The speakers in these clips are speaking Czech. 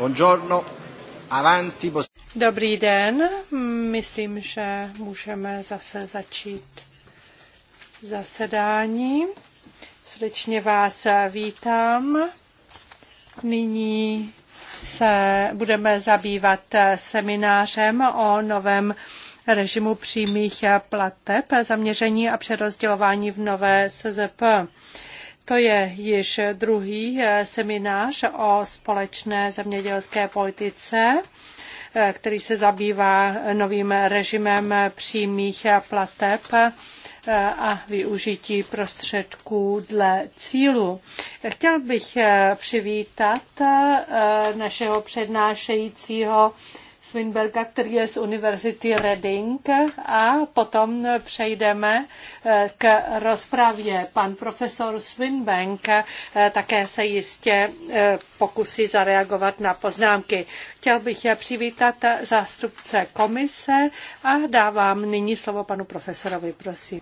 Buongiorno. Avanti. Dobrý den. Myslím, že můžeme zase začít zasedání. Srdečně vás vítám. Nyní se budeme zabývat seminářem o novém režimu přímých plateb, zaměření a přerozdělování v nové SZP. To je již druhý eh, seminář o společné zemědělské politice eh, který se zabývá novým režimem přímých plateb eh, a využití prostředků dle cílu. Chtěl bych přivítat našeho přednášejícího Swinberga, který je z Univerzity Reading a potom přejdeme eh, k rozpravě. Pan profesor Swinbank eh, také se jistě eh, pokusí zareagovat na poznámky. Chtěl bych je přivítat zástupce komise a dávám nyní slovo panu profesorovi, prosím.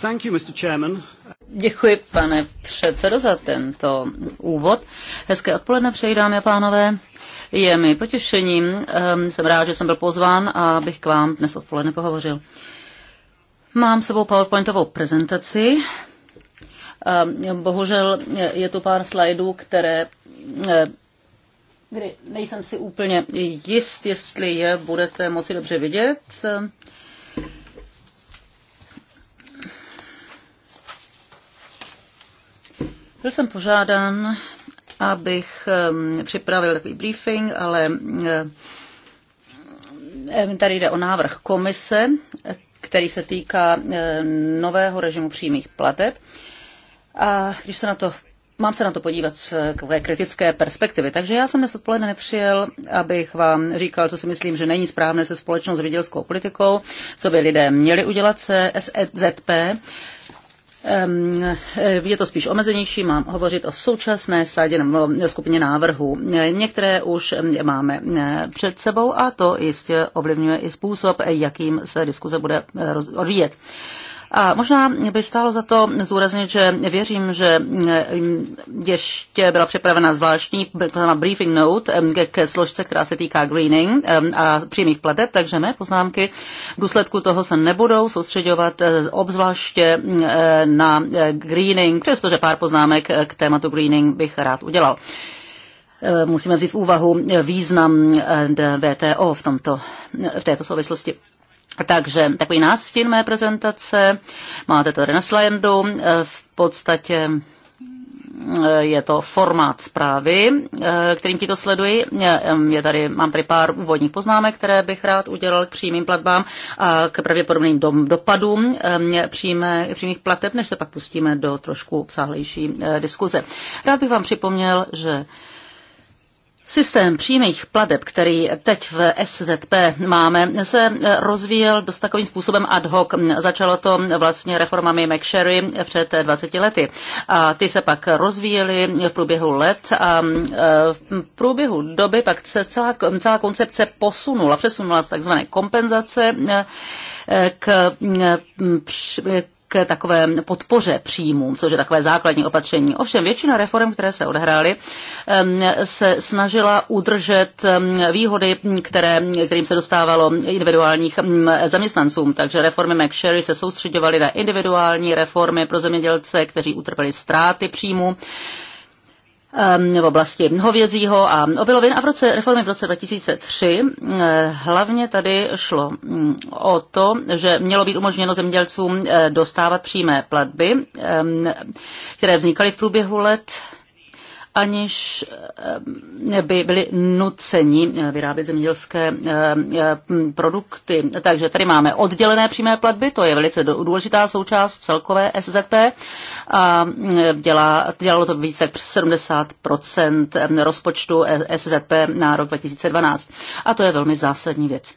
Thank you, Mr. Chairman. Děkuji, pane předsedo, za tento úvod. Hezké odpoledne přeji, dámy a pánové. Je mi potěšením, ehm, jsem rád, že jsem byl pozván a bych k vám dnes odpoledne pohovořil. Mám sebou PowerPointovou prezentaci. Ehm, bohužel je tu pár slajdů, které eh, kdy nejsem si úplně jist, jestli je budete moci dobře vidět. Byl jsem požádán, abych připravil takový briefing, ale tady jde o návrh komise, který se týká nového režimu přímých plateb. A když se na to Mám se na to podívat z takové kritické perspektivy. Takže já jsem dnes odpoledne nepřijel, abych vám říkal, co si myslím, že není správné se společnou zemědělskou politikou, co by lidé měli udělat se SZP. E Eh, je to spíš omezenější, mám hovořit o současné sadě nebo skupině návrhů. Eh, některé už máme eh, před sebou a to jistě ovlivňuje i způsob, jakým se diskuze bude odvíjet. A možná by stálo za to zúraznit, že věřím, že mm, ještě byla připravena zvláštní briefing note mm, ke složce, která se týká greening mm, a přímých plateb, takže mé poznámky v důsledku toho se nebudou soustředovat e, obzvláště e, na e, greening, přestože pár poznámek k tématu greening bych rád udělal. Musíme vzít v úvahu význam VTO v, tomto, v této souvislosti. Takže takový nástin mé prezentace, máte to tady na slajdu, v podstatě eh, je to formát zprávy, eh, kterým ti to sleduji. Eh, je tady, mám tady pár úvodních poznámek, které bych rád udělal k přímým platbám a k pravděpodobným dopadům přímé, přímých plateb, než se pak pustíme do trošku obsáhlejší diskuze. Rád bych vám připomněl, že Systém přímých plateb, který teď v SZP máme, se rozvíjel dost takovým způsobem ad hoc. Začalo to vlastně reformami McSherry před 20 lety. A ty se pak rozvíjely v průběhu let a e, v průběhu doby pak se celá, celá koncepce posunula, přesunula z takzvané kompenzace e, k, k k takové podpoře příjmů, což je takové základní opatření. Ovšem většina reform, které se odehrály, se snažila udržet výhody, které, kterým se dostávalo individuálních zaměstnancům. Takže reformy McSherry se soustředovaly na individuální reformy pro zemědělce, kteří utrpěli ztráty příjmu Ehm, v oblasti hovězího a obilovin a v roce, reformy v roce 2003 eh, hlavně tady šlo mm, o to, že mělo být umožněno zemědělcům eh, dostávat přímé platby, ehm, které vznikaly v průběhu let aniž eh, by byli nuceni eh, vyrábět zemědělské eh, produkty. Takže tady máme oddělené přímé platby, to je velice důležitá součást celkové SZP a dělá, dělalo to více jak 70 rozpočtu SZP na rok 2012. A to je velmi zásadní věc.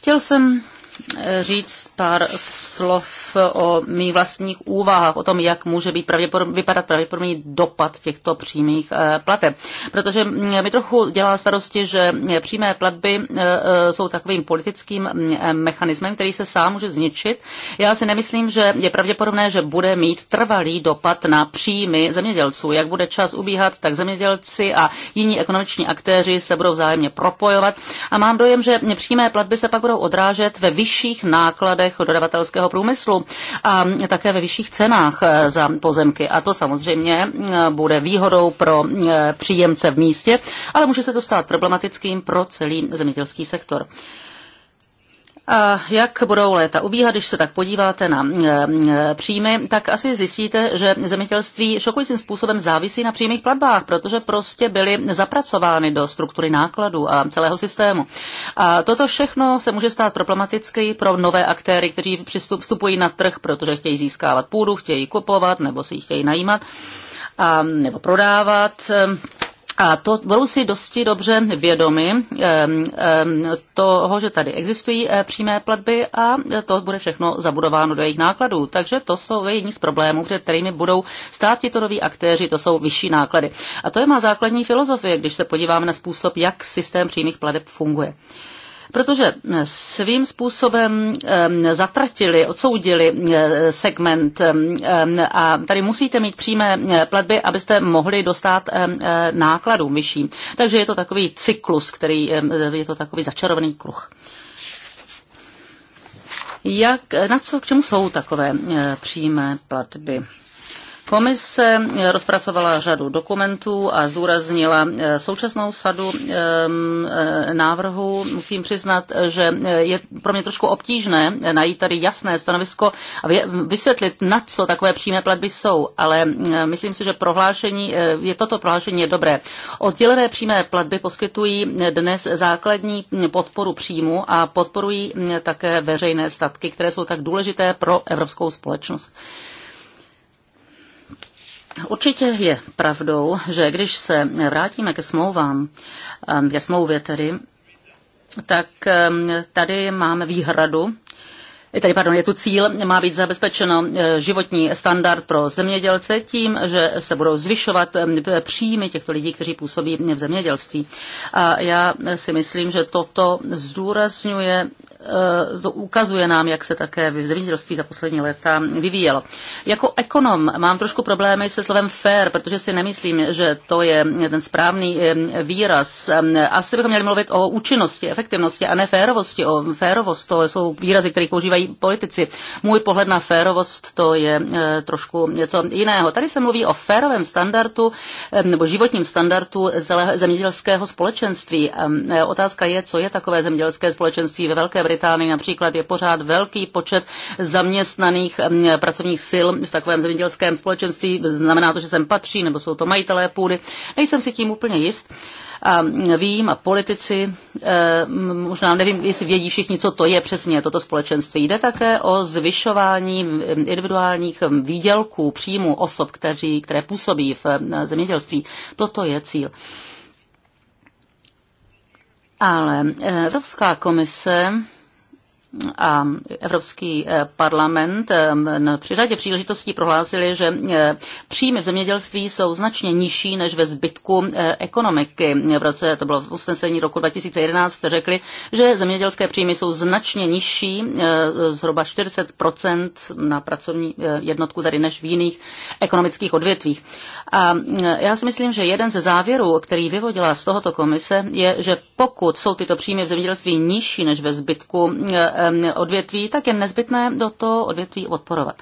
Chtěl jsem říct pár slov o mých vlastních úvahách, o tom, jak může být pravděpodobně, vypadat pravděpodobný dopad těchto přímých eh, plateb. Protože mi trochu dělá starosti, že přímé platby eh, eh, jsou takovým politickým mm, mechanismem, který se sám může zničit. Já si nemyslím, že je pravděpodobné, že bude mít trvalý dopad na příjmy zemědělců. Jak bude čas ubíhat, tak zemědělci a jiní ekonomiční aktéři se budou vzájemně propojovat. A mám dojem, že přímé platby se pak budou odrážet ve vyšší vyšších nákladech dodavatelského průmyslu a také ve vyšších cenách eh, za pozemky. A to samozřejmě eh, bude výhodou pro eh, příjemce v místě, ale může se to stát problematickým pro celý zemědělský sektor. A jak budou léta ubíhat, když se tak podíváte na mm, mm, příjmy, tak asi zjistíte, že zemědělství šokujícím způsobem závisí na přímých platbách, protože prostě byly zapracovány do struktury nákladů a celého systému. A toto všechno se může stát problematicky pro nové aktéry, kteří vstupují na trh, protože chtějí získávat půdu, chtějí kupovat nebo si ji chtějí najímat a, nebo prodávat. A to budou si dosti dobře vědomi toho, že tady existují eh, přímé platby a to bude všechno zabudováno do jejich nákladů. Takže to jsou jedni z problémů, před kterými budou stát tito noví aktéři, to jsou vyšší náklady. A to je má základní filozofie, když se podíváme na způsob, jak systém přímých plateb funguje protože eh, svým způsobem eh, zatratili, odsoudili eh, segment a tady musíte mít přímé platby, abyste mohli dostat nákladům vyšší. Takže je to takový cyklus, který je to takový začarovaný kruh. Jak, na co, k čemu jsou takové přímé platby? Komise rozpracovala řadu dokumentů a zdůraznila eh, současnou sadu eh, eh, návrhů. Musím přiznat, že je pro mě trošku obtížné najít tady jasné stanovisko a vysvětlit, na co takové přímé platby jsou, ale myslím si, že prohlášení, je toto prohlášení je dobré. Oddělené přímé platby poskytují dnes základní podporu příjmu a podporují také veřejné statky, které jsou tak důležité pro evropskou společnost. Určitě je pravdou, že když se vrátíme ke smlouvám, eh, ke smlouvě tedy, tak eh, tady máme výhradu, eh, Tady, pardon, je tu cíl, má být zabezpečeno životní standard pro zemědělce tím, že se budou zvyšovat příjmy těchto lidí, kteří působí v zemědělství. A já si myslím, že toto zdůrazňuje Eh, to ukazuje nám, jak se také v zemědělství za poslední léta vyvíjelo. Jako ekonom mám trošku problémy se slovem fair, protože si nemyslím, že to je ten správný eh, výraz. Eh, asi bychom měli mluvit o účinnosti, efektivnosti a ne férovosti. O férovost to jsou výrazy, které používají politici. Můj pohled na férovost to je trošku něco jiného. Tady se mluví o férovém standardu nebo životním standardu zemědělského společenství. Otázka je, co je takové zemědělské společenství ve Velké Británii Británii například je pořád velký počet zaměstnaných pracovních sil v takovém zemědělském společenství. Znamená to, že sem patří, nebo jsou to majitelé půdy. Nejsem si tím úplně jist. A vím, a politici, možná nevím, jestli vědí všichni, co to je přesně toto společenství. Jde také o zvyšování individuálních výdělků, příjmu osob, kteří, které působí v zemědělství. Toto je cíl. Ale Evropská komise a Evropský eh, parlament eh, při řadě příležitostí prohlásili, že eh, příjmy v zemědělství jsou značně nižší než ve zbytku ekonomiky. V roce, to bylo v usnesení roku 2011, řekli, že zemědělské příjmy jsou značně nižší, zhruba 40 na pracovní jednotku tady než v jiných ekonomických odvětvích. A já si myslím, že jeden ze závěrů, který vyvodila z tohoto komise, je, že pokud jsou tyto příjmy v zemědělství nižší než ve zbytku Um, odvětví, tak je nezbytné do toho odvětví odporovat.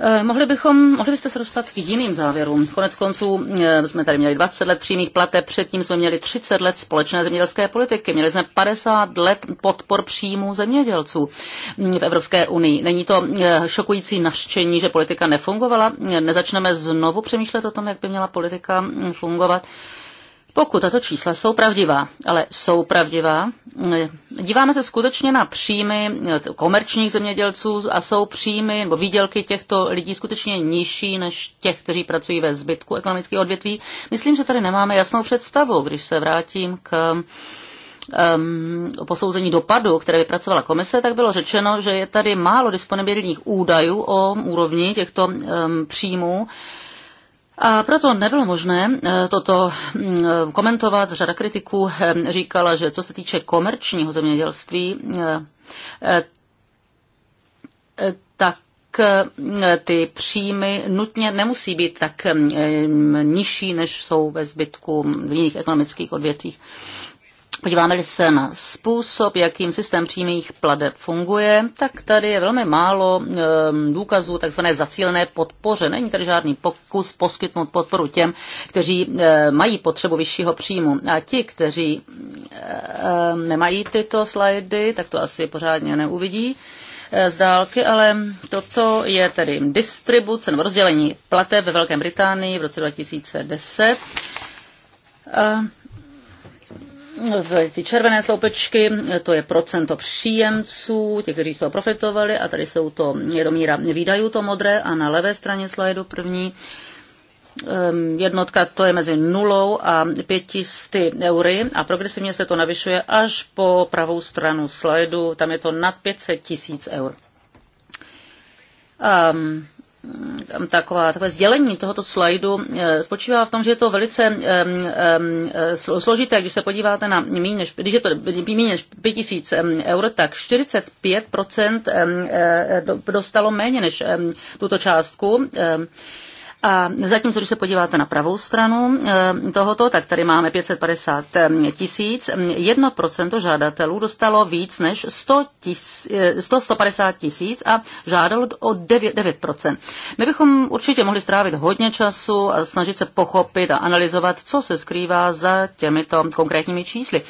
Eh, mohli, bychom, mohli byste se dostat k jiným závěrům. Konec konců eh, jsme tady měli 20 let přímých plateb, předtím jsme měli 30 let společné zemědělské politiky, měli jsme 50 let podpor příjmů zemědělců mm, v Evropské unii. Není to eh, šokující naštění, že politika nefungovala? Nezačneme znovu přemýšlet o tom, jak by měla politika mm, fungovat? Pokud tato čísla jsou pravdivá, ale jsou pravdivá, eh, díváme se skutečně na příjmy eh, komerčních zemědělců a jsou příjmy nebo výdělky těchto lidí skutečně nižší než těch, kteří pracují ve zbytku ekonomického odvětví. Myslím, že tady nemáme jasnou představu, když se vrátím k um, posouzení dopadu, které vypracovala komise, tak bylo řečeno, že je tady málo disponibilních údajů o úrovni těchto um, příjmů. Uh, a proto nebylo možné eh, toto mm, komentovat. Řada kritiků eh, říkala, že co se týče komerčního zemědělství, eh, tak ty příjmy nutně nemusí být tak nižší, než jsou ve zbytku v jiných ekonomických odvětvích. Podíváme-li se na způsob, jakým systém přímých pladeb funguje, tak tady je velmi málo ehm, důkazů tzv. zacílené podpoře. Není tady žádný pokus poskytnout podporu těm, kteří ehm, mají potřebu vyššího příjmu. A ti, kteří ehm, nemají tyto slajdy, tak to asi pořádně neuvidí eh, z dálky, ale toto je tedy distribuce nebo rozdělení plateb ve Velké Británii v roce 2010 ty červené sloupečky, to je procento příjemců, těch, kteří z toho profitovali, a tady jsou to, je míra výdajů, to modré, a na levé straně slajdu první, ehm, jednotka to je mezi nulou a pětisty eury a progresivně se to navyšuje až po pravou stranu slajdu, tam je to nad 500 tisíc eur. Um, taková, takové sdělení tohoto slajdu eh, spočívá v tom, že je to velice um, um, složité, když se podíváte na méně než, když je to méně než 5000 eur, tak 45% eh, dostalo méně než tuto částku. A zatímco, když se podíváte na pravou stranu eh, tohoto, tak tady máme 550 eh, tisíc. Jedno procento žádatelů dostalo víc než 100 tis, 100, eh, 150 tisíc a žádalo o 9, 9%. My bychom určitě mohli strávit hodně času a snažit se pochopit a analyzovat, co se skrývá za těmito konkrétními čísly.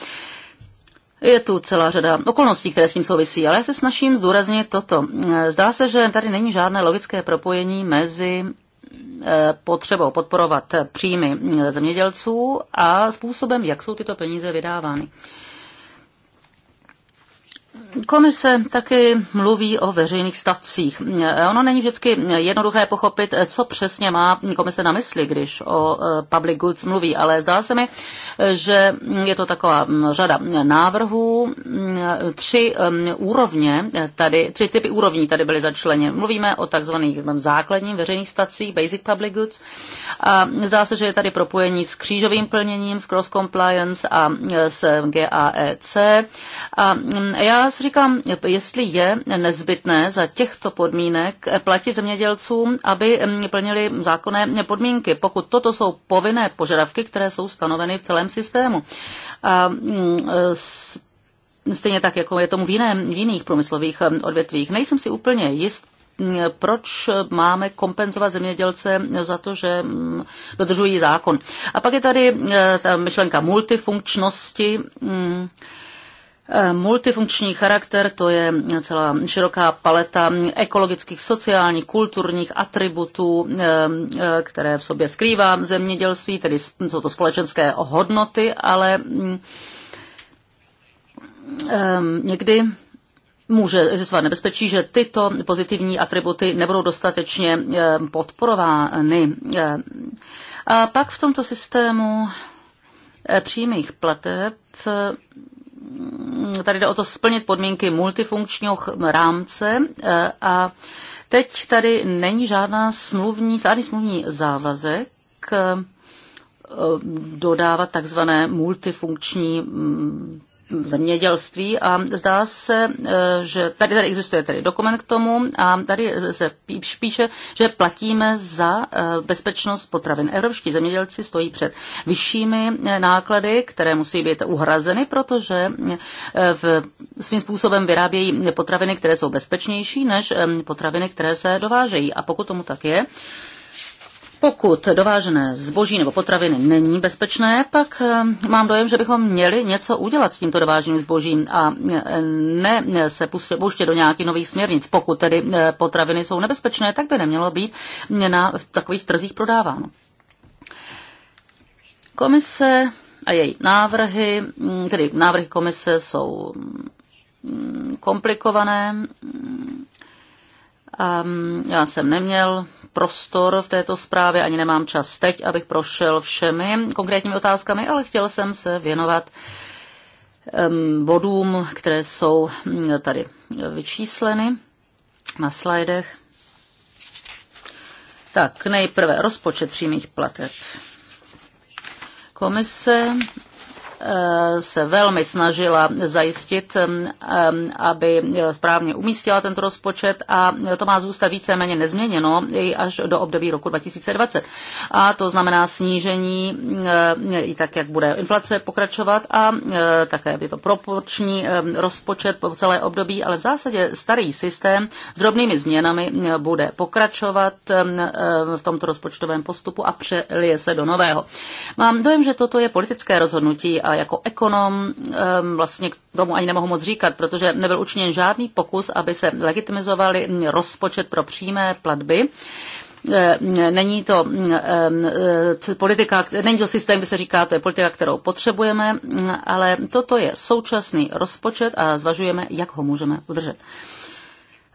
Je tu celá řada okolností, které s tím souvisí, ale já se snažím zdůraznit toto. Zdá se, že tady není žádné logické propojení mezi potřebou podporovat příjmy zemědělců a způsobem, jak jsou tyto peníze vydávány. Komise taky mluví o veřejných stacích. Ono není vždycky jednoduché pochopit, co přesně má komise na mysli, když o e, public goods mluví, ale zdá se mi, že je to taková řada návrhů. Tři úrovně tady, tři typy úrovní tady byly začleněny. Mluvíme o takzvaných základních veřejných stacích, basic public goods. A zdá se, že je tady propojení s křížovým plněním, s cross compliance a e, s GAEC. A e já já si říkám, jestli je nezbytné za těchto podmínek platit zemědělcům, aby plnili zákonné podmínky, pokud toto jsou povinné požadavky, které jsou stanoveny v celém systému. A mm, e, stejně tak, jako je tomu v, jiném, v jiných průmyslových odvětvích. Nejsem si úplně jist, proč máme kompenzovat zemědělce za to, že dodržují zákon. A pak je tady e, ta myšlenka multifunkčnosti Eh, multifunkční charakter to je celá široká paleta ekologických, sociálních, kulturních atributů, eh, eh, které v sobě skrývá zemědělství, tedy jsou to společenské hodnoty, ale mm, ehm, někdy může existovat nebezpečí, že tyto pozitivní atributy nebudou dostatečně podporovány. A pak v tomto systému přímých plateb Mm, tady jde o to splnit podmínky multifunkčního rámce e, a teď tady není žádná smluvní, žádný smluvní závazek e, dodávat takzvané multifunkční mm, zemědělství a zdá se, eh, že tady, tady existuje tady dokument k tomu a tady se píše, že platíme za eh, bezpečnost potravin. Evropští zemědělci stojí před vyššími eh, náklady, které musí být uhrazeny, protože v, svým způsobem vyrábějí potraviny, které jsou bezpečnější než potraviny, které se dovážejí. A pokud tomu tak je, pokud dovážené zboží nebo potraviny není bezpečné, pak eh, mám dojem, že bychom měli něco udělat s tímto dováženým zbožím a eh, ne eh, se pouštět do nějakých nových směrnic. Pokud tedy potraviny jsou nebezpečné, tak by nemělo být na takových trzích prodáváno. Komise a její návrhy, mm, tedy návrhy komise jsou mm, komplikované. Mm, já jsem neměl prostor v této zprávě, ani nemám čas teď, abych prošel všemi konkrétními otázkami, ale chtěl jsem se věnovat bodům, které jsou mm, tady vyčísleny na slajdech. Tak, nejprve rozpočet přímých plateb. Komise Eh, se velmi snažila zajistit, eh, aby správně umístila tento rozpočet a to má zůstat víceméně nezměněno i až do období roku 2020. A to znamená snížení eh, i tak, jak bude inflace pokračovat a také je to proporční rozpočet po celé období, ale v zásadě starý systém s drobnými změnami bude pokračovat v tomto rozpočtovém postupu a přelije se do nového. Mám dojem, že toto je politické rozhodnutí a jako ekonom vlastně k tomu ani nemohu moc říkat, protože nebyl učiněn žádný pokus, aby se legitimizovali rozpočet pro přímé platby e, není to e, politika, není to systém, kdy se říká, to je politika, kterou potřebujeme, ale toto je současný rozpočet a zvažujeme, jak ho můžeme udržet.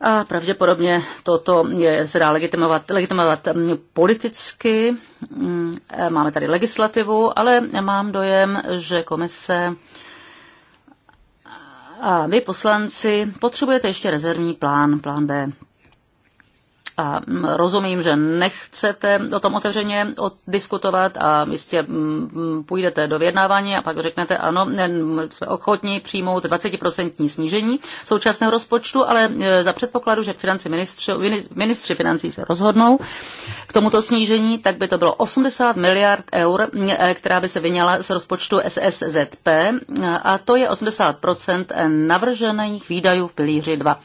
A pravděpodobně toto je, zda legitimovat, legitimovat mm, politicky. Mm, máme tady legislativu, ale mám dojem, že komise a vy poslanci potřebujete ještě rezervní plán, plán B a mm, rozumím, že nechcete o tom otevřeně diskutovat a jistě mm, mm, půjdete do vyjednávání a pak řeknete ano, jsme ochotní přijmout 20% snížení současného rozpočtu, ale e, za předpokladu, že financi ministři, ministři financí se rozhodnou k tomuto snížení, tak by to bylo 80 miliard eur, e, která by se vyněla z rozpočtu SSZP a to je 80% navržených výdajů v pilíři 2.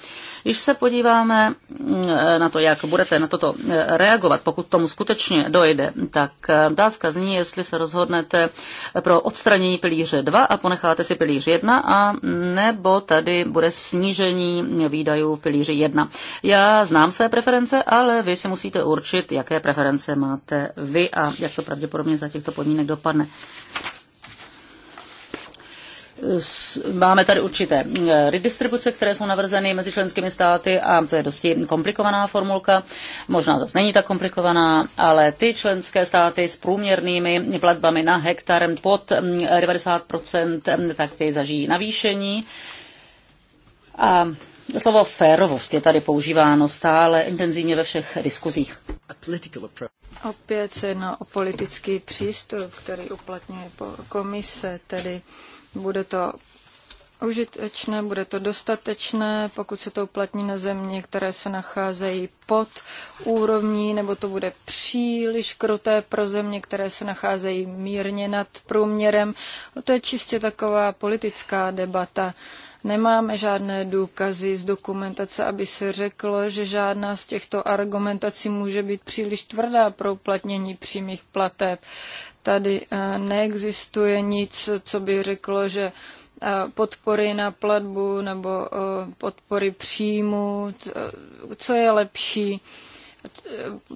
Když se podíváme mm, eh, na to, jak budete na toto eh, reagovat, pokud tomu skutečně dojde, tak dáska eh, zní, jestli se rozhodnete pro odstranění pilíře 2 a ponecháte si pilíř 1, a mm, nebo tady bude snížení výdajů v pilíři 1. Já znám své preference, ale vy si musíte určit, jaké preference máte vy a jak to pravděpodobně za těchto podmínek dopadne. Máme tady určité eh, redistribuce, které jsou navrzeny mezi členskými státy a to je dosti komplikovaná formulka. Možná zase není tak komplikovaná, ale ty členské státy s průměrnými platbami na hektar pod 90%, mm, mm, tak ty zažijí navýšení. A slovo férovost je tady používáno stále intenzivně ve všech diskuzích. Opět se jedná o politický přístup, který uplatňuje komise, tedy bude to užitečné, bude to dostatečné, pokud se to uplatní na země, které se nacházejí pod úrovní, nebo to bude příliš kruté pro země, které se nacházejí mírně nad průměrem. No, to je čistě taková politická debata. Nemáme žádné důkazy z dokumentace, aby se řeklo, že žádná z těchto argumentací může být příliš tvrdá pro uplatnění přímých plateb. Tady eh, neexistuje nic, co by řeklo, že eh, podpory na platbu nebo eh, podpory příjmu, co je lepší.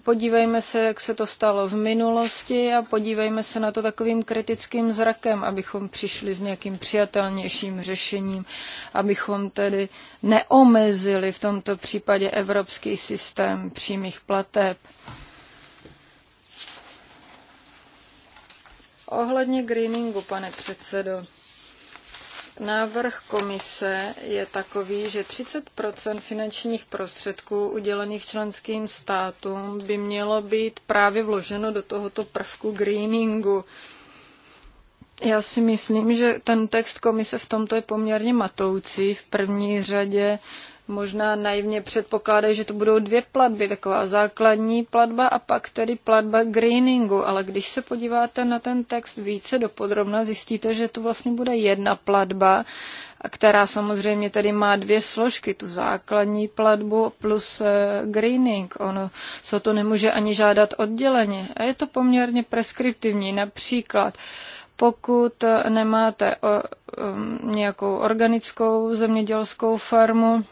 Podívejme se, jak se to stalo v minulosti a podívejme se na to takovým kritickým zrakem, abychom přišli s nějakým přijatelnějším řešením, abychom tedy neomezili v tomto případě evropský systém přímých plateb. Ohledně greeningu, pane předsedo, návrh komise je takový, že 30 finančních prostředků udělených členským státům by mělo být právě vloženo do tohoto prvku greeningu. Já si myslím, že ten text komise v tomto je poměrně matoucí. V první řadě možná naivně předpokládají, že to budou dvě platby, taková základní platba a pak tedy platba greeningu, ale když se podíváte na ten text více dopodrobna, zjistíte, že to vlastně bude jedna platba, která samozřejmě tady má dvě složky, tu základní platbu plus eh, greening. Ono se to nemůže ani žádat odděleně a je to poměrně preskriptivní. Například pokud eh, nemáte o, um, nějakou organickou zemědělskou farmu,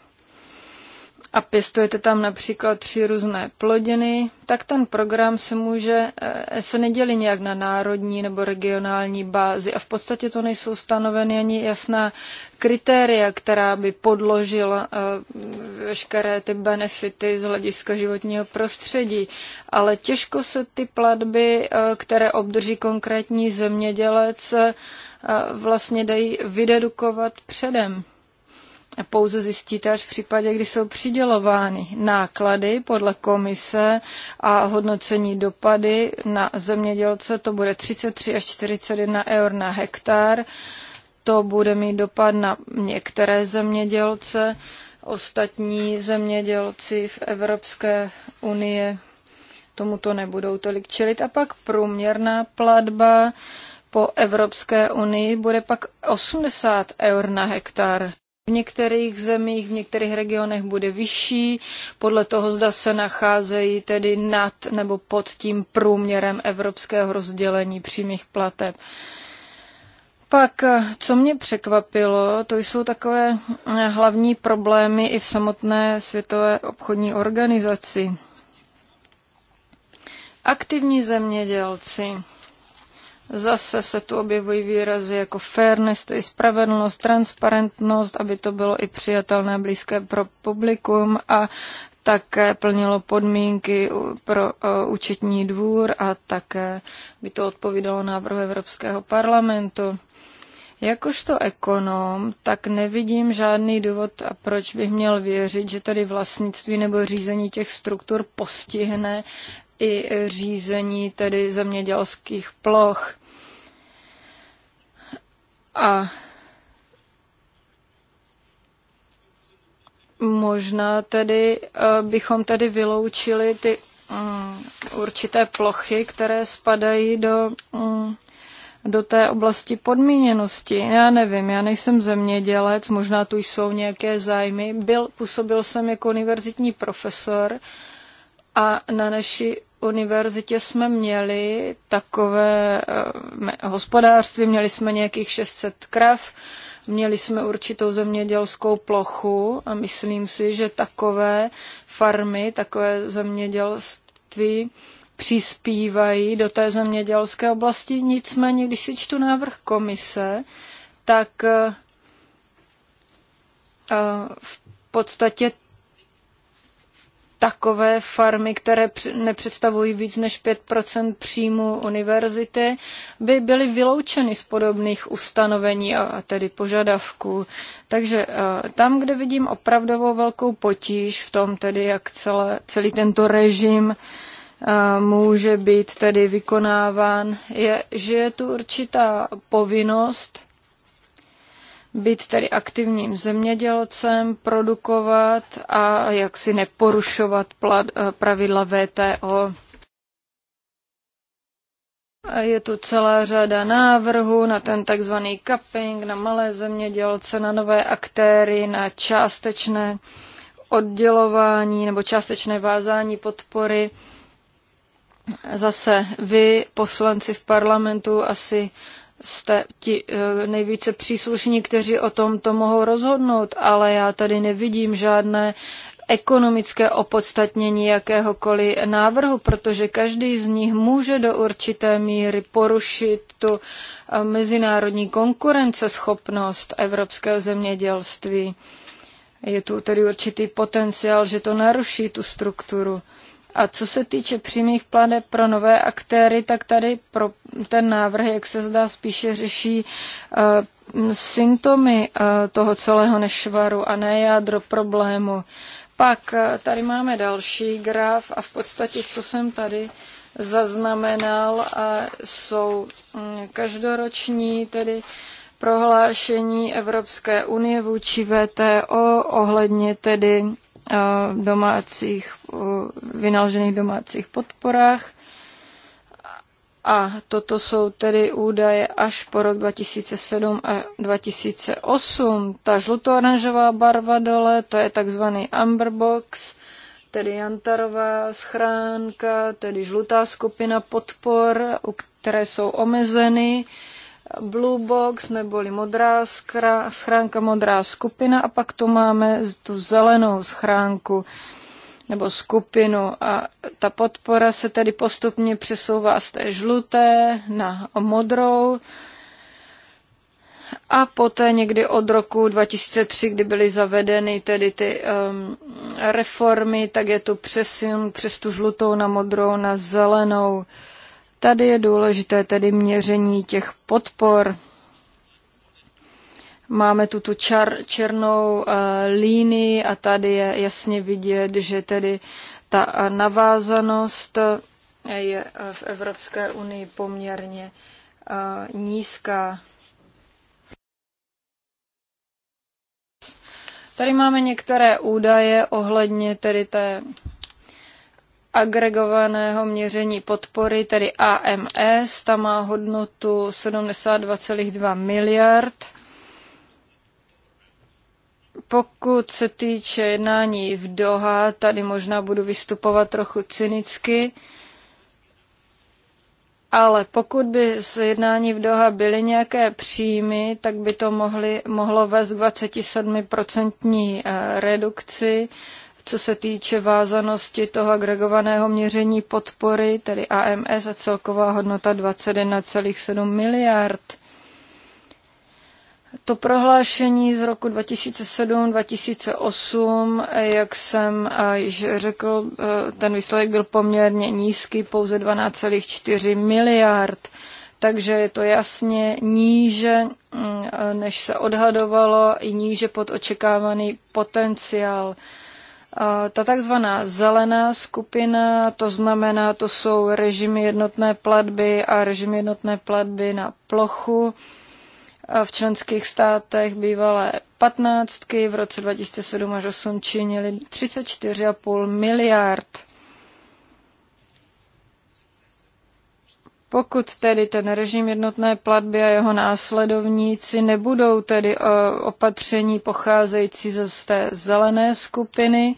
a pěstujete tam například tři různé plodiny, tak ten program se může, eh, se nedělí nějak na národní nebo regionální bázi a v podstatě to nejsou stanoveny ani jasná kritéria, která by podložila eh, veškeré ty benefity z hlediska životního prostředí. Ale těžko se ty platby, eh, které obdrží konkrétní zemědělec, vlastně dají vydedukovat předem pouze zjistíte až v případě, kdy jsou přidělovány náklady podle komise a hodnocení dopady na zemědělce, to bude 33 až 41 eur na hektar. To bude mít dopad na některé zemědělce, ostatní zemědělci v Evropské unie tomuto nebudou tolik čelit. A pak průměrná platba po Evropské unii bude pak 80 eur na hektar v některých zemích, v některých regionech bude vyšší, podle toho zda se nacházejí tedy nad nebo pod tím průměrem evropského rozdělení přímých plateb. Pak, co mě překvapilo, to jsou takové eh, hlavní problémy i v samotné světové obchodní organizaci. Aktivní zemědělci. Zase se tu objevují výrazy jako fairness, tedy spravedlnost, transparentnost, aby to bylo i přijatelné blízké pro publikum a také plnilo podmínky pro eh, účetní dvůr a také by to odpovídalo návrhu Evropského parlamentu. Jakožto ekonom, tak nevidím žádný důvod, a proč bych měl věřit, že tady vlastnictví nebo řízení těch struktur postihne i řízení tedy zemědělských ploch. A možná tedy eh, bychom tady vyloučili ty mm, určité plochy, které spadají do, mm, do té oblasti podmíněnosti. Já nevím, já nejsem zemědělec, možná tu jsou nějaké zájmy. Byl, působil jsem jako univerzitní profesor a na naší univerzitě jsme měli takové eh, hospodářství, měli jsme nějakých 600 krav, měli jsme určitou zemědělskou plochu a myslím si, že takové farmy, takové zemědělství přispívají do té zemědělské oblasti. Nicméně, když si čtu návrh komise, tak eh, v podstatě takové farmy, které nepředstavují víc než 5 příjmu univerzity, by byly vyloučeny z podobných ustanovení a tedy požadavků. Takže e, tam, kde vidím opravdovou velkou potíž v tom, tedy jak celé, celý tento režim e, může být tedy vykonáván, je, že je tu určitá povinnost být tedy aktivním zemědělcem, produkovat a jaksi neporušovat eh, pravidla VTO. Je tu celá řada návrhů na ten takzvaný cupping, na malé zemědělce, na nové aktéry, na částečné oddělování nebo částečné vázání podpory. Zase vy, poslanci v parlamentu, asi jste ti eh, nejvíce příslušní, kteří o tom to mohou rozhodnout, ale já tady nevidím žádné ekonomické opodstatnění jakéhokoliv návrhu, protože každý z nich může do určité míry porušit tu eh, mezinárodní konkurenceschopnost evropského zemědělství. Je tu tedy určitý potenciál, že to naruší tu strukturu. A co se týče přímých plateb pro nové aktéry, tak tady pro ten návrh, jak se zdá, spíše řeší uh, symptomy uh, toho celého nešvaru a ne jádro problému. Pak uh, tady máme další graf a v podstatě, co jsem tady zaznamenal, a jsou um, každoroční tedy prohlášení Evropské unie vůči VTO ohledně tedy domácích, vynaložených domácích podporách. A toto jsou tedy údaje až po rok 2007 a 2008. Ta žluto-oranžová barva dole, to je takzvaný amber box, tedy jantarová schránka, tedy žlutá skupina podpor, u které jsou omezeny uh, Blue Box neboli modrá skra, schránka, modrá skupina a pak tu máme tu zelenou schránku nebo skupinu a ta podpora se tedy postupně přesouvá z té žluté na modrou a poté někdy od roku 2003, kdy byly zavedeny tedy ty um, reformy, tak je to přesun přes tu žlutou na modrou na zelenou. Tady je důležité tedy měření těch podpor. Máme tu tu čar, černou uh, línii a tady je jasně vidět, že tedy ta eh, navázanost eh, je v Evropské unii poměrně uh, nízká. Tady máme některé údaje ohledně tedy té agregovaného měření podpory, tedy AMS, ta má hodnotu 72,2 miliard. Pokud se týče jednání v Doha, tady možná budu vystupovat trochu cynicky, ale pokud by z jednání v Doha byly nějaké příjmy, tak by to mohly, mohlo vést k 27% eh, redukci co se týče vázanosti toho agregovaného měření podpory, tedy AMS a celková hodnota 21,7 miliard. To prohlášení z roku 2007-2008, jak jsem již řekl, eh, ten výsledek byl poměrně nízký, pouze 12,4 miliard, takže je to jasně níže, mm, eh, než se odhadovalo, i níže pod očekávaný potenciál. Ta takzvaná zelená skupina, to znamená, to jsou režimy jednotné platby a režimy jednotné platby na plochu v členských státech bývalé patnáctky v roce 2007 až 2008 činili 34,5 miliard Pokud tedy ten režim jednotné platby a jeho následovníci nebudou tedy eh, opatření pocházející z té zelené skupiny,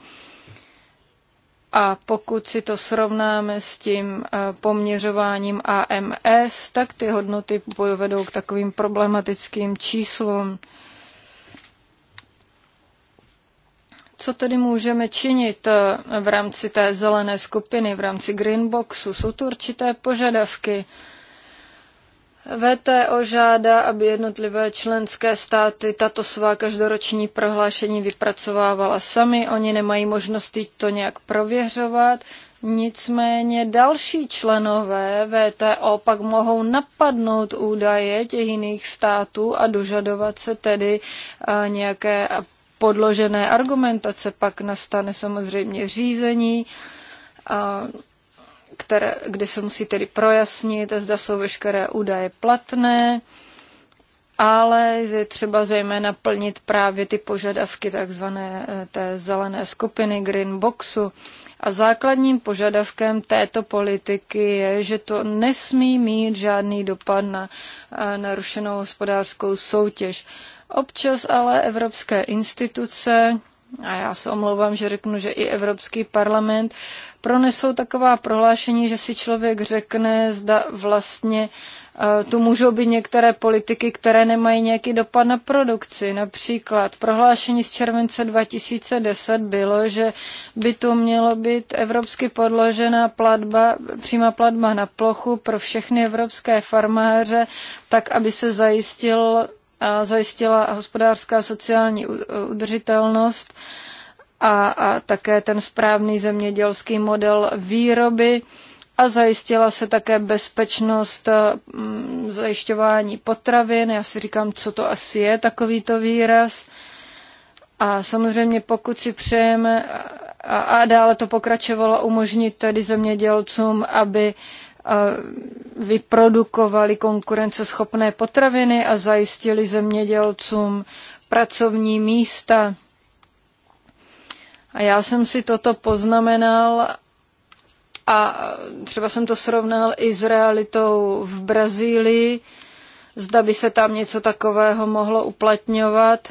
a pokud si to srovnáme s tím eh, poměřováním AMS, tak ty hodnoty povedou k takovým problematickým číslům. Co tedy můžeme činit eh, v rámci té zelené skupiny, v rámci Greenboxu? Jsou tu určité požadavky. VTO žádá, aby jednotlivé členské státy tato svá každoroční prohlášení vypracovávala sami. Oni nemají možnosti to nějak prověřovat. Nicméně další členové VTO pak mohou napadnout údaje těch jiných států a dožadovat se tedy eh, nějaké podložené argumentace. Pak nastane samozřejmě řízení, a které, kde se musí tedy projasnit, zda jsou veškeré údaje platné, ale je třeba zejména plnit právě ty požadavky takzvané eh, té zelené skupiny Green Boxu. A základním požadavkem této politiky je, že to nesmí mít žádný dopad na eh, narušenou hospodářskou soutěž. Občas ale evropské instituce, a já se omlouvám, že řeknu, že i Evropský parlament, pronesou taková prohlášení, že si člověk řekne, zda vlastně eh, tu můžou být některé politiky, které nemají nějaký dopad na produkci. Například prohlášení z července 2010 bylo, že by to mělo být evropsky podložená platba, přímá platba na plochu pro všechny evropské farmáře, tak aby se zajistil zajistila hospodářská a sociální udržitelnost a, a také ten správný zemědělský model výroby a zajistila se také bezpečnost mm, zajišťování potravin. Já si říkám, co to asi je takovýto výraz. A samozřejmě pokud si přejeme, a, a dále to pokračovalo, umožnit tedy zemědělcům, aby uh, vyprodukovali konkurenceschopné potraviny a zajistili zemědělcům pracovní místa. A já jsem si toto poznamenal a třeba jsem to srovnal i s realitou v Brazílii, zda by se tam něco takového mohlo uplatňovat.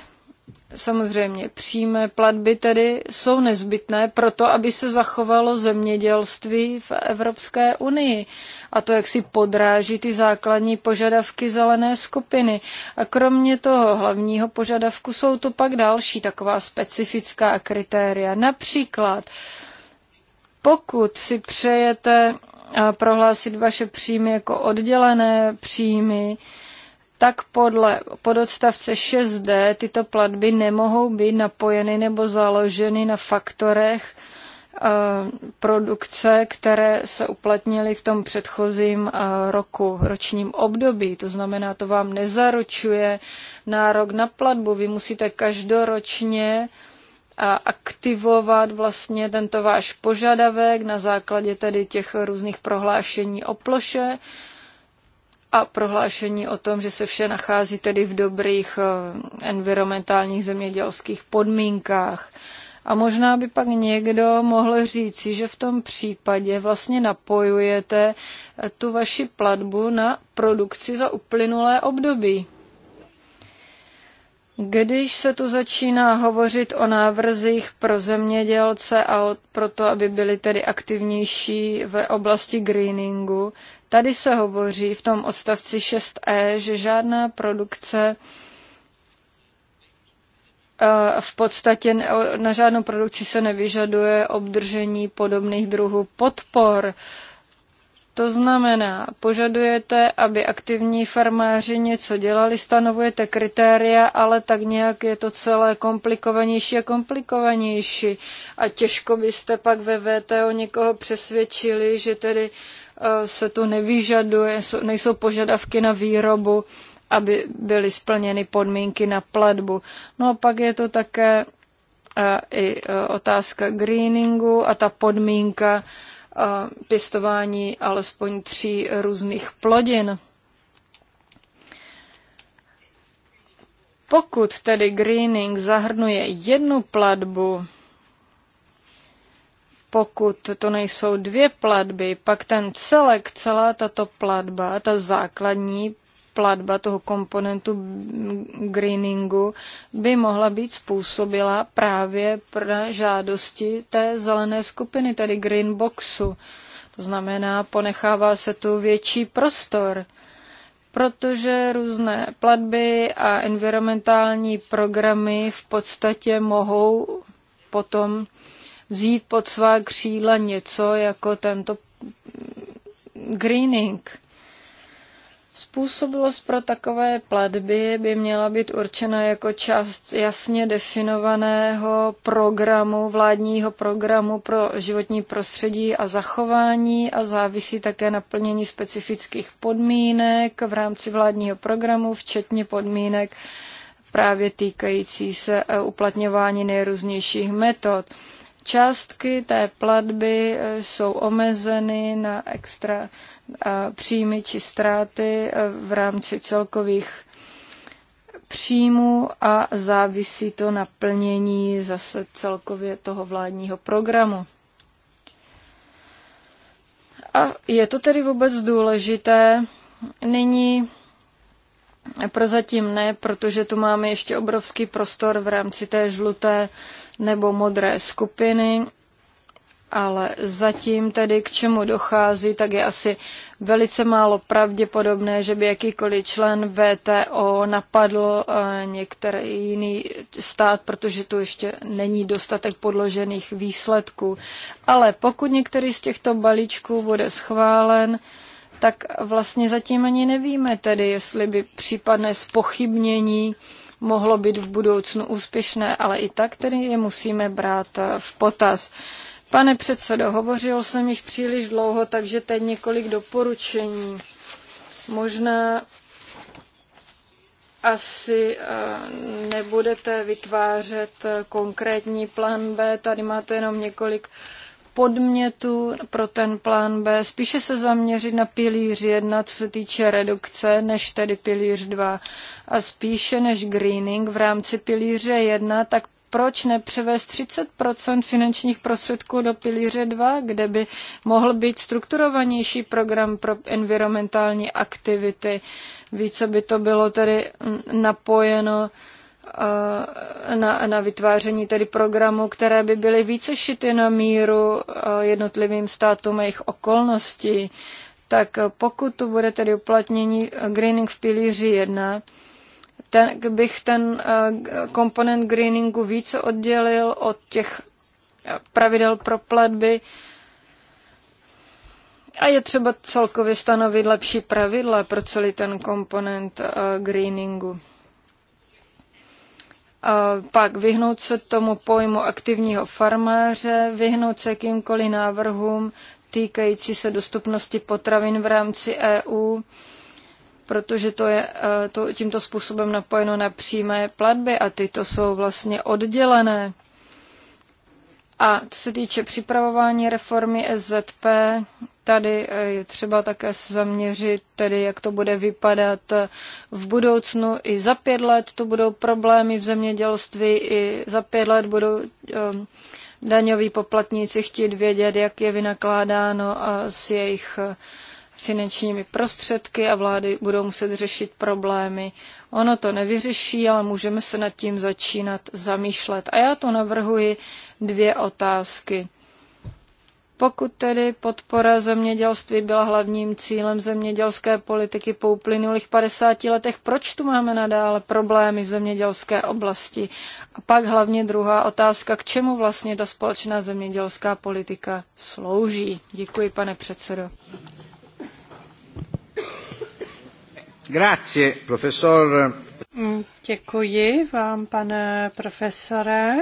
Samozřejmě přímé platby tedy jsou nezbytné proto, aby se zachovalo zemědělství v Evropské unii. A to, jak si podráží ty základní požadavky zelené skupiny. A kromě toho hlavního požadavku jsou to pak další taková specifická kritéria. Například, pokud si přejete prohlásit vaše příjmy jako oddělené příjmy, tak podle pododstavce 6d tyto platby nemohou být napojeny nebo založeny na faktorech eh, produkce, které se uplatnily v tom předchozím eh, roku, ročním období. To znamená, to vám nezaručuje nárok na platbu. Vy musíte každoročně eh, aktivovat vlastně tento váš požadavek na základě tedy těch různých prohlášení o ploše a prohlášení o tom, že se vše nachází tedy v dobrých eh, environmentálních zemědělských podmínkách. A možná by pak někdo mohl říci, že v tom případě vlastně napojujete eh, tu vaši platbu na produkci za uplynulé období. Když se tu začíná hovořit o návrzích pro zemědělce a pro to, aby byli tedy aktivnější v oblasti greeningu, Tady se hovoří v tom odstavci 6e, že žádná produkce e, v podstatě na žádnou produkci se nevyžaduje obdržení podobných druhů podpor. To znamená, požadujete, aby aktivní farmáři něco dělali, stanovujete kritéria, ale tak nějak je to celé komplikovanější a komplikovanější. A těžko byste pak ve VTO někoho přesvědčili, že tedy Eh, se tu nevyžaduje, nejsou požadavky na výrobu, aby byly splněny podmínky na platbu. No a pak je to také eh, i eh, otázka greeningu a ta podmínka pěstování alespoň tří různých plodin. Pokud tedy greening zahrnuje jednu platbu, pokud to nejsou dvě platby, pak ten celek, celá tato platba, ta základní platba toho komponentu greeningu by mohla být způsobila právě pro žádosti té zelené skupiny, tedy green boxu. To znamená, ponechává se tu větší prostor, protože různé platby a environmentální programy v podstatě mohou potom vzít pod svá křídla něco jako tento greening. Způsobilost pro takové platby by měla být určena jako část jasně definovaného programu, vládního programu pro životní prostředí a zachování a závisí také na plnění specifických podmínek v rámci vládního programu, včetně podmínek právě týkající se uplatňování nejrůznějších metod. Částky té platby eh, jsou omezeny na extra eh, příjmy či ztráty eh, v rámci celkových příjmů a závisí to na plnění zase celkově toho vládního programu. A je to tedy vůbec důležité? Nyní prozatím ne, protože tu máme ještě obrovský prostor v rámci té žluté nebo modré skupiny, ale zatím tedy k čemu dochází, tak je asi velice málo pravděpodobné, že by jakýkoliv člen VTO napadl eh, některý jiný stát, protože tu ještě není dostatek podložených výsledků. Ale pokud některý z těchto balíčků bude schválen, tak vlastně zatím ani nevíme tedy, jestli by případné spochybnění mohlo být v budoucnu úspěšné, ale i tak tedy je musíme brát eh, v potaz. Pane předsedo, hovořil jsem již příliš dlouho, takže teď několik doporučení. Možná asi eh, nebudete vytvářet eh, konkrétní plán B, tady máte jenom několik podmětu pro ten plán B, spíše se zaměřit na pilíř 1, co se týče redukce, než tedy pilíř 2. A spíše než greening v rámci pilíře 1, tak proč nepřevést 30 finančních prostředků do pilíře 2, kde by mohl být strukturovanější program pro environmentální aktivity? Více by to bylo tedy napojeno na, na vytváření tedy programů, které by byly více šity na míru eh, jednotlivým státům a jejich okolností, tak pokud tu bude tedy uplatnění eh, greening v pilíři 1, tak bych ten eh, komponent greeningu více oddělil od těch pravidel pro platby, a je třeba celkově stanovit lepší pravidla pro celý ten komponent greeningu pak vyhnout se tomu pojmu aktivního farmáře, vyhnout se jakýmkoliv návrhům týkající se dostupnosti potravin v rámci EU, protože to je e, to, tímto způsobem napojeno na přímé platby a tyto jsou vlastně oddělené. A co se týče připravování reformy SZP, tady eh, je třeba také se zaměřit, tedy jak to bude vypadat eh, v budoucnu. I za pět let to budou problémy v zemědělství, i za pět let budou um, daňoví poplatníci chtít vědět, jak je vynakládáno s jejich finančními prostředky a vlády budou muset řešit problémy. Ono to nevyřeší, ale můžeme se nad tím začínat zamýšlet. A já to navrhuji dvě otázky. Pokud tedy podpora zemědělství byla hlavním cílem zemědělské politiky po uplynulých 50 letech, proč tu máme nadále problémy v zemědělské oblasti? A pak hlavně druhá otázka, k čemu vlastně ta společná zemědělská politika slouží? Děkuji, pane předsedo. Grazie, profesor. Děkuji vám, pane profesore.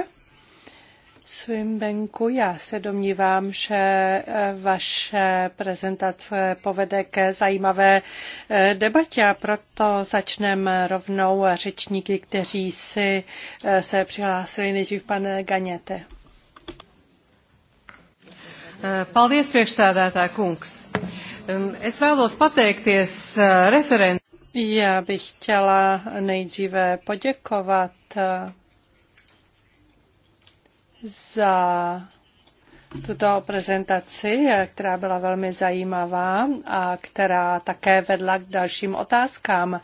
Svimbenku, já se domnívám, že eh, vaše prezentace povede ke zajímavé eh, debatě a proto začneme rovnou řečníky, kteří si eh, se přihlásili nejdřív pan Ganěte. Paldies, priekšsēdētāj kungs. Es vēlos pateikties referentu. Já bych chtěla nejdříve poděkovat za tuto prezentaci, která byla velmi zajímavá a která také vedla k dalším otázkám.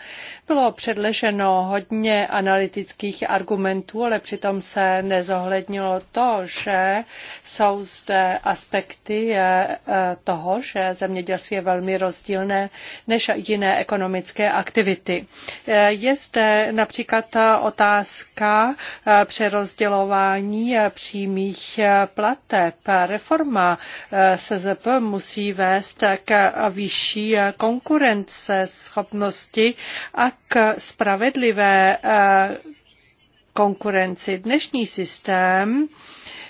Bylo předleženo hodně analytických argumentů, ale přitom se nezohlednilo to, že jsou zde aspekty eh, toho, že zemědělství je velmi rozdílné než jiné ekonomické aktivity. Eh, je zde například otázka eh, přerozdělování přímých plateb Reforma eh, SZP musí vést k vyšší konkurence schopnosti a k spravedlivé eh, konkurenci. Dnešní systém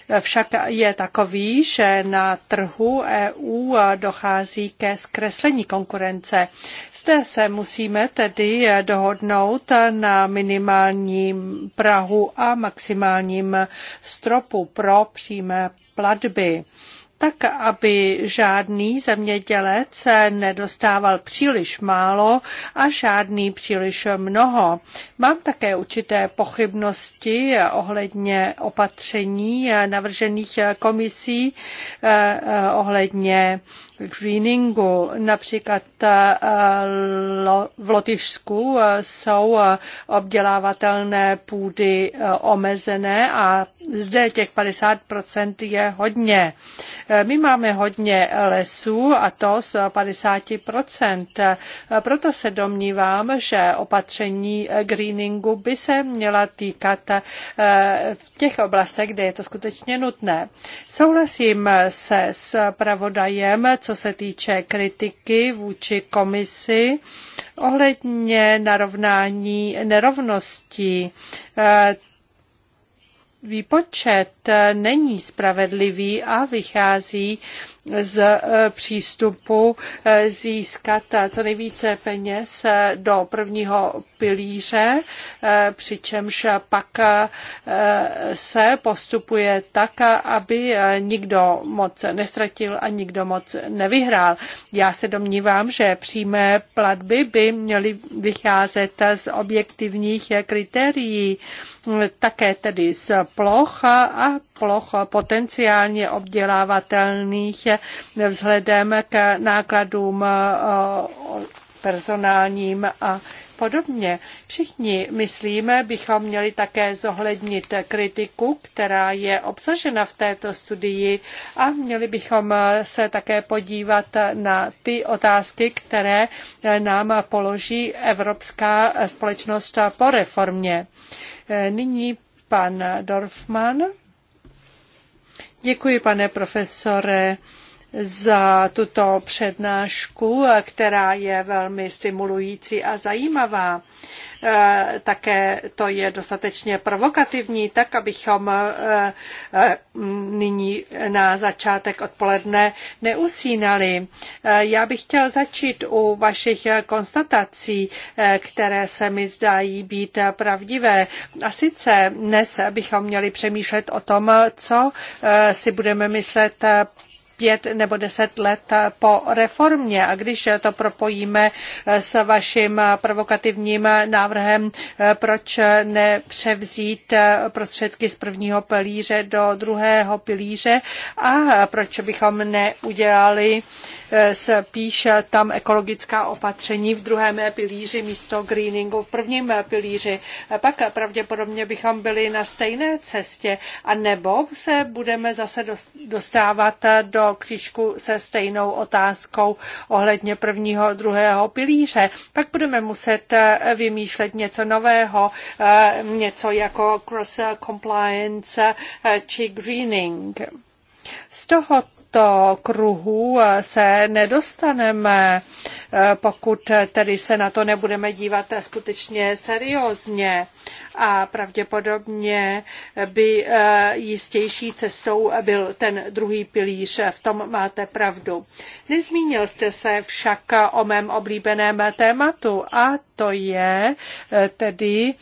eh, však je takový, že na trhu EU dochází ke zkreslení konkurence. Zde se musíme tedy dohodnout na minimálním prahu a maximálním stropu pro přímé platby tak, aby žádný zemědělec nedostával příliš málo a žádný příliš mnoho. Mám také určité pochybnosti ohledně opatření navržených komisí, eh, eh, ohledně greeningu. Například eh, v Lotyšsku eh, jsou eh, obdělávatelné půdy omezené a zde těch 50% je hodně. My máme hodně lesů a to z 50%. Proto se domnívám, že opatření greeningu by se měla týkat v těch oblastech, kde je to skutečně nutné. Souhlasím se s pravodajem, co se týče kritiky vůči komisi ohledně narovnání nerovností e, výpočet není spravedlivý a vychází z eh, přístupu eh, získat eh, co nejvíce peněz do prvního pilíře, přičemž pak se postupuje tak, aby nikdo moc nestratil a nikdo moc nevyhrál. Já se domnívám, že přímé platby by měly vycházet z objektivních kritérií, také tedy z ploch a ploch potenciálně obdělávatelných vzhledem k nákladům eh, personálním a podobně. Všichni, myslíme, bychom měli také zohlednit kritiku, která je obsažena v této studii a měli bychom se také podívat na ty otázky, které nám položí Evropská společnost po reformě. Eh, nyní pan Dorfman. Děkuji, pane profesore za tuto přednášku, která je velmi stimulující a zajímavá. Eh, také to je dostatečně provokativní, tak abychom eh, eh, nyní na začátek odpoledne neusínali. Já bych chtěl začít u vašich konstatací, které se mi zdají být pravdivé. A sice dnes bychom měli přemýšlet o tom, co si budeme myslet pět nebo deset let po reformě. A když to propojíme s vaším provokativním návrhem, proč nepřevzít prostředky z prvního pilíře do druhého pilíře a proč bychom neudělali Eh, píše tam ekologická opatření v druhém pilíři místo greeningu v prvním pilíři. Eh, pak pravděpodobně bychom byli na stejné cestě a nebo se budeme zase dostávat eh, do křížku se stejnou otázkou ohledně prvního a druhého pilíře. Pak budeme muset vymýšlet něco nového, něco jako cross compliance či greening. Z tohoto kruhu eh, se nedostaneme, eh, pokud tedy se na to nebudeme dívat eh, skutečně seriózně. A pravděpodobně by jistější cestou byl ten druhý pilíř. V tom máte pravdu. Nezmínil jste se však o mém oblíbeném tématu a to je tedy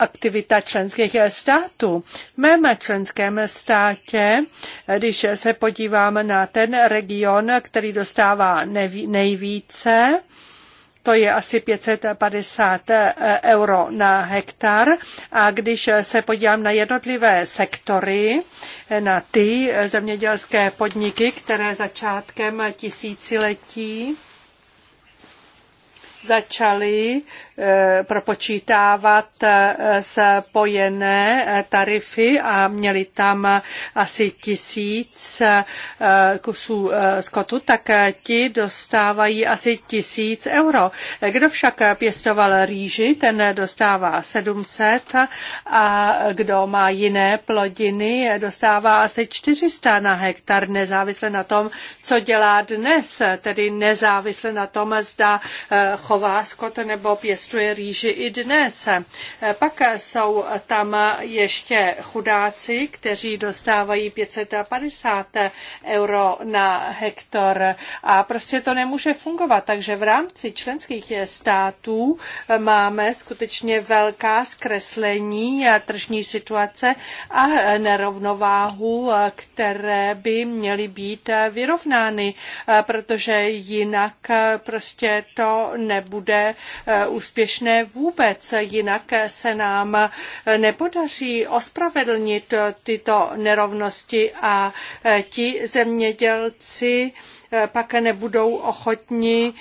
aktivita členských eh, států. V mém členském státě, eh, když se podíváme na ten region, který dostává nejvíce, to je asi 550 eh, euro na hektar. A když se podívám na jednotlivé sektory, na ty zemědělské podniky, které začátkem tisíciletí začaly Eh, propočítávat eh, spojené eh, tarify a měli tam asi tisíc kusů skotu, tak ti dostávají asi tisíc euro. Kdo však pěstoval rýži, ten dostává 700 a kdo má jiné plodiny, dostává asi 400 na hektar, nezávisle na tom, co dělá dnes, tedy nezávisle na tom, zda chová skot nebo pěstuje pěstuje rýži i dnes. Pak jsou tam ještě chudáci, kteří dostávají 550 euro na hektar a prostě to nemůže fungovat. Takže v rámci členských států máme skutečně velká zkreslení tržní situace a nerovnováhu, které by měly být vyrovnány, protože jinak prostě to nebude úspěšné úspěšné vůbec, jinak se nám nepodaří ospravedlnit tyto nerovnosti a ti zemědělci pak nebudou ochotni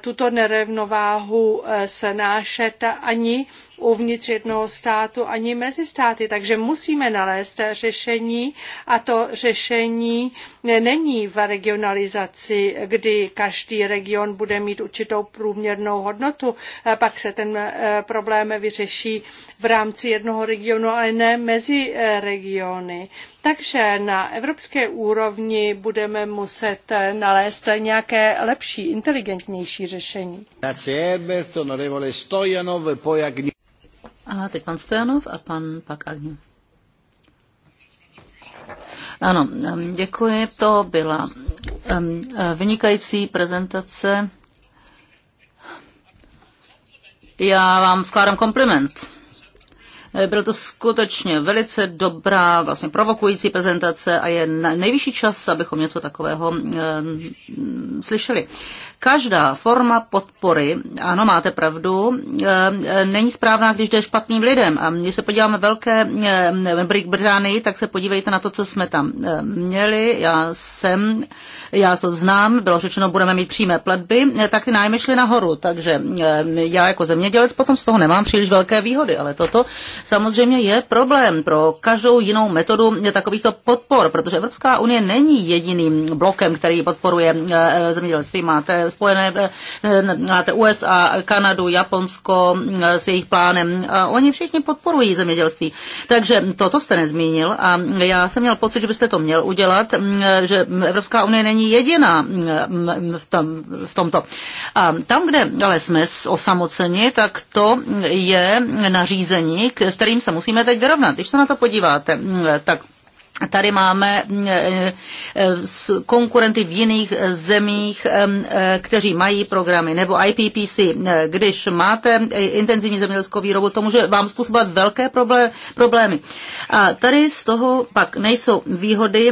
tuto nerovnováhu snášet ani uvnitř jednoho státu ani mezi státy, takže musíme nalézt řešení a to řešení není v regionalizaci, kdy každý region bude mít určitou průměrnou hodnotu, eh, pak se ten eh, problém vyřeší v rámci jednoho regionu, ale ne mezi eh, regiony. Takže na evropské úrovni budeme muset nalézt nějaké lepší, inteligentnější řešení. A teď pan Stojanov a pan pak Agňu. Ano, děkuji. To byla eh, vynikající prezentace. Já vám skládám kompliment. Eh, byla to skutečně velice dobrá, vlastně provokující prezentace a je nejvyšší čas, abychom něco takového slyšeli. Každá forma podpory, ano, máte pravdu, eh, eh, není správná, když jde špatným lidem. A když se podíváme velké eh, Británii, tak se podívejte na to, co jsme tam měli. Já jsem, já to znám, bylo řečeno, budeme mít přímé platby, tak ty nájmy šly nahoru. Takže já jako zemědělec potom z toho nemám příliš velké výhody, ale toto samozřejmě je problém pro každou jinou metodu takovýchto podpor, protože Evropská unie není jediným blokem, který podporuje zemědělství. Máte spojené máte eh, USA, Kanadu, Japonsko eh, s jejich plánem. A oni všichni podporují zemědělství. Takže toto jste nezmínil a já jsem měl pocit, že byste to měl udělat, mm, eh, že Evropská unie není jediná mm, mm, v, tom, v tomto. A tam, kde ale jsme osamoceni, tak to je nařízení, s kterým se musíme teď vyrovnat. Když se na to podíváte, tak Tady máme mm, e, e, konkurenty v jiných zemích, e, kteří mají programy, nebo IPPC. Když máte intenzivní zemědělskou výrobu, to může vám způsobovat velké problémy. A tady z toho pak nejsou výhody.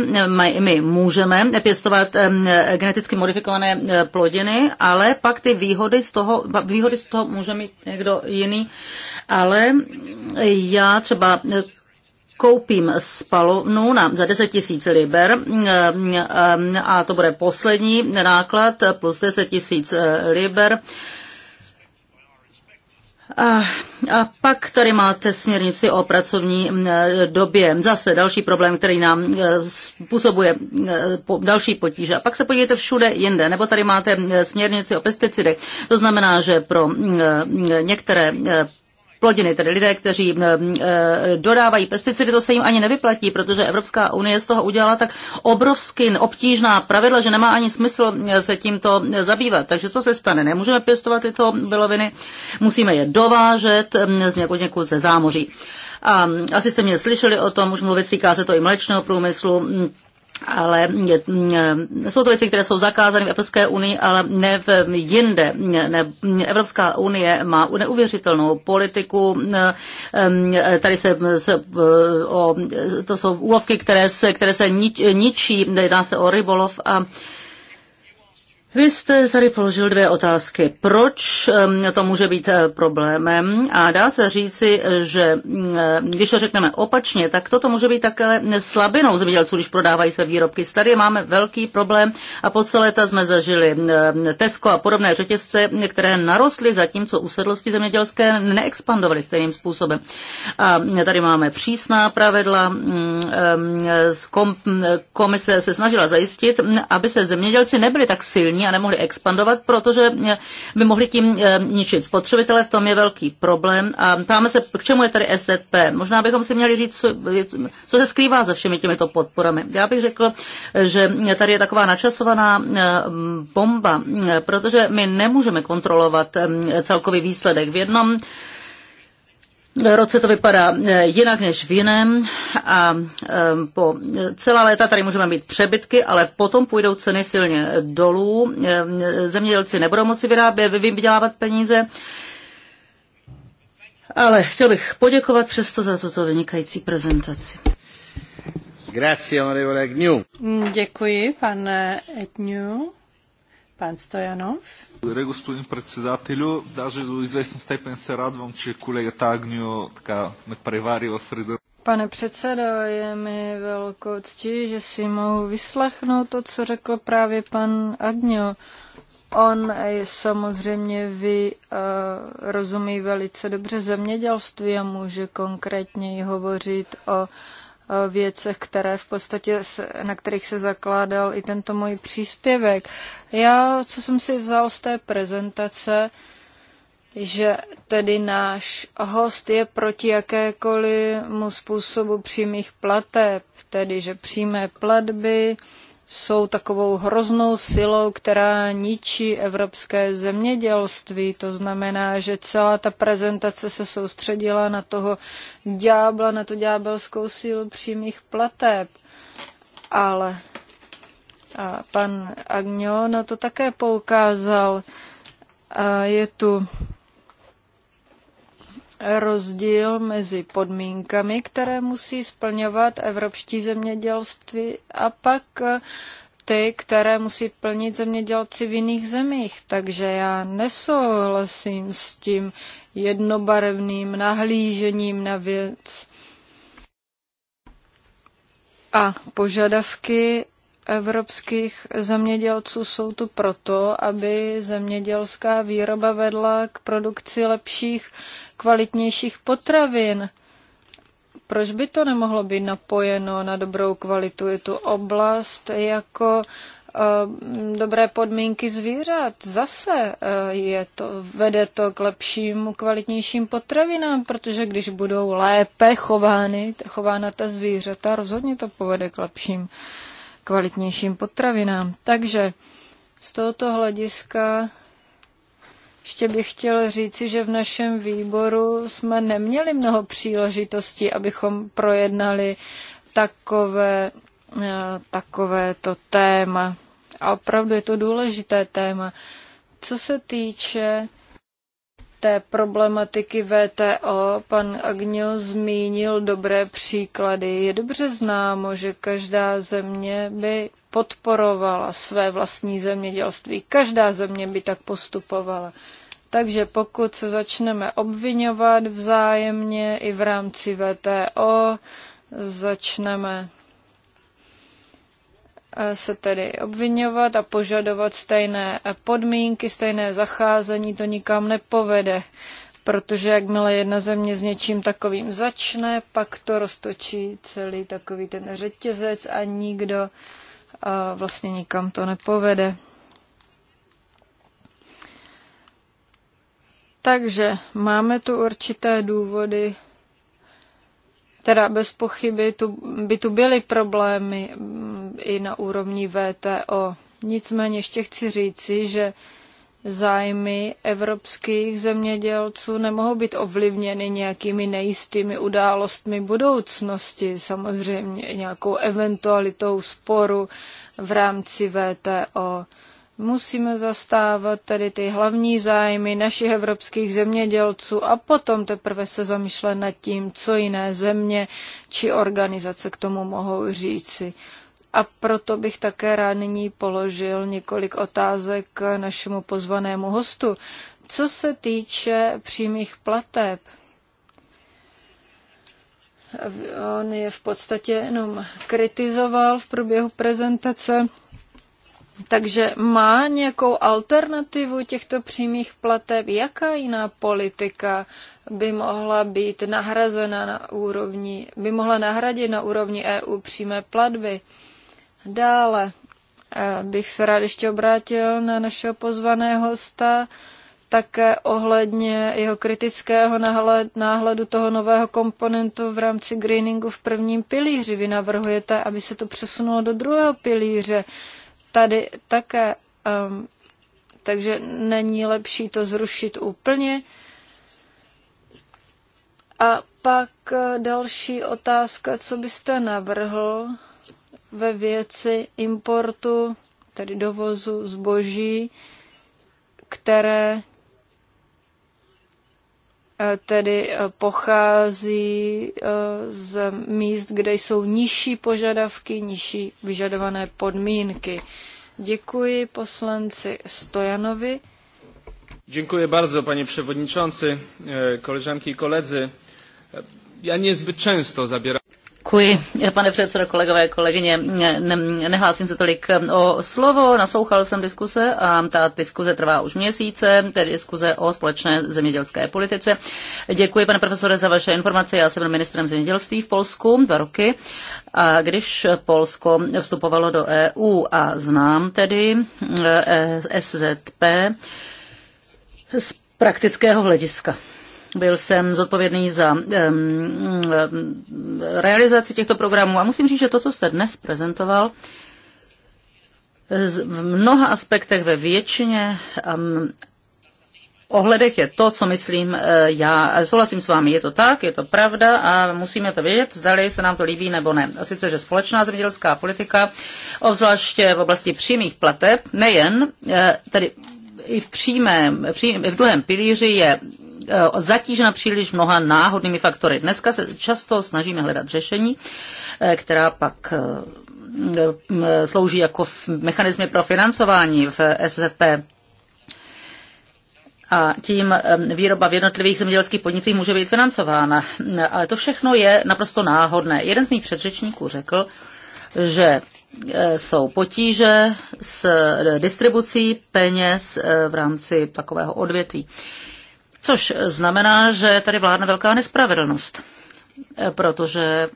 My můžeme pěstovat geneticky modifikované plodiny, ale pak ty výhody z toho, výhody z toho může mít někdo jiný. Ale já třeba koupím spalovnu na, za 10 tisíc liber eh, a to bude poslední náklad plus 10 tisíc eh, liber. A, a pak tady máte směrnici o pracovní eh, době. Zase další problém, který nám způsobuje další potíže. A pak se podívejte všude jinde. Nebo tady máte směrnici o pesticidech. To znamená, že pro některé plodiny, tedy lidé, kteří e, dodávají pesticidy, to se jim ani nevyplatí, protože Evropská unie z toho udělala tak obrovsky obtížná pravidla, že nemá ani smysl se tímto e, zabývat. Takže co se stane? Nemůžeme pěstovat tyto byloviny, musíme je dovážet z někud, někud ze zámoří. A asi jste mě slyšeli o tom, už mluvit týká se to i mléčného průmyslu ale mm, jsou to věci, které jsou zakázány v Evropské unii, ale ne v jinde. Ne, Evropská unie má neuvěřitelnou politiku. Mm, mm, tady se, se o, to jsou úlovky, které se, které se nič, ničí, jedná se o rybolov a vy jste tady položil dvě otázky. Proč to může být eh, problémem? A dá se říci, že eh, když to řekneme opačně, tak toto může být také slabinou zemědělců, když prodávají se výrobky. Tady máme velký problém a po celé ta jsme zažili Tesco a podobné řetězce, které narostly, zatímco usedlosti zemědělské neexpandovaly stejným způsobem. A tady máme přísná pravidla. Komise se snažila zajistit, aby se zemědělci nebyli tak silní, a nemohli expandovat, protože eh, by mohli tím eh, ničit spotřebitele, v tom je velký problém. A ptáme se, k čemu je tady SZP? Možná bychom si měli říct, co, co se skrývá za všemi těmito podporami. Já bych řekl, že tady je taková načasovaná eh, bomba, protože my nemůžeme kontrolovat celkový výsledek. V jednom v roce to vypadá eh, jinak než v jiném a eh, po celá léta tady můžeme mít přebytky, ale potom půjdou ceny silně dolů. Eh, zemědělci nebudou moci vyrábět, vydělávat peníze. Ale chtěl bych poděkovat přesto za tuto vynikající prezentaci. Grazie, Děkuji, pane Agnew. Pan Stojanov. Благодаря, господин председателю. Даже до известен степен се радвам, че колегата Агнио така ме превари в реда. Pane předsedo, je mi velkou ctí, že si mohu vyslechnout to, co řekl právě pan Agňo. On eh, je samozřejmě vy uh, rozumí velice dobře zemědělství a může konkrétně hovořit o uh, věcech, které v podstatě, na kterých se zakládal i tento můj příspěvek. Já, co jsem si vzal z té prezentace, že tedy náš host je proti jakékoliv mu způsobu přímých plateb, tedy že přímé platby, jsou takovou hroznou silou, která ničí evropské zemědělství. To znamená, že celá ta prezentace se soustředila na toho ďábla, na tu ďábelskou sílu přímých plateb. Ale a pan Agňo na to také poukázal. A je tu rozdíl mezi podmínkami, které musí splňovat evropští zemědělství a pak eh, ty, které musí plnit zemědělci v jiných zemích. Takže já nesouhlasím s tím jednobarevným nahlížením na věc. A požadavky evropských zemědělců jsou tu proto, aby zemědělská výroba vedla k produkci lepších, kvalitnějších potravin. Proč by to nemohlo být napojeno na dobrou kvalitu? Je tu oblast jako eh, dobré podmínky zvířat. Zase eh, je to, vede to k lepším, kvalitnějším potravinám, protože když budou lépe chovány, chována ta zvířata, rozhodně to povede k lepším uh, kvalitnějším potravinám. Takže z tohoto hlediska ještě bych chtěl říci, že v našem výboru jsme neměli mnoho příležitostí, abychom projednali takové, eh, takové to téma. A opravdu je to důležité téma. Co se týče té problematiky VTO pan Agňo zmínil dobré příklady. Je dobře známo, že každá země by podporovala své vlastní zemědělství. Každá země by tak postupovala. Takže pokud se začneme obvinovat vzájemně i v rámci VTO, začneme se tedy obvinovat a požadovat stejné podmínky, stejné zacházení, to nikam nepovede protože jakmile jedna země s něčím takovým začne, pak to roztočí celý takový ten řetězec a nikdo a vlastně nikam to nepovede. Takže máme tu určité důvody Teda bez pochyby tu, by tu byly problémy mm, i na úrovni VTO. Nicméně ještě chci říci, že zájmy evropských zemědělců nemohou být ovlivněny nějakými nejistými událostmi budoucnosti, samozřejmě nějakou eventualitou sporu v rámci VTO. Musíme zastávat tedy ty hlavní zájmy našich evropských zemědělců a potom teprve se zamýšlet nad tím, co jiné země či organizace k tomu mohou říci. A proto bych také rád nyní položil několik otázek našemu pozvanému hostu. Co se týče přímých plateb, on je v podstatě jenom kritizoval v průběhu prezentace takže má nějakou alternativu těchto přímých plateb? Jaká jiná politika by mohla být nahrazena na úrovni, by mohla nahradit na úrovni EU přímé platby? Dále eh, bych se rád ještě obrátil na našeho pozvaného hosta také ohledně jeho kritického náhledu toho nového komponentu v rámci greeningu v prvním pilíři. Vy navrhujete, aby se to přesunulo do druhého pilíře tady také. Um, takže není lepší to zrušit úplně. A pak eh, další otázka, co byste navrhl ve věci importu, tedy dovozu zboží, které tedy eh, pochází eh, z míst, kde jsou nižší požadavky, nižší vyžadované podmínky. Děkuji poslanci Stojanovi. Dziękuję bardzo, panie przewodniczący, e, koleżanki i koledzy. E, ja niezbyt często zabieram Děkuji, pane předsedo, kolegové, kolegyně. Ne, nehlásím se tolik eh, o slovo, naslouchal jsem diskuse a ta diskuze trvá už měsíce, tedy diskuze o společné zemědělské politice. Děkuji, pane profesore, za vaše informace. Já jsem byl ministrem zemědělství v Polsku dva roky a když Polsko vstupovalo do EU a znám tedy eh, SZP z praktického hlediska byl jsem zodpovědný za um, realizaci těchto programů a musím říct, že to, co jste dnes prezentoval, v mnoha aspektech ve většině um, ohledech je to, co myslím eh, já. Souhlasím s vámi, je to tak, je to pravda a musíme to vědět, zdali se nám to líbí nebo ne. A sice, že společná zemědělská politika, obzvláště v oblasti přímých plateb, nejen, eh, tedy i v, přímém, v druhém pilíři je Eh, zatížena příliš mnoha náhodnými faktory. Dneska se často snažíme hledat řešení, eh, která pak eh, slouží jako mechanizmy pro financování v SZP a tím výroba v jednotlivých zemědělských podnicích může být financována. Ale to všechno je naprosto náhodné. Jeden z mých předřečníků řekl, že jsou potíže s distribucí peněz v rámci takového odvětví což znamená, že tady vládne velká nespravedlnost, protože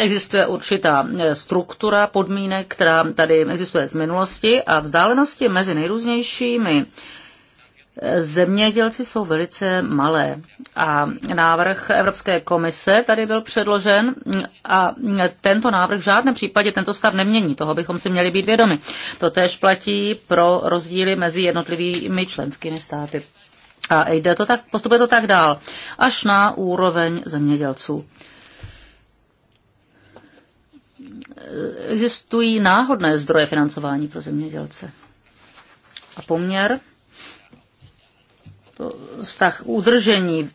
Existuje určitá struktura podmínek, která tady existuje z minulosti a vzdálenosti mezi nejrůznějšími zemědělci jsou velice malé. A návrh Evropské komise tady byl předložen a tento návrh v žádném případě tento stav nemění. Toho bychom si měli být vědomi. To též platí pro rozdíly mezi jednotlivými členskými státy a jde to tak, postupuje to tak dál, až na úroveň zemědělců. Existují náhodné zdroje financování pro zemědělce. A poměr vztah udržení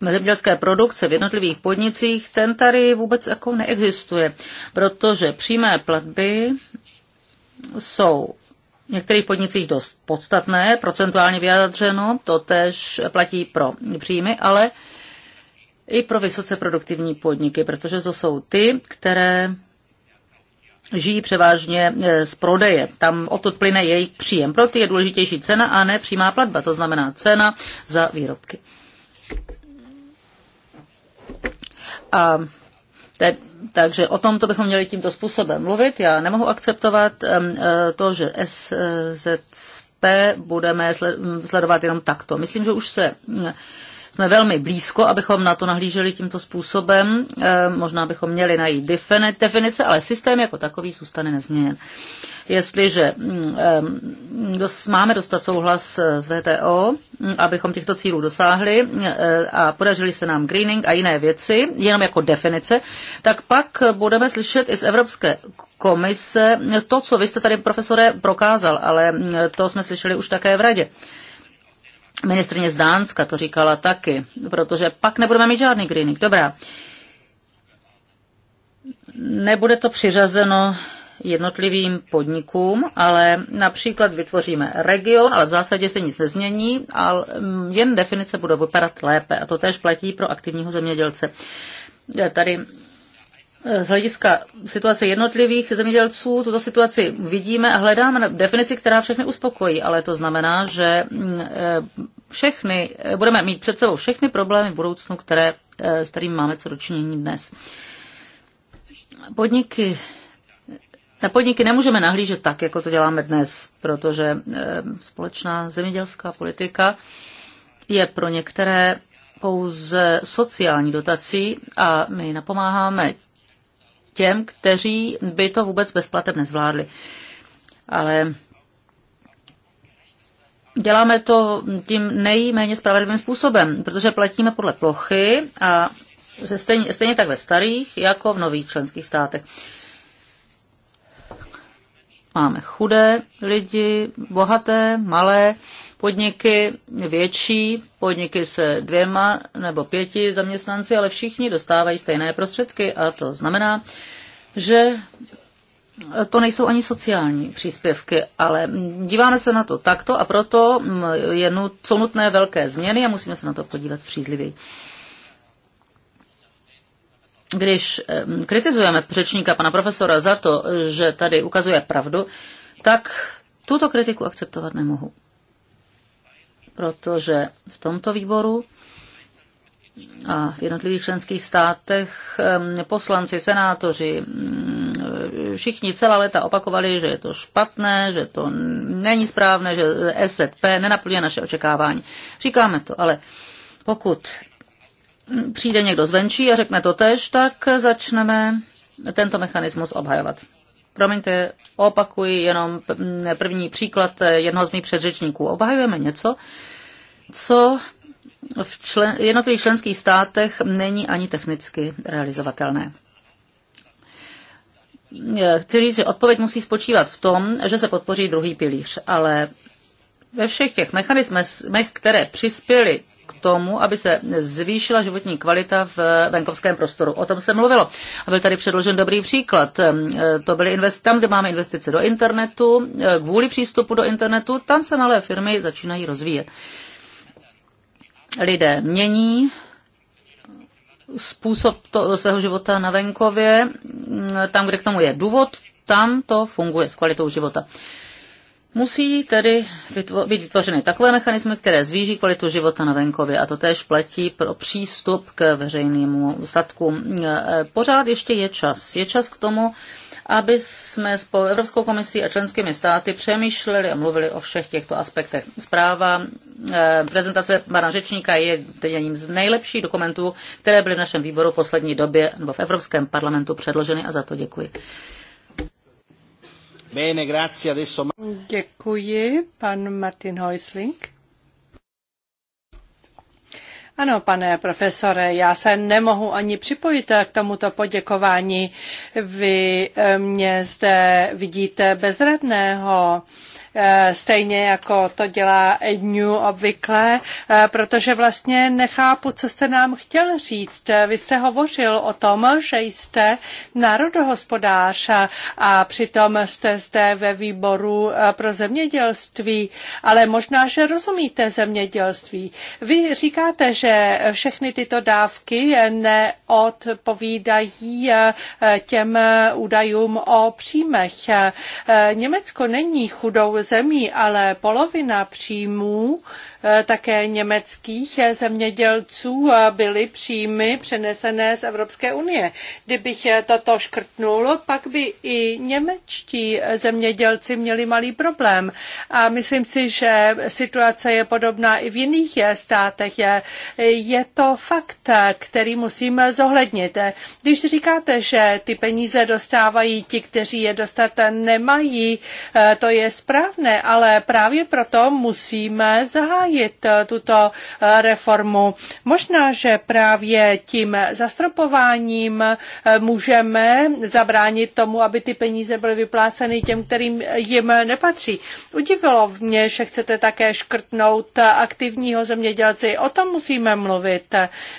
zemědělské produkce v jednotlivých podnicích, ten tady vůbec jako neexistuje, protože přímé platby jsou v některých podnicích dost podstatné, procentuálně vyjádřeno, to tež platí pro příjmy, ale i pro vysoce produktivní podniky, protože to jsou ty, které žijí převážně e, z prodeje. Tam odtud plyne jejich příjem. Pro ty je důležitější cena a ne přímá platba, to znamená cena za výrobky. A te, takže o tomto bychom měli tímto způsobem mluvit. Já nemohu akceptovat eh, to, že SZP budeme sledovat jenom takto. Myslím, že už se mm, jsme velmi blízko, abychom na to nahlíželi tímto způsobem. Možná bychom měli najít definice, ale systém jako takový zůstane nezměněn. Jestliže mm, máme dostat souhlas eh, z VTO, mm, abychom těchto cílů dosáhli eh, a podařili se nám greening a jiné věci, jenom jako definice, tak pak budeme slyšet i z Evropské komise to, co vy jste tady, profesore, prokázal, ale mm, to jsme slyšeli už také v radě. Ministrně z Dánska to říkala taky, protože pak nebudeme mít žádný greening. Dobrá. Nebude to přiřazeno jednotlivým podnikům, ale například vytvoříme region, ale v zásadě se nic nezmění, ale mm, jen definice bude vypadat lépe. A to též platí pro aktivního zemědělce. Tady e, z hlediska situace jednotlivých zemědělců tuto situaci vidíme a hledáme definici, která všechny uspokojí, ale to znamená, že mm, e, všechny, e, budeme mít před sebou všechny problémy v budoucnu, které, s kterými máme co dočinění dnes. Podniky na podniky nemůžeme nahlížet tak, jako to děláme dnes, protože eh, společná zemědělská politika je pro některé pouze sociální dotací a my napomáháme těm, kteří by to vůbec bez plateb nezvládli. Ale děláme to tím nejméně spravedlivým způsobem, protože platíme podle plochy a stejně, stejně tak ve starých, jako v nových členských státech. Máme chudé lidi, bohaté, malé podniky, větší podniky se dvěma nebo pěti zaměstnanci, ale všichni dostávají stejné prostředky a to znamená, že to nejsou ani sociální příspěvky, ale díváme se na to takto a proto je, jsou nutné velké změny a musíme se na to podívat střízlivěji když kritizujeme řečníka pana profesora za to, že tady ukazuje pravdu, tak tuto kritiku akceptovat nemohu. Protože v tomto výboru a v jednotlivých členských státech poslanci, senátoři, mm, všichni celá léta opakovali, že je to špatné, že to není správné, že SZP nenaplňuje naše očekávání. Říkáme to, ale pokud přijde někdo zvenčí a řekne to tež, tak začneme tento mechanismus obhajovat. Promiňte, opakuji jenom první příklad jednoho z mých předřečníků. Obhajujeme něco, co v člen, jednotlivých členských státech není ani technicky realizovatelné. Chci říct, že odpověď musí spočívat v tom, že se podpoří druhý pilíř, ale ve všech těch mechanismech, které přispěly k tomu, aby se zvýšila životní kvalita v venkovském prostoru. O tom se mluvilo. A byl tady předložen dobrý příklad. E, to byly invest- tam, kde máme investice do internetu, e, kvůli přístupu do internetu, tam se malé firmy začínají rozvíjet. Lidé mění způsob to, svého života na venkově, tam, kde k tomu je důvod, tam to funguje s kvalitou života. Uh, Musí tedy být vytvořeny takové mechanismy, které zvýší kvalitu života na venkově a to též platí pro přístup k veřejnému statku. E, pořád ještě je čas. Je čas k tomu, aby jsme s Evropskou komisí a členskými státy přemýšleli a mluvili o všech těchto aspektech. Zpráva e, prezentace pana řečníka je jedním z nejlepších dokumentů, které byly v našem výboru v poslední době nebo v Evropském parlamentu předloženy a za to děkuji. Bene, grazie. Adesso... Děkuji, pan Martin Heusling. Ano, pane profesore, já se nemohu ani připojit k tomuto poděkování. Vy eh, mě zde vidíte bezradného. Eh, stejně jako to dělá New obvykle, eh, protože vlastně nechápu, co jste nám chtěl říct. Eh, vy jste hovořil o tom, že jste národohospodář a přitom jste zde ve výboru pro zemědělství, ale možná, že rozumíte zemědělství. Vy říkáte, že všechny tyto dávky neodpovídají těm údajům o příjmech. Německo není chudou zemí, ale polovina příjmů Eh, také německých eh, zemědělců eh, byly příjmy přenesené z Evropské unie. Kdybych toto škrtnul, pak by i němečtí zemědělci měli malý problém. A myslím si, že situace je podobná i v jiných státech. Je to fakt, který musíme zohlednit. Když říkáte, že ty peníze dostávají ti, kteří je dostat nemají, to je správné, ale právě proto musíme zahájit zahájit eh, tuto eh, reformu. Možná, že právě tím zastropováním eh, můžeme zabránit tomu, aby ty peníze byly vypláceny těm, kterým jim nepatří. Udivilo mě, že chcete také škrtnout aktivního zemědělci. O tom musíme mluvit.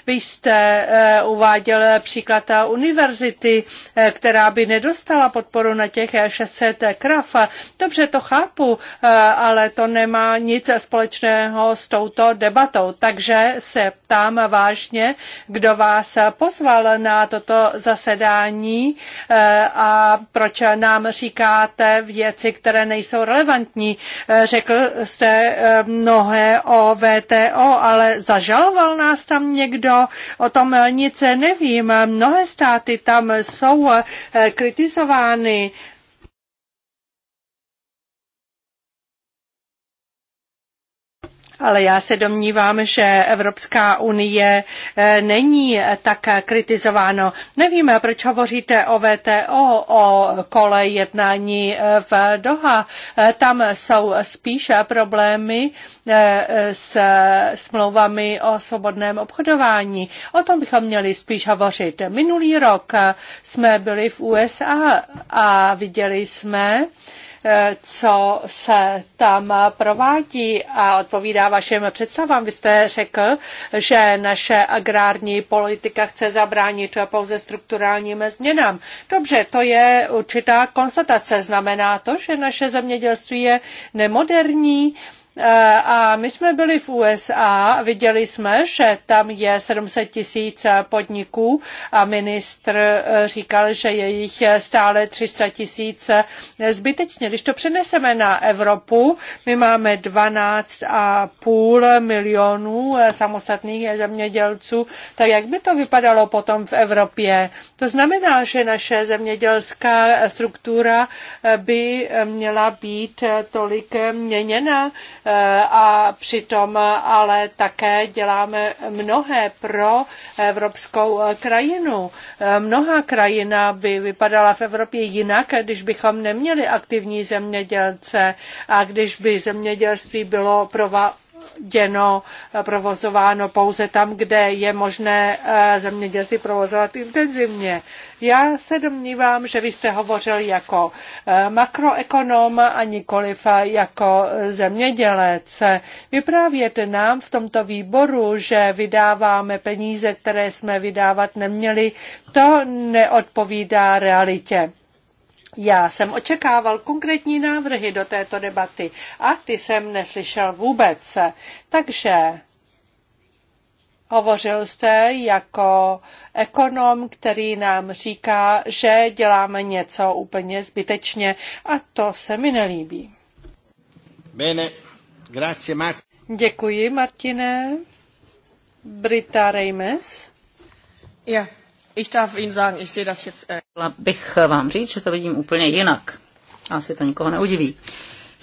Vy jste uváděl příklad univerzity, která by nedostala podporu na těch 600 krav. Dobře, to chápu, ale to nemá nic společného společného s touto debatou. Takže se ptám vážně, kdo vás pozval na toto zasedání eh, a proč nám říkáte věci, které nejsou relevantní. Eh, řekl jste eh, mnohé o VTO, ale zažaloval nás tam někdo, o tom nic nevím. Mnohé státy tam jsou kritizovány ale já se domnívám, že Evropská unie eh, není eh, tak kritizováno. Nevím, eh, proč hovoříte o VTO, o kole jednání v Doha. Tam jsou spíše problémy s smlouvami o svobodném obchodování. O tom bychom měli spíš hovořit. Minulý rok jsme byli v USA a viděli jsme, co se tam provádí a odpovídá vašim představám. Vy jste řekl, že naše agrární politika chce zabránit pouze strukturálním změnám. Dobře, to je určitá konstatace. Znamená to, že naše zemědělství je nemoderní, Eh, a my jsme byli v USA viděli jsme, že tam je 700 tisíc podniků a ministr eh, říkal, že je jich eh, stále 300 tisíc zbytečně. Když to přeneseme na Evropu, my máme 12,5 milionů samostatných zemědělců, tak jak by to vypadalo potom v Evropě? To znamená, že naše zemědělská struktura by měla být tolik měněna, Eh, a přitom ale také děláme mnohé pro evropskou eh, krajinu. Eh, mnohá krajina by vypadala v Evropě jinak, když bychom neměli aktivní zemědělce a když by zemědělství bylo děno, eh, provozováno pouze tam, kde je možné eh, zemědělství provozovat intenzivně. Já se domnívám, že vy jste hovořil jako eh, makroekonom a nikoliv jako zemědělec. Vyprávěte nám v tomto výboru, že vydáváme peníze, které jsme vydávat neměli, to neodpovídá realitě. Já jsem očekával konkrétní návrhy do této debaty a ty jsem neslyšel vůbec. Takže Hovořil jste jako ekonom, který nám říká, že děláme něco úplně zbytečně a to se mi nelíbí. Bene. Grazie, Mar- Děkuji, Martine. Brita Reimes. Yeah. Ich darf Ihnen sagen, ich sehe das jetzt... Äh, Chtěla bych vám říct, že to vidím úplně jinak. Asi to nikoho neudiví.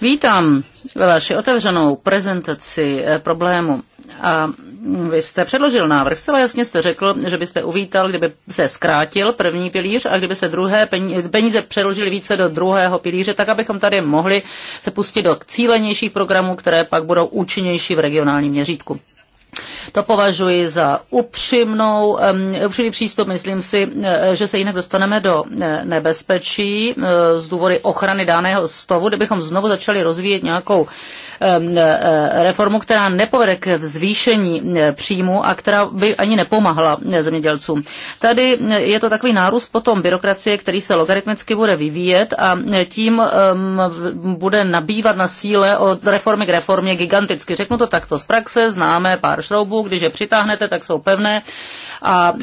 Vítám ve vaši otevřenou prezentaci eh, problému. A mm, vy jste předložil návrh, zcela jasně jste řekl, že byste uvítal, kdyby se zkrátil první pilíř a kdyby se druhé peníze přeložily více do druhého pilíře, tak abychom tady mohli se pustit do cílenějších programů, které pak budou účinnější v regionálním měřítku. To považuji za upřímnou, upřímný přístup. Myslím si, eh, že se jinak dostaneme do eh, nebezpečí eh, z důvody ochrany daného stovu, kdybychom znovu začali rozvíjet nějakou Um, eh, reformu, která nepovede k zvýšení eh, příjmu a která by ani nepomáhla eh, zemědělcům. Tady je to takový nárůst potom byrokracie, který se logaritmicky bude vyvíjet a tím bude nabývat na síle od reformy k reformě giganticky. Řeknu to takto z praxe, známe pár šroubů, když je přitáhnete, tak jsou pevné a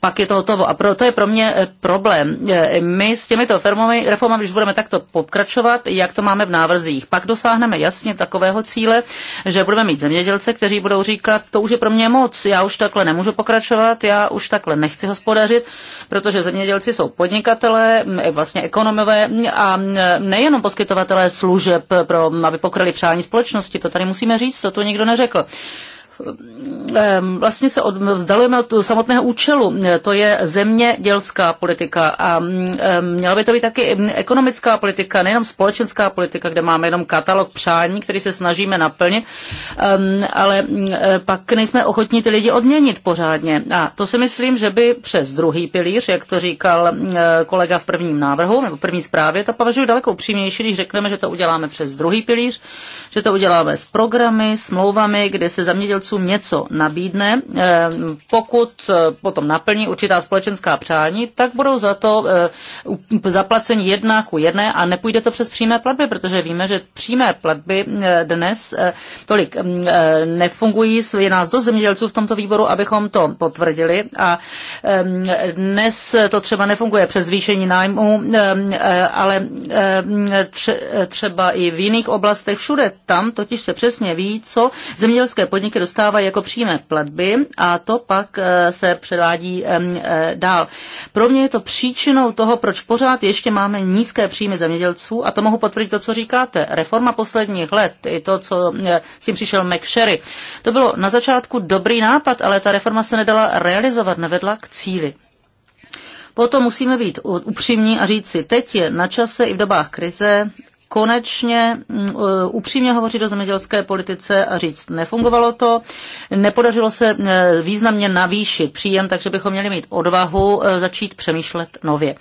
pak je to hotovo. A pro, to je pro mě problém. My s těmito firmami, reformami, když budeme takto pokračovat, jak to máme v návrzích, pak dosáhneme jasně takové takového cíle, že budeme mít zemědělce, kteří budou říkat, to už je pro mě moc, já už takhle nemůžu pokračovat, já už takhle nechci hospodařit, protože zemědělci jsou podnikatelé, vlastně ekonomové a nejenom poskytovatelé služeb, pro, aby pokryli přání společnosti, to tady musíme říct, to tu nikdo neřekl. Ehm, vlastně se od, vzdalujeme od samotného účelu. To je zemědělská politika a mm, ehm, měla by to být taky mm, ekonomická politika, nejenom společenská politika, kde máme jenom katalog přání, který se snažíme naplnit, ehm, ale mm, eh, pak nejsme ochotní ty lidi odměnit pořádně. A to si myslím, že by přes druhý pilíř, jak to říkal eh, kolega v prvním návrhu nebo první zprávě, to považuji daleko upřímnější, když řekneme, že to uděláme přes druhý pilíř, že to uděláme s programy, smlouvami, kde se zemědělci umělcům něco nabídne, eh, pokud eh, potom naplní určitá společenská přání, tak budou za to eh, zaplaceni jedna ku jedné a nepůjde to přes přímé platby, protože víme, že přímé platby dnes tolik mm, nefungují. Je nás dost zemědělců v tomto výboru, abychom to potvrdili a ehm, dnes to třeba nefunguje přes zvýšení nájmu, ehm, ale ehm, třeba i v jiných oblastech, všude tam totiž se přesně ví, co zemědělské podniky dostávají dostávají jako přímé platby a to pak eh, se předvádí eh, dál. Pro mě je to příčinou toho, proč pořád ještě máme nízké příjmy zemědělců a to mohu potvrdit to, co říkáte. Reforma posledních let, i to, co eh, s tím přišel McSherry, to bylo na začátku dobrý nápad, ale ta reforma se nedala realizovat, nevedla k cíli. Potom musíme být upřímní a říci, teď je na čase i v dobách krize, konečně mm, e, upřímně hovořit o zemědělské politice a říct, nefungovalo to, nepodařilo se e, významně navýšit příjem, takže bychom měli mít odvahu e, začít přemýšlet nově.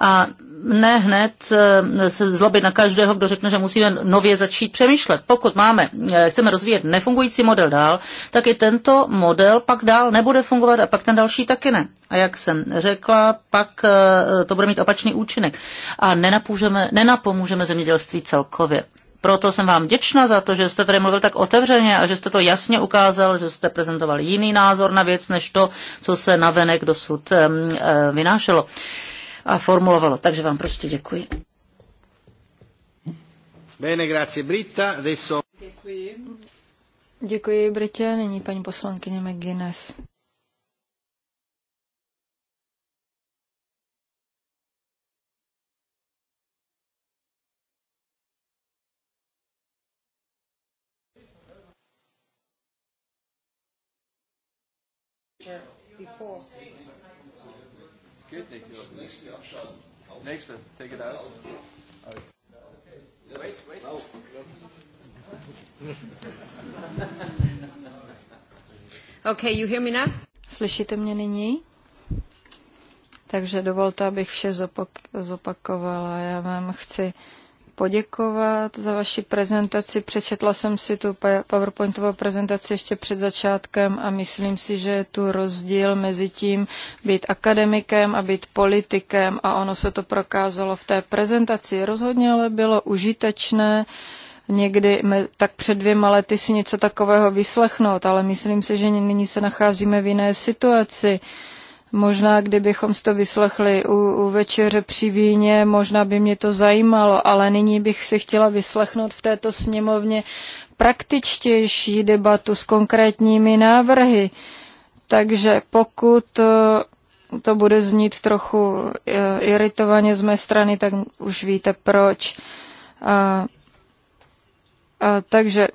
A ne hned eh, se zlobit na každého, kdo řekne, že musíme nově začít přemýšlet. Pokud máme, eh, chceme rozvíjet nefungující model dál, tak i tento model pak dál nebude fungovat a pak ten další taky ne. A jak jsem řekla, pak eh, to bude mít opačný účinek. A nenapomůžeme zemědělství celkově. Proto jsem vám děčna za to, že jste tady mluvil tak otevřeně a že jste to jasně ukázal, že jste prezentoval jiný názor na věc, než to, co se navenek dosud vynášelo a formulovalo. Takže vám prostě děkuji. Bene, grazie Britta. Adesso... Děkuji. Děkuji, Britě. Nyní paní poslankyně McGuinness. Next one, uh, take it out. Wait, wait. okay, you hear me now? Slyšíte mě nyní? Takže dovolte, abych vše zopak- zopakovala. Já vám chci uh, poděkovat za vaši prezentaci. Přečetla jsem si tu PowerPointovou prezentaci ještě před začátkem a myslím si, že je tu rozdíl mezi tím být akademikem a být politikem a ono se to prokázalo v té prezentaci. Rozhodně ale bylo užitečné někdy tak před dvěma lety si něco takového vyslechnout, ale myslím si, že nyní se nacházíme v jiné situaci. Možná, kdybychom si to vyslechli u, u večeře při víně, možná by mě to zajímalo, ale nyní bych si chtěla vyslechnout v této sněmovně praktičtější debatu s konkrétními návrhy. Takže pokud eh, to bude znít trochu eh, iritovaně z mé strany, tak už víte proč. A, a, takže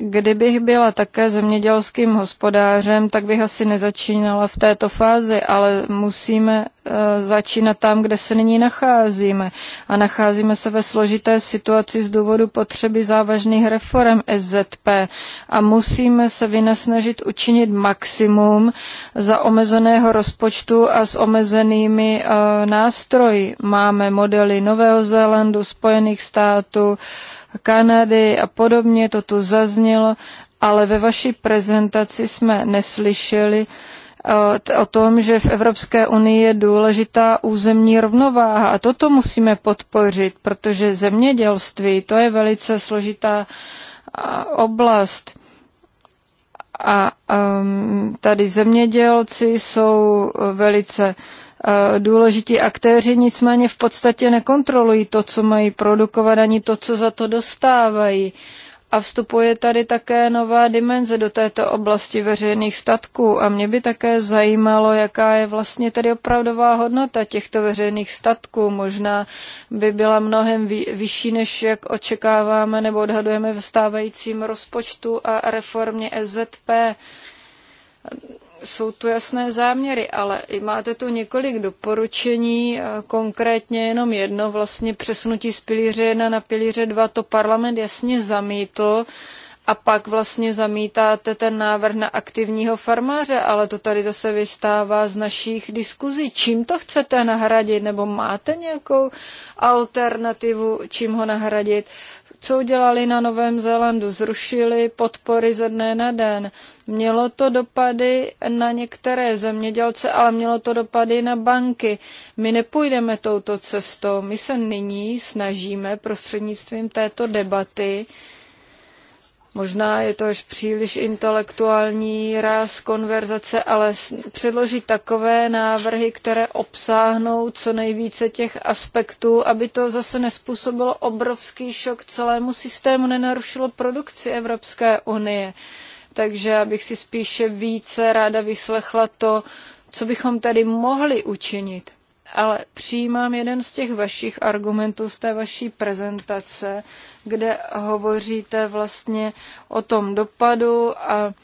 Kdybych byla také zemědělským hospodářem, tak bych asi nezačínala v této fázi, ale musíme Eh, začínat tam, kde se nyní nacházíme. A nacházíme se ve složité situaci z důvodu potřeby závažných reform SZP a musíme se vynasnažit učinit maximum za omezeného rozpočtu a s omezenými eh, nástroji. Máme modely Nového Zélandu, Spojených států, Kanady a podobně, to tu zaznělo, ale ve vaší prezentaci jsme neslyšeli, o tom, že v Evropské unii je důležitá územní rovnováha a toto musíme podpořit, protože zemědělství to je velice složitá oblast. A um, tady zemědělci jsou velice uh, důležití aktéři, nicméně v podstatě nekontrolují to, co mají produkovat, ani to, co za to dostávají. Uh, a vstupuje tady také nová dimenze do této oblasti veřejných statků a mě by také zajímalo, jaká je vlastně tedy opravdová hodnota těchto veřejných statků. Možná by byla mnohem vyšší, než jak očekáváme nebo odhadujeme v stávajícím rozpočtu a reformě SZP jsou tu jasné záměry, ale máte tu několik doporučení, konkrétně jenom jedno, vlastně přesunutí z pilíře 1 na pilíře 2, to parlament jasně zamítl a pak vlastně zamítáte ten návrh na aktivního farmáře, ale to tady zase vystává z našich diskuzí. Čím to chcete nahradit, nebo máte nějakou alternativu, čím ho nahradit? Co udělali na Novém Zélandu? Zrušili podpory ze dne na den. Mělo to dopady na některé zemědělce, ale mělo to dopady na banky. My nepůjdeme touto cestou. My se nyní snažíme prostřednictvím této debaty Možná je to až příliš intelektuální ráz konverzace, ale předložit takové návrhy, které obsáhnou co nejvíce těch aspektů, aby to zase nespůsobilo obrovský šok celému systému, nenarušilo produkci Evropské unie takže já bych si spíše více ráda vyslechla to, co bychom tady mohli učinit. Ale přijímám jeden z těch vašich argumentů z té vaší prezentace, kde hovoříte vlastně o tom dopadu a,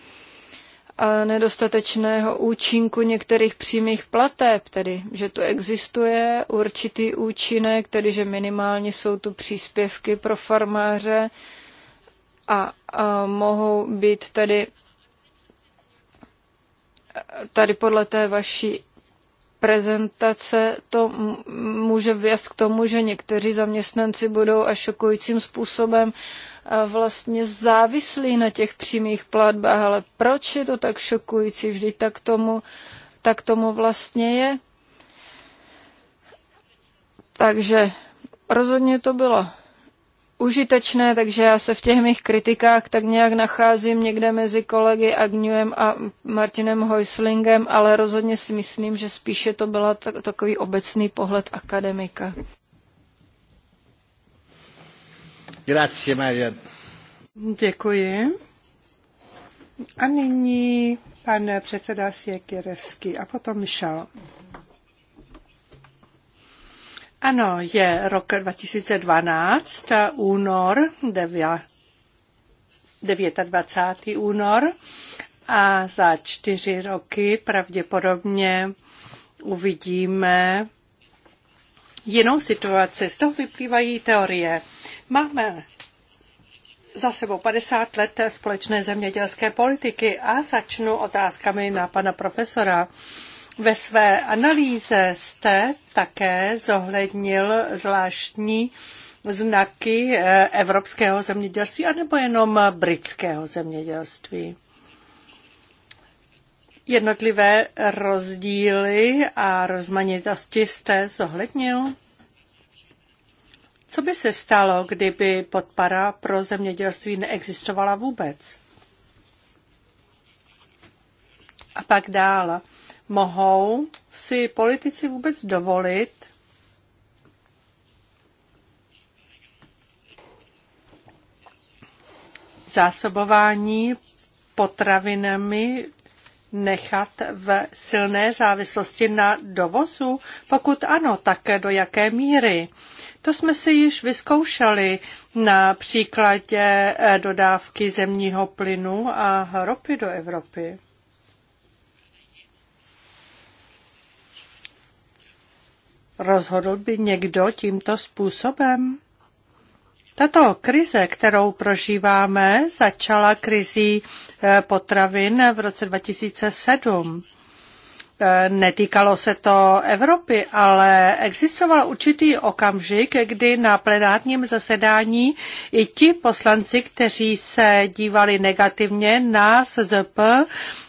a nedostatečného účinku některých přímých plateb, tedy že tu existuje určitý účinek, tedy že minimálně jsou tu příspěvky pro farmáře, a, a mohou být tady tady podle té vaší prezentace to může vést k tomu, že někteří zaměstnanci budou až šokujícím způsobem vlastně závislí na těch přímých platbách. Ale proč je to tak šokující? vždy tak tomu, tak tomu vlastně je. Takže rozhodně to bylo užitečné, takže já se v těch mých kritikách tak nějak nacházím někde mezi kolegy Agňuem a Martinem Hojslingem, ale rozhodně si myslím, že spíše to byl takový obecný pohled akademika. Grazie, Maria. Děkuji. A nyní pan předseda Sěkirevský a potom Michal. Ano, je rok 2012, únor, 9, 29. únor a za čtyři roky pravděpodobně uvidíme jinou situaci. Z toho vyplývají teorie. Máme za sebou 50 let společné zemědělské politiky a začnu otázkami na pana profesora. Ve své analýze jste také zohlednil zvláštní znaky eh, evropského zemědělství anebo jenom britského zemědělství? Jednotlivé rozdíly a rozmanitosti jste zohlednil? Co by se stalo, kdyby podpora pro zemědělství neexistovala vůbec? A pak dál mohou si politici vůbec dovolit zásobování potravinami nechat v silné závislosti na dovozu? Pokud ano, tak do jaké míry? To jsme si již vyzkoušeli na příkladě eh, dodávky zemního plynu a ropy do Evropy. Rozhodl by někdo tímto způsobem? Tato krize, kterou prožíváme, začala krizí eh, potravin v roce 2007. E, netýkalo se to Evropy, ale existoval určitý okamžik, kdy na plenárním zasedání i ti poslanci, kteří se dívali negativně na SZP,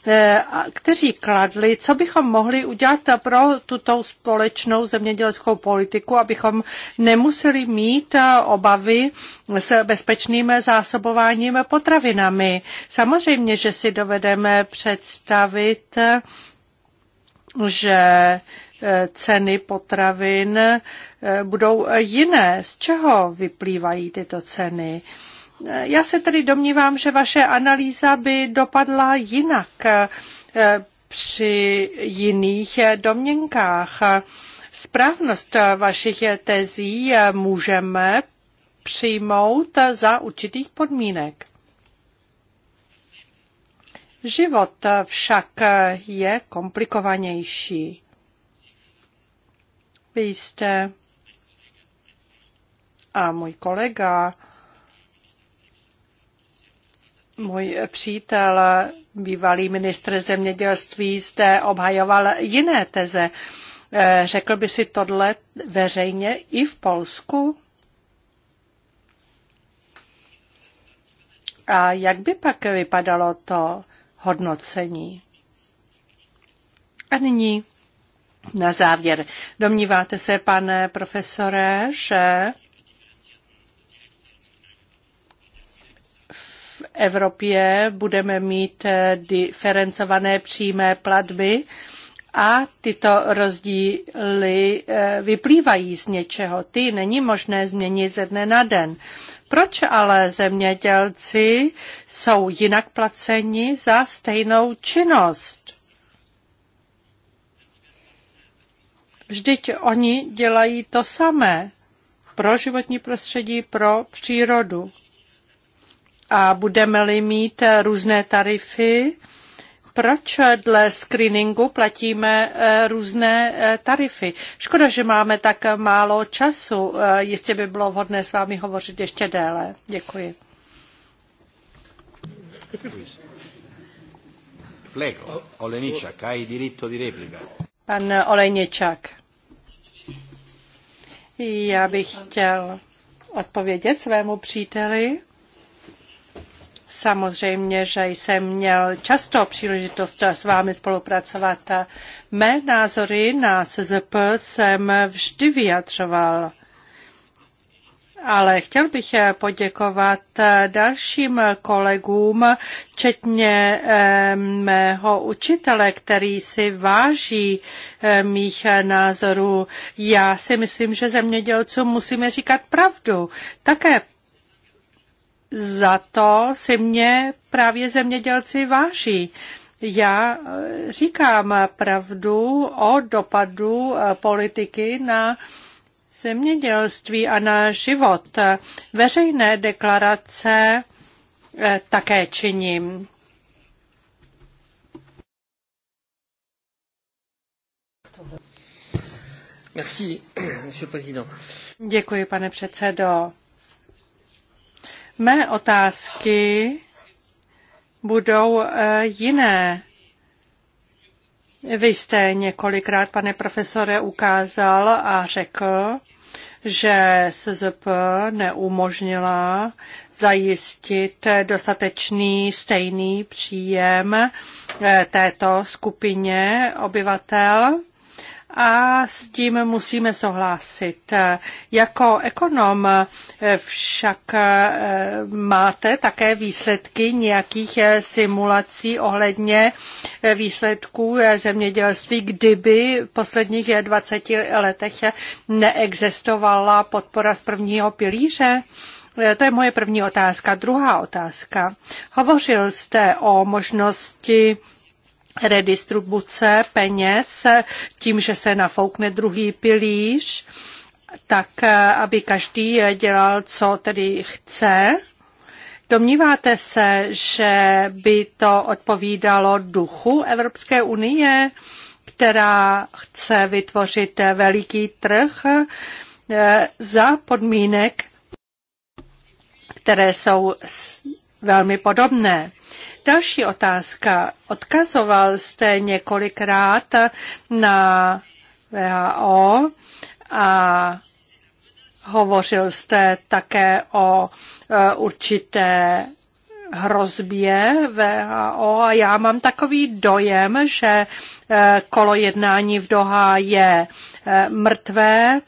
e, kteří kladli, co bychom mohli udělat pro tuto společnou zemědělskou politiku, abychom nemuseli mít e, obavy s bezpečným zásobováním potravinami. Samozřejmě, že si dovedeme představit, že eh, ceny potravin eh, budou jiné. Z čeho vyplývají tyto ceny? Eh, já se tedy domnívám, že vaše analýza by dopadla jinak při jiných domněnkách. Správnost vašich tezí můžeme přijmout za určitých podmínek. Život však je komplikovanější. Vy jste a můj kolega, můj přítel, bývalý ministr zemědělství, jste obhajoval jiné teze. Eh, řekl by si tohle veřejně i v Polsku? A jak by pak vypadalo to, hodnocení. A nyní na závěr. Domníváte se, pane profesore, že v Evropě budeme mít eh, diferencované přímé platby a tyto rozdíly eh, vyplývají z něčeho. Ty není možné změnit ze dne na den. Proč ale zemědělci jsou jinak placeni za stejnou činnost? Vždyť oni dělají to samé pro životní prostředí, pro přírodu. A budeme-li mít různé tarify, proč dle screeningu platíme e, různé e, tarify. Škoda, že máme tak málo času. E, jistě by bylo vhodné s vámi hovořit ještě déle. Děkuji. Plego, Oleničak, hai diritto di replica. Pan Oleničak. Já bych chtěl odpovědět svému příteli. Samozřejmě, že jsem měl často příležitost s vámi spolupracovat. Mé názory na SZP jsem vždy vyjadřoval. Ale chtěl bych poděkovat dalším kolegům, včetně eh, mého učitele, který si váží eh, mých názorů. Já si myslím, že zemědělcům musíme říkat pravdu. Také za to si mě právě zemědělci váží. Já eh, říkám pravdu o dopadu eh, politiky na zemědělství a na život. Veřejné deklarace eh, také činím. Merci, monsieur président. Děkuji, pane předsedo. Mé otázky budou eh, jiné. Vy jste několikrát, pane profesore, ukázal a řekl, že SZP neumožnila zajistit dostatečný stejný příjem eh, této skupině obyvatel a s tím musíme souhlasit. Jako ekonom však eh, máte také výsledky nějakých eh, simulací ohledně eh, výsledků zemědělství, kdyby v posledních 20 letech neexistovala podpora z prvního pilíře? To je moje první otázka. Druhá otázka. Hovořil jste o možnosti redistribuce peněz tím, že se nafoukne druhý pilíř, tak eh, aby každý eh, dělal, co tedy chce. Domníváte se, že by to odpovídalo duchu Evropské unie, která chce vytvořit eh, veliký trh za podmínek, které jsou velmi podobné. Další otázka. Odkazoval jste několikrát na VHO a hovořil jste také o e, určité hrozbě VHO a já mám takový dojem, že e, kolo jednání v Doha je e, mrtvé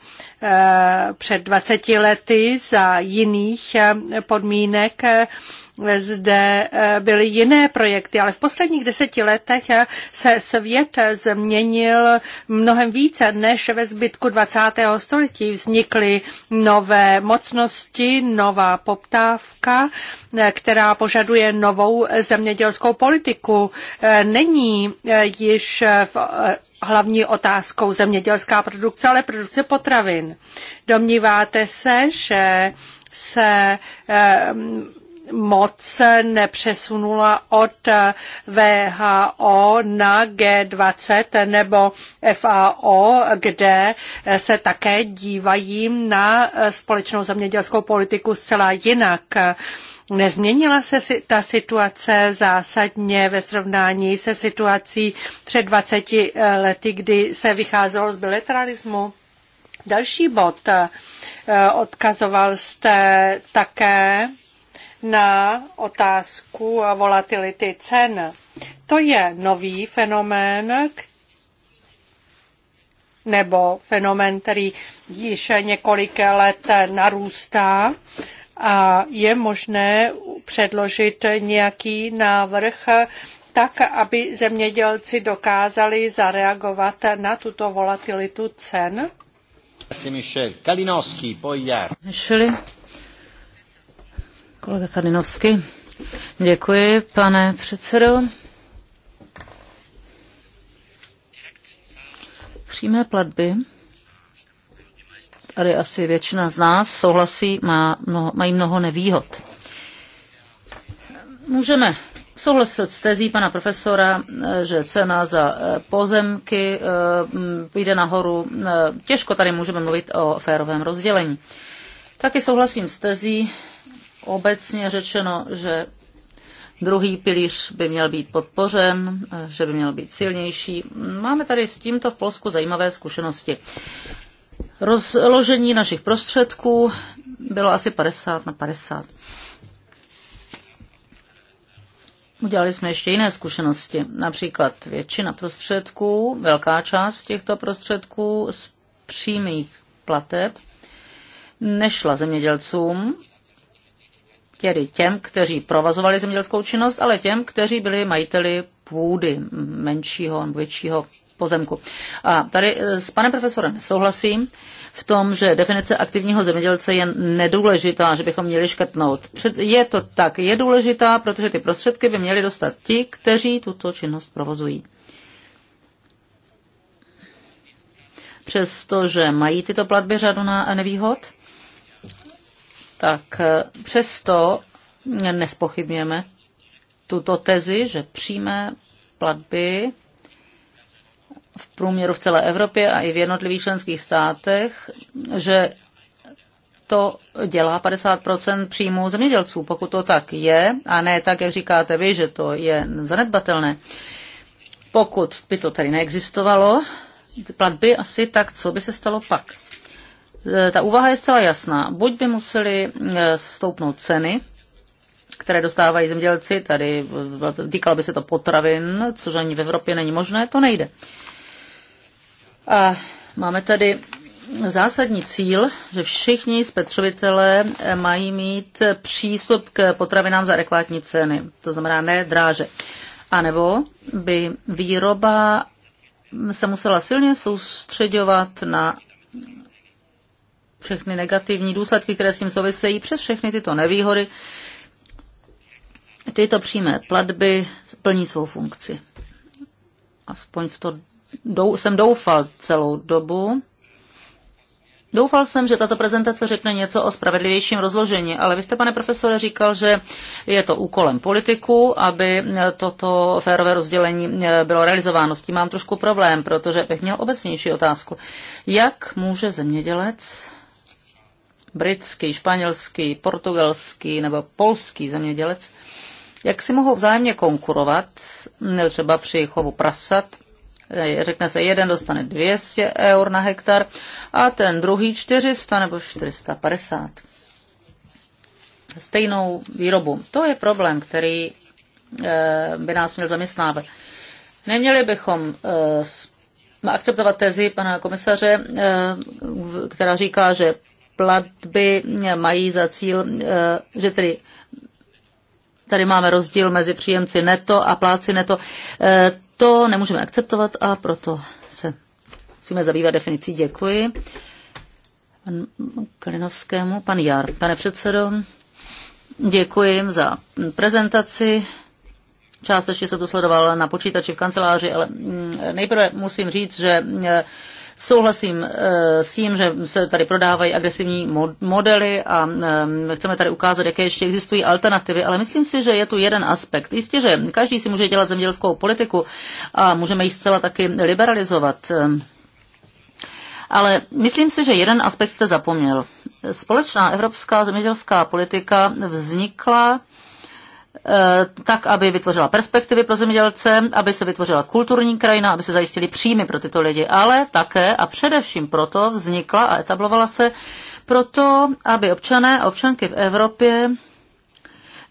před 20 lety za jiných podmínek zde eh, byly jiné projekty, ale v posledních deseti letech eh, se svět eh, změnil mnohem více než ve zbytku 20. století. Vznikly nové mocnosti, nová poptávka, která požaduje novou zemědělskou politiku. Není již v hlavní otázkou zemědělská produkce, ale produkce potravin. Domníváte se, že se moc nepřesunula od VHO na G20 nebo FAO, kde se také dívají na společnou zemědělskou politiku zcela jinak. Nezměnila se ta situace zásadně ve srovnání se situací před 20 lety, kdy se vycházelo z bilateralismu? Další bod. Odkazoval jste také na otázku volatility cen. To je nový fenomén, nebo fenomén, který již několik let narůstá a je možné předložit nějaký návrh tak, aby zemědělci dokázali zareagovat na tuto volatilitu cen? Michel. Kalinowski, poi Jar. Kolega Kalinovský. Děkuji, pane předsedo. Přímé platby, tady asi většina z nás souhlasí, má mnoho, mají mnoho nevýhod. Můžeme souhlasit s tezí pana profesora, že cena za eh, pozemky eh, jde nahoru. Eh, těžko tady můžeme mluvit o férovém rozdělení. Taky souhlasím s tezí, obecně řečeno, že druhý pilíř by měl být podpořen, že by měl být silnější. Máme tady s tímto v Polsku zajímavé zkušenosti. Rozložení našich prostředků bylo asi 50 na 50. Udělali jsme ještě jiné zkušenosti. Například většina prostředků, velká část těchto prostředků z přímých plateb nešla zemědělcům, tedy těm, kteří provazovali zemědělskou činnost, ale těm, kteří byli majiteli půdy menšího nebo většího pozemku. A tady eh, s panem profesorem souhlasím v tom, že definice aktivního zemědělce je nedůležitá, že bychom měli škrtnout. Je to tak, je důležitá, protože ty prostředky by měli dostat ti, kteří tuto činnost provozují. Přestože mají tyto platby řadu na nevýhod, tak eh, přesto nespochybněme tuto tezi, že přímé platby v průměru v celé Evropě a i v jednotlivých členských státech, že to dělá 50 příjmů zemědělců. Pokud to tak je, a ne tak, jak říkáte vy, že to je zanedbatelné, pokud by to tady neexistovalo, platby asi tak, co by se stalo pak? Eh, ta úvaha je zcela jasná. Buď by museli eh, stoupnout ceny, které dostávají zemědělci, tady týkalo by se to potravin, což ani v Evropě není možné, to nejde. A máme tady zásadní cíl, že všichni spotřebitelé eh, mají mít přístup k potravinám za adekvátní ceny, to znamená ne dráže. A nebo by výroba se musela silně soustředovat na všechny negativní důsledky, které s tím souvisejí, přes všechny tyto nevýhody, tyto přímé platby plní svou funkci. Aspoň v to dou, jsem doufal celou dobu. Doufal jsem, že tato prezentace řekne něco o spravedlivějším rozložení, ale vy jste, pane profesore, říkal, že je to úkolem politiků, aby toto férové rozdělení eh, bylo realizováno. S tím mám trošku problém, protože bych měl obecnější otázku. Jak může zemědělec britský, španělský, portugalský nebo polský zemědělec, jak si mohou vzájemně konkurovat, třeba při chovu prasat, eh, řekne se, jeden dostane 200 eur na hektar a ten druhý 400 nebo 450. Stejnou výrobu. To je problém, který eh, by nás měl zaměstnávat. Neměli bychom eh, akceptovat tezi pana komisaře, která říká, že platby mají za cíl, eh, že tedy tady máme rozdíl mezi příjemci neto a pláci neto. Eh, to nemůžeme akceptovat a proto se musíme zabývat definicí. Děkuji. Pan Kalinovskému, pan Jar, pane předsedo, děkuji za prezentaci. Částečně jsem to sledoval na počítači v kanceláři, ale mm, nejprve musím říct, že eh, Souhlasím eh, s tím, že se tady prodávají agresivní modely a eh, chceme tady ukázat, jaké ještě existují alternativy, ale myslím si, že je tu jeden aspekt. Jistě, že každý si může dělat zemědělskou politiku a můžeme ji zcela taky liberalizovat. Ale myslím si, že jeden aspekt jste zapomněl. Společná evropská zemědělská politika vznikla Eh, tak, aby vytvořila perspektivy pro zemědělce, aby se vytvořila kulturní krajina, aby se zajistili příjmy pro tyto lidi, ale také a především proto vznikla a etablovala se proto, aby občané a občanky v Evropě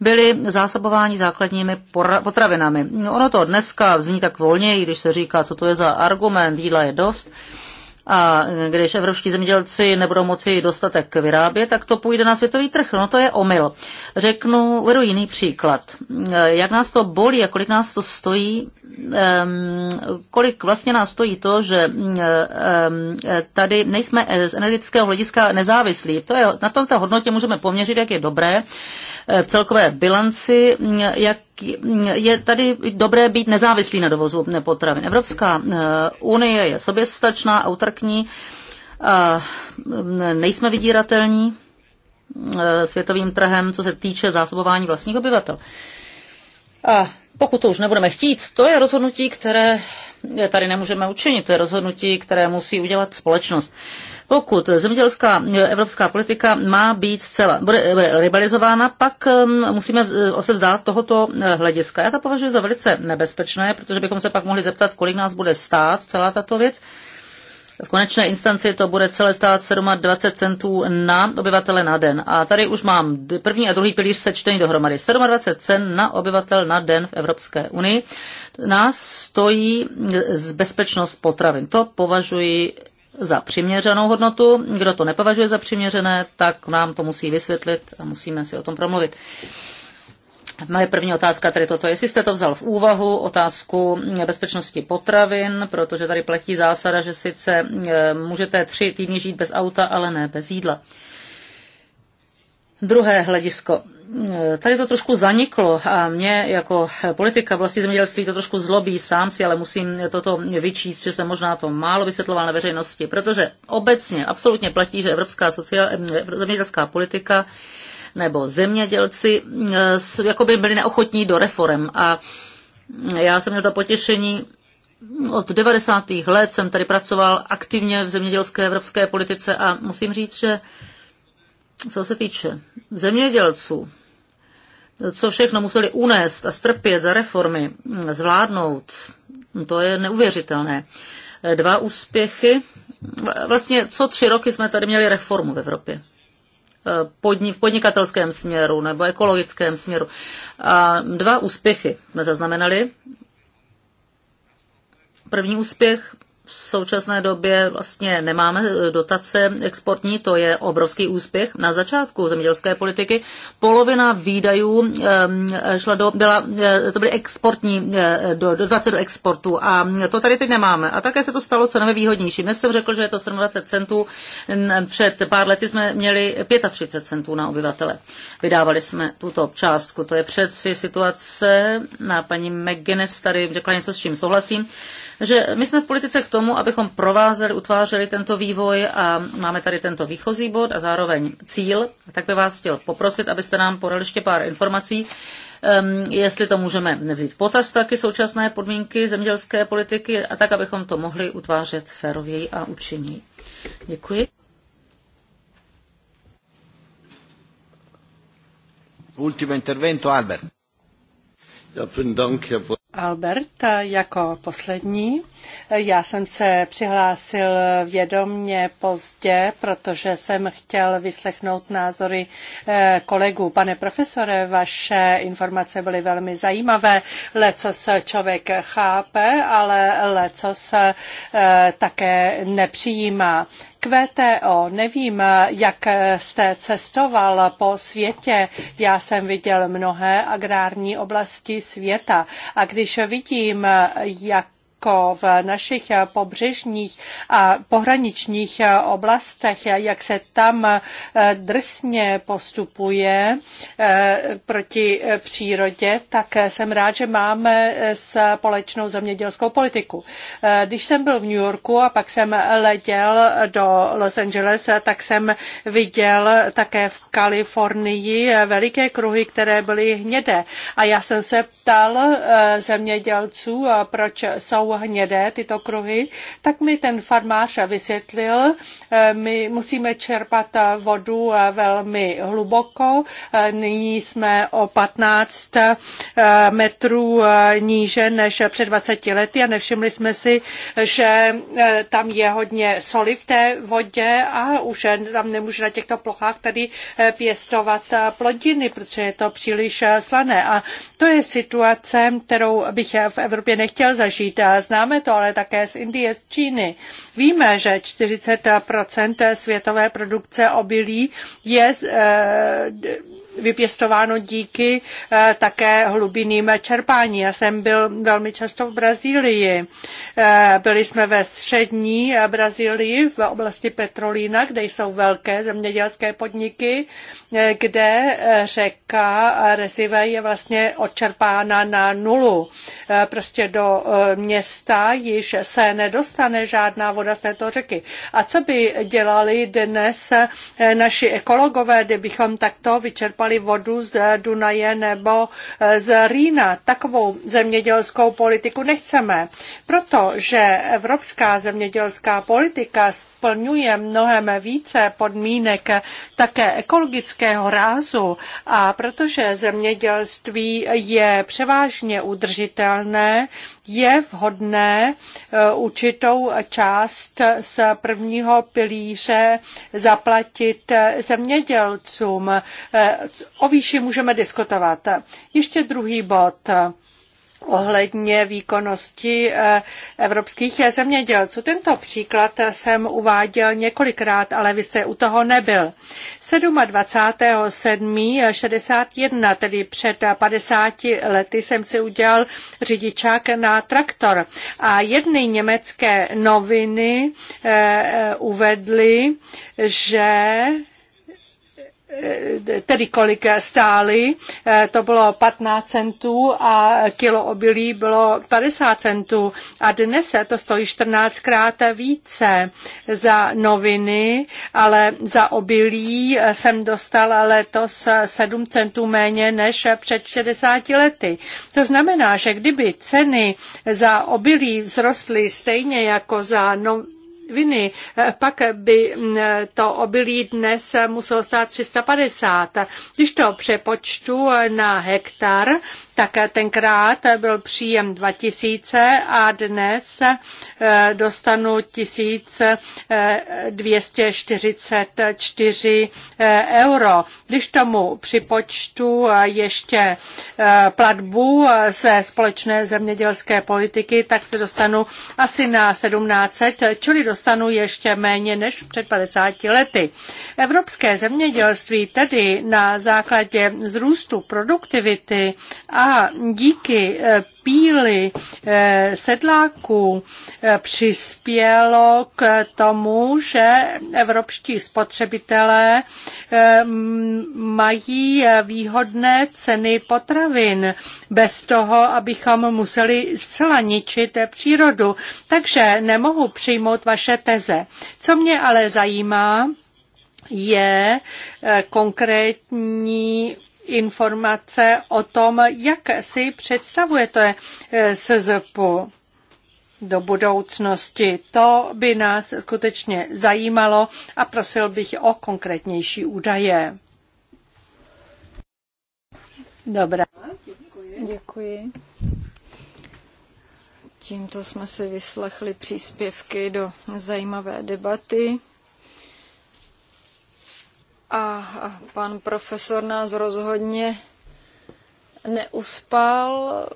byli zásobováni základními potravinami. Ono to dneska zní tak volněji, když se říká, co to je za argument, jídla je dost, a když evropští zemědělci nebudou moci dostatek vyrábět, tak to půjde na světový trh. No to je omyl. Řeknu, uvedu jiný příklad. Jak nás to bolí a kolik nás to stojí, kolik vlastně nás stojí to, že tady nejsme z energetického hlediska nezávislí. To je, na tomto hodnotě můžeme poměřit, jak je dobré, Eh, v celkové bilanci, mm, jak je tady dobré být nezávislý na dovozu potravin. Evropská eh, unie je soběstačná, autarkní, mm, nejsme vydíratelní eh, světovým trhem, co se týče zásobování vlastních obyvatel. A pokud to už nebudeme chtít, to je rozhodnutí, které tady nemůžeme učinit, to je rozhodnutí, které musí udělat společnost. Uh, pokud zemědělská evropská politika má být zcela, bude, bude rivalizována, pak um, musíme uh, se vzdát tohoto uh, hlediska. Já to považuji za velice nebezpečné, protože bychom se pak mohli zeptat, kolik nás bude stát celá tato věc. V konečné instanci to bude celé stát 27 centů na obyvatele na den. A tady už mám první a druhý pilíř sečtený dohromady. 27 cen na obyvatel na den v Evropské unii. Nás stojí z bezpečnost potravin. To považuji za přiměřenou hodnotu. Kdo to nepovažuje za přiměřené, tak nám to musí vysvětlit a musíme si o tom promluvit. Moje první otázka tady toto. Jestli jste to vzal v úvahu, otázku bezpečnosti potravin, protože tady platí zásada, že sice e, můžete tři týdny žít bez auta, ale ne bez jídla. Druhé hledisko. Eh, tady to trošku zaniklo a mě jako politika vlastní zemědělství to trošku zlobí sám si, ale musím toto vyčíst, že jsem možná to málo vysvětloval na veřejnosti, protože obecně absolutně platí, že evropská sociál, eh, zemědělská politika nebo zemědělci eh, jako by byli neochotní do reform a já jsem měl to potěšení od 90. let jsem tady pracoval aktivně v zemědělské evropské politice a musím říct, že co se týče zemědělců, co všechno museli unést a strpět za reformy, zvládnout, to je neuvěřitelné. Dva úspěchy. Vlastně co tři roky jsme tady měli reformu v Evropě podni, v podnikatelském směru nebo ekologickém směru. A dva úspěchy jsme zaznamenali. První úspěch v současné době vlastně nemáme eh, dotace exportní, to je obrovský úspěch. Na začátku zemědělské politiky polovina výdajů eh, šla do, byla, eh, to byly exportní do, dotace do exportu a to tady teď nemáme. A také se to stalo co výhodnější. Dnes jsem řekl, že je to 27 centů. Před pár lety jsme měli 35 centů na obyvatele. Vydávali jsme tuto částku. To je přeci situace. Na paní McGuinness tady řekla něco, s čím souhlasím že my jsme v politice k tomu, abychom provázeli, utvářeli tento vývoj a máme tady tento výchozí bod a zároveň cíl. Tak bych vás chtěl poprosit, abyste nám podali ještě pár informací, ehm, jestli to můžeme nevzít v potaz taky současné podmínky zemědělské politiky a tak, abychom to mohli utvářet férověji a účinněji. Děkuji. Ultimo intervento, Albert. Ja, vielen Dank, Herr Albert jako poslední. Já jsem se přihlásil vědomně pozdě, protože jsem chtěl vyslechnout názory eh, kolegů. Pane profesore, vaše informace byly velmi zajímavé. Leco se člověk chápe, ale leco se eh, také nepřijímá. VTO. Nevím, jak jste cestoval po světě. Já jsem viděl mnohé agrární oblasti světa. A když vidím, jak hluboko v našich pobřežních a pohraničních oblastech, jak se tam eh, drsně postupuje eh, proti přírodě, tak jsem rád, že máme společnou zemědělskou politiku. Eh, když jsem byl v New Yorku a pak jsem letěl do Los Angeles, tak jsem viděl také v Kalifornii veliké kruhy, které byly hnědé. A já jsem se ptal zemědělců, proč jsou hnědé tyto kruhy, tak mi ten farmář vysvětlil, eh, my musíme čerpat vodu eh, velmi hluboko, eh, nyní jsme o 15 metrů níže než před 20 lety a nevšimli jsme si, že tam je hodně soli v té vodě a už tam nemůže na těchto plochách tady pěstovat plodiny, protože je to příliš slané. A to je situace, kterou bych v Evropě nechtěl zažít. Známe to ale také z Indie, z Číny. Víme, že 40 světové produkce obilí je eh, vypěstováno díky eh, také hlubinným čerpání. Já jsem byl velmi často v Brazílii. Eh, byli jsme ve střední eh, Brazílii v oblasti Petrolína, kde jsou velké zemědělské podniky, kde řeka Resive je vlastně odčerpána na nulu. Prostě do města již se nedostane žádná voda z této řeky. A co by dělali dnes naši ekologové, kdybychom takto vyčerpali čerpali vodu z Dunaje nebo eh, z Rýna. Takovou zemědělskou politiku nechceme, protože evropská zemědělská politika splňuje mnohem více podmínek také ekologického rázu a protože zemědělství je převážně udržitelné, je vhodné eh, určitou část z prvního pilíře zaplatit eh, zemědělcům. Eh, o výši můžeme diskutovat. Ještě druhý bod ohledně výkonnosti eh, evropských zemědělců. Tento příklad jsem uváděl několikrát, ale vy jste u toho nebyl. 27.7.61, tedy před 50 lety, jsem si udělal řidičák na traktor a jedny německé noviny eh, eh, uvedly, že tedy kolik stály, eh, to bylo 15 centů a kilo obilí bylo 50 centů a dnes se to stojí 14 krát více za noviny, ale za obilí jsem dostal letos 7 centů méně než před 60 lety. To znamená, že kdyby ceny za obilí vzrostly stejně jako za no, viny, eh, pak by mm, to obilí dnes muselo stát 350. Když to přepočtu eh, na hektar, tak tenkrát byl příjem 2000 a dnes eh, dostanu 1244 euro. Když tomu připočtu ještě platbu ze společné zemědělské politiky, tak se dostanu asi na 1700, čili do dostanu ještě méně než před 50 lety. Evropské zemědělství tedy na základě zrůstu produktivity a díky eh, píly eh, sedláků eh, přispělo k tomu, že evropští spotřebitelé eh, mají výhodné ceny potravin bez toho, abychom museli zcela ničit přírodu. Takže nemohu přijmout vaše teze. Co mě ale zajímá, je konkrétní informace o tom, jak si představujete eh, SZP do budoucnosti. To by nás skutečně zajímalo a prosil bych o konkrétnější údaje. Dobrá. Děkuji. Děkuji. Tímto jsme si vyslechli příspěvky do zajímavé debaty. A pan profesor nás rozhodně neuspal.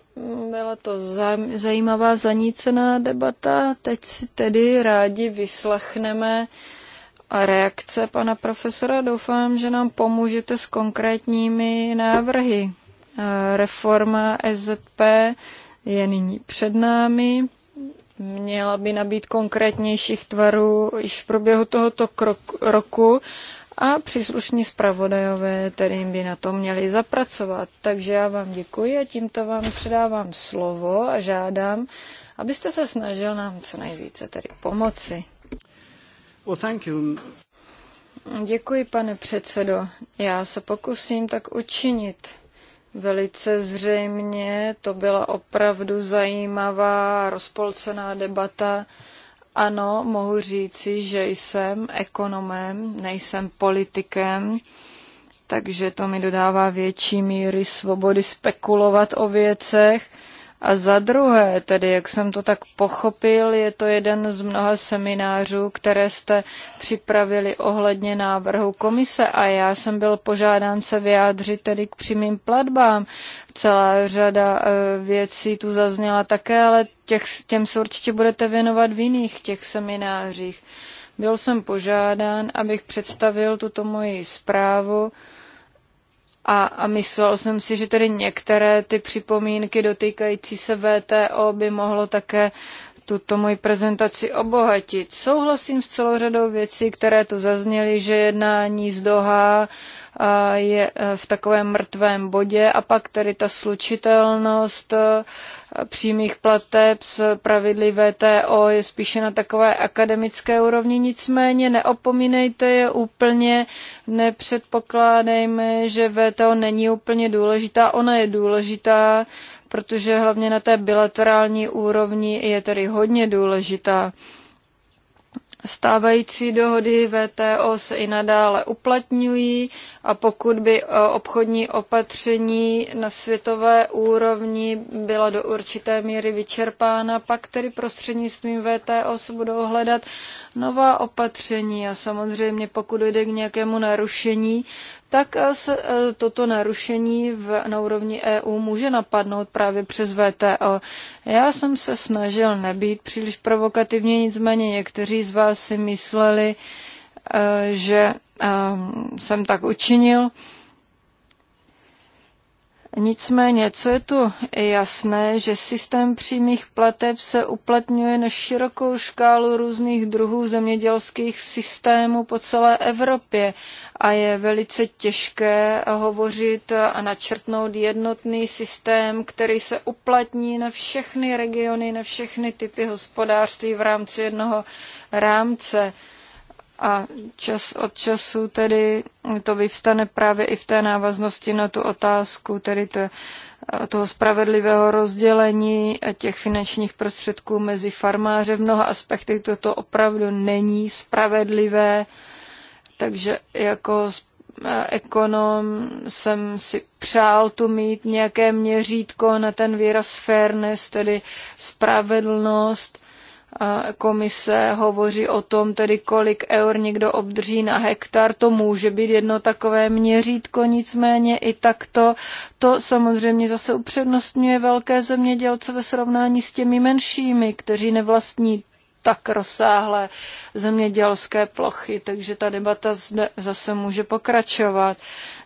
Byla to zajímavá zanícená debata. Teď si tedy rádi vyslechneme reakce pana profesora. Doufám, že nám pomůžete s konkrétními návrhy. Reforma SZP je nyní před námi. Měla by nabít konkrétnějších tvarů již v průběhu tohoto roku a příslušní zpravodajové, kterým by na to měli zapracovat. Takže já vám děkuji a tímto vám předávám slovo a žádám, abyste se snažil nám co nejvíce tedy pomoci. Well, thank you. Děkuji, pane předsedo. Já se pokusím tak učinit. Velice zřejmě to byla opravdu zajímavá, rozpolcená debata ano, mohu říci, že jsem ekonomem, nejsem politikem, takže to mi dodává větší míry svobody spekulovat o věcech a za druhé, tedy jak jsem to tak pochopil, je to jeden z mnoha seminářů, které jste připravili ohledně návrhu komise a já jsem byl požádán se vyjádřit tedy k přímým platbám. Celá řada e, věcí tu zazněla také, ale těch, těm se určitě budete věnovat v jiných těch seminářích. Byl jsem požádán, abych představil tuto moji zprávu a, a myslel jsem si, že tedy některé ty připomínky dotýkající se VTO by mohlo také tuto moji prezentaci obohatit. Souhlasím s celou řadou věcí, které tu zazněly, že jednání z Doha je e, v takovém mrtvém bodě a pak tedy ta slučitelnost e, přímých plateb s pravidly VTO je spíše na takové akademické úrovni, nicméně neopomínejte je úplně, nepředpokládejme, že VTO není úplně důležitá, ona je důležitá, protože hlavně na té bilaterální úrovni je tedy hodně důležitá. Stávající dohody VTO se i nadále uplatňují a pokud by e, obchodní opatření na světové úrovni byla do určité míry vyčerpána, pak tedy prostřednictvím VTO se budou hledat nová opatření a samozřejmě pokud jde k nějakému narušení, tak eh, se eh, toto narušení v, na úrovni EU může napadnout právě přes VTO. Já jsem se snažil nebýt příliš provokativně, nicméně někteří z vás si mysleli, eh, že ehm, jsem tak učinil. Nicméně, co je tu jasné, že systém přímých plateb se uplatňuje na širokou škálu různých druhů zemědělských systémů po celé Evropě a je velice těžké hovořit a načrtnout jednotný systém, který se uplatní na všechny regiony, na všechny typy hospodářství v rámci jednoho rámce. A čas od času tedy to vyvstane právě i v té návaznosti na tu otázku, tedy to, toho spravedlivého rozdělení těch finančních prostředků mezi farmáře. V mnoha aspektech toto opravdu není spravedlivé, takže jako ekonom jsem si přál tu mít nějaké měřítko na ten výraz fairness, tedy spravedlnost, komise hovoří o tom, tedy kolik eur někdo obdrží na hektar, to může být jedno takové měřítko, nicméně i takto to samozřejmě zase upřednostňuje velké zemědělce ve srovnání s těmi menšími, kteří nevlastní tak rozsáhlé zemědělské plochy, takže ta debata zde zase může pokračovat.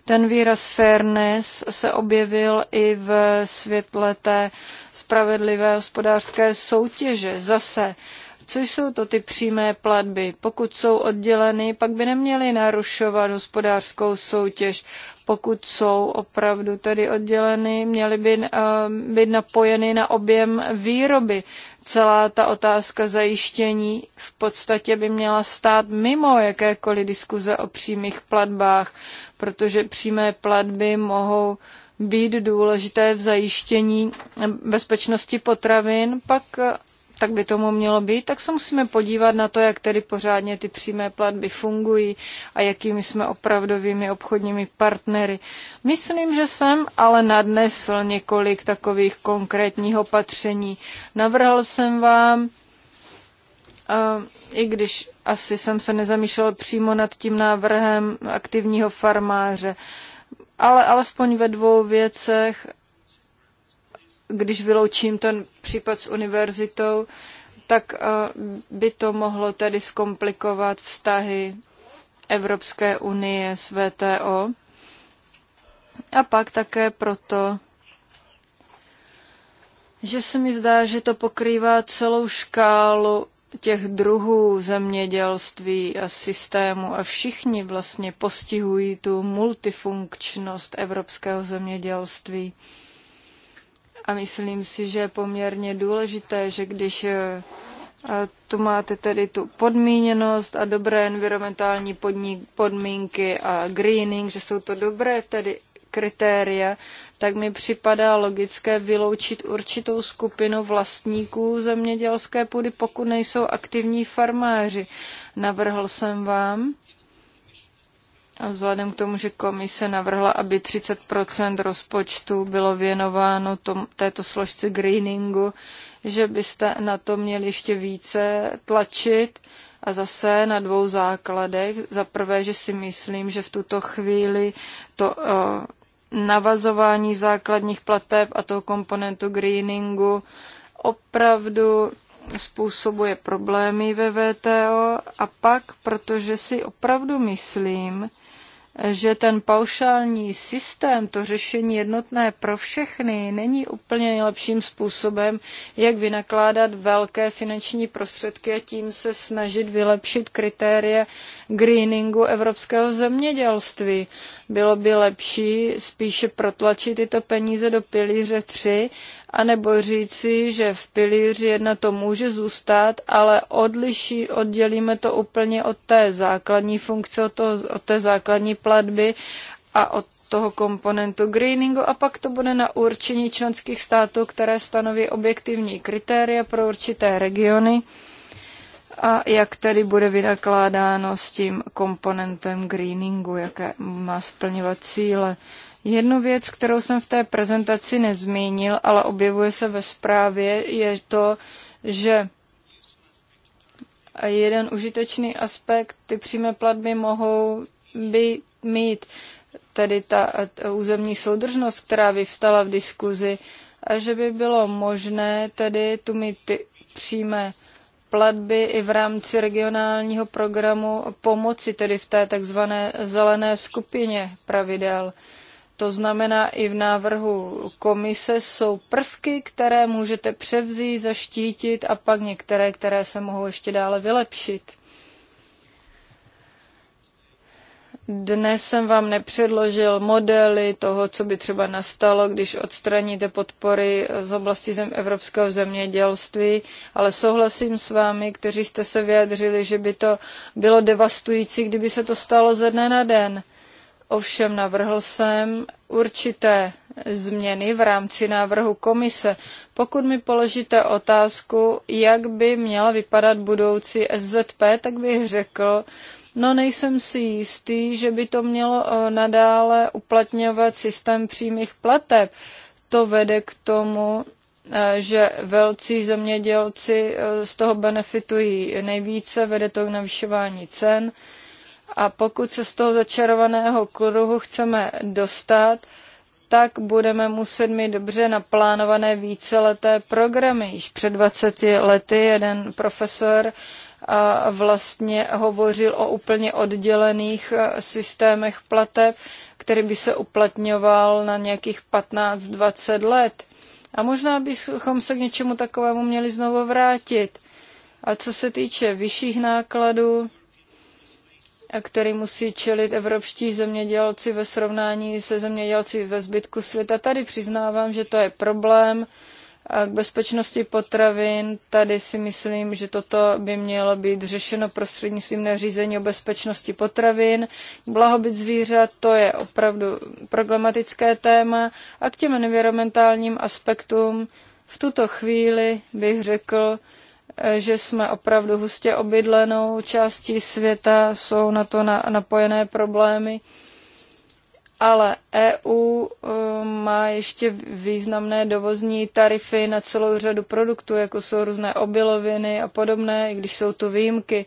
Ten výraz fairness se objevil i v světle té spravedlivé hospodářské soutěže. Zase co jsou to ty přímé platby? Pokud jsou odděleny, pak by neměly narušovat hospodářskou soutěž pokud jsou opravdu tedy odděleny, měly by eh, být napojeny na objem výroby. Celá ta otázka zajištění v podstatě by měla stát mimo jakékoliv diskuze o přímých platbách, protože přímé platby mohou být důležité v zajištění bezpečnosti potravin, pak tak by tomu mělo být, tak se musíme podívat na to, jak tedy pořádně ty přímé platby fungují a jakými jsme opravdovými obchodními partnery. Myslím, že jsem ale nadnesl několik takových konkrétních opatření. Navrhl jsem vám, i když asi jsem se nezamýšlel přímo nad tím návrhem aktivního farmáře, ale alespoň ve dvou věcech když vyloučím ten případ s univerzitou, tak eh, by to mohlo tedy zkomplikovat vztahy Evropské unie s VTO. A pak také proto, že se mi zdá, že to pokrývá celou škálu těch druhů zemědělství a systému a všichni vlastně postihují tu multifunkčnost evropského zemědělství. A myslím si, že je poměrně důležité, že když eh, tu máte tedy tu podmíněnost a dobré environmentální podmínky a greening, že jsou to dobré tedy kritéria, tak mi připadá logické vyloučit určitou skupinu vlastníků zemědělské půdy, pokud nejsou aktivní farmáři. Navrhl jsem vám, a vzhledem k tomu, že komise navrhla, aby 30 rozpočtu bylo věnováno tom, této složce greeningu, že byste na to měli ještě více tlačit a zase na dvou základech. Za prvé, že si myslím, že v tuto chvíli to eh, navazování základních plateb a toho komponentu greeningu opravdu způsobuje problémy ve VTO a pak, protože si opravdu myslím, že ten paušální systém, to řešení jednotné pro všechny, není úplně nejlepším způsobem, jak vynakládat velké finanční prostředky a tím se snažit vylepšit kritéria greeningu evropského zemědělství. Bylo by lepší spíše protlačit tyto peníze do pilíře 3 anebo říci, že v pilíři jedna to může zůstat, ale odliší, oddělíme to úplně od té základní funkce, od, toho, od té základní platby a od toho komponentu greeningu a pak to bude na určení členských států, které stanoví objektivní kritéria pro určité regiony a jak tedy bude vynakládáno s tím komponentem greeningu, jaké má splňovat cíle. Jednu věc, kterou jsem v té prezentaci nezmínil, ale objevuje se ve zprávě, je to, že jeden užitečný aspekt, ty přímé platby mohou být, mít tedy ta, ta územní soudržnost, která vyvstala v diskuzi, a že by bylo možné tedy tu mít ty přímé platby i v rámci regionálního programu pomoci, tedy v té takzvané zelené skupině pravidel. To znamená, i v návrhu komise jsou prvky, které můžete převzít, zaštítit a pak některé, které se mohou ještě dále vylepšit. Dnes jsem vám nepředložil modely toho, co by třeba nastalo, když odstraníte podpory z oblasti zem evropského zemědělství, ale souhlasím s vámi, kteří jste se vyjadřili, že by to bylo devastující, kdyby se to stalo ze dne na den. Ovšem navrhl jsem určité změny v rámci návrhu komise. Pokud mi položíte otázku, jak by měla vypadat budoucí SZP, tak bych řekl, No nejsem si jistý, že by to mělo eh, nadále uplatňovat systém přímých plateb. To vede k tomu, eh, že velcí zemědělci eh, z toho benefitují nejvíce, vede to k navyšování cen a pokud se z toho začarovaného kruhu chceme dostat, tak budeme muset mít dobře naplánované víceleté programy. Již před 20 lety jeden profesor a vlastně hovořil o úplně oddělených e, systémech plateb, který by se uplatňoval na nějakých 15-20 let. A možná bychom se k něčemu takovému měli znovu vrátit. A co se týče vyšších nákladů, který musí čelit evropští zemědělci ve srovnání se zemědělci ve zbytku světa. Tady přiznávám, že to je problém. k bezpečnosti potravin, tady si myslím, že toto by mělo být řešeno prostřednictvím nařízení o bezpečnosti potravin. Blahobyt zvířat, to je opravdu problematické téma. A k těm environmentálním aspektům v tuto chvíli bych řekl, Eh, že jsme opravdu hustě obydlenou částí světa, jsou na to na, napojené problémy, ale EU eh, má ještě významné dovozní tarify na celou řadu produktů, jako jsou různé obiloviny a podobné, i když jsou tu výjimky.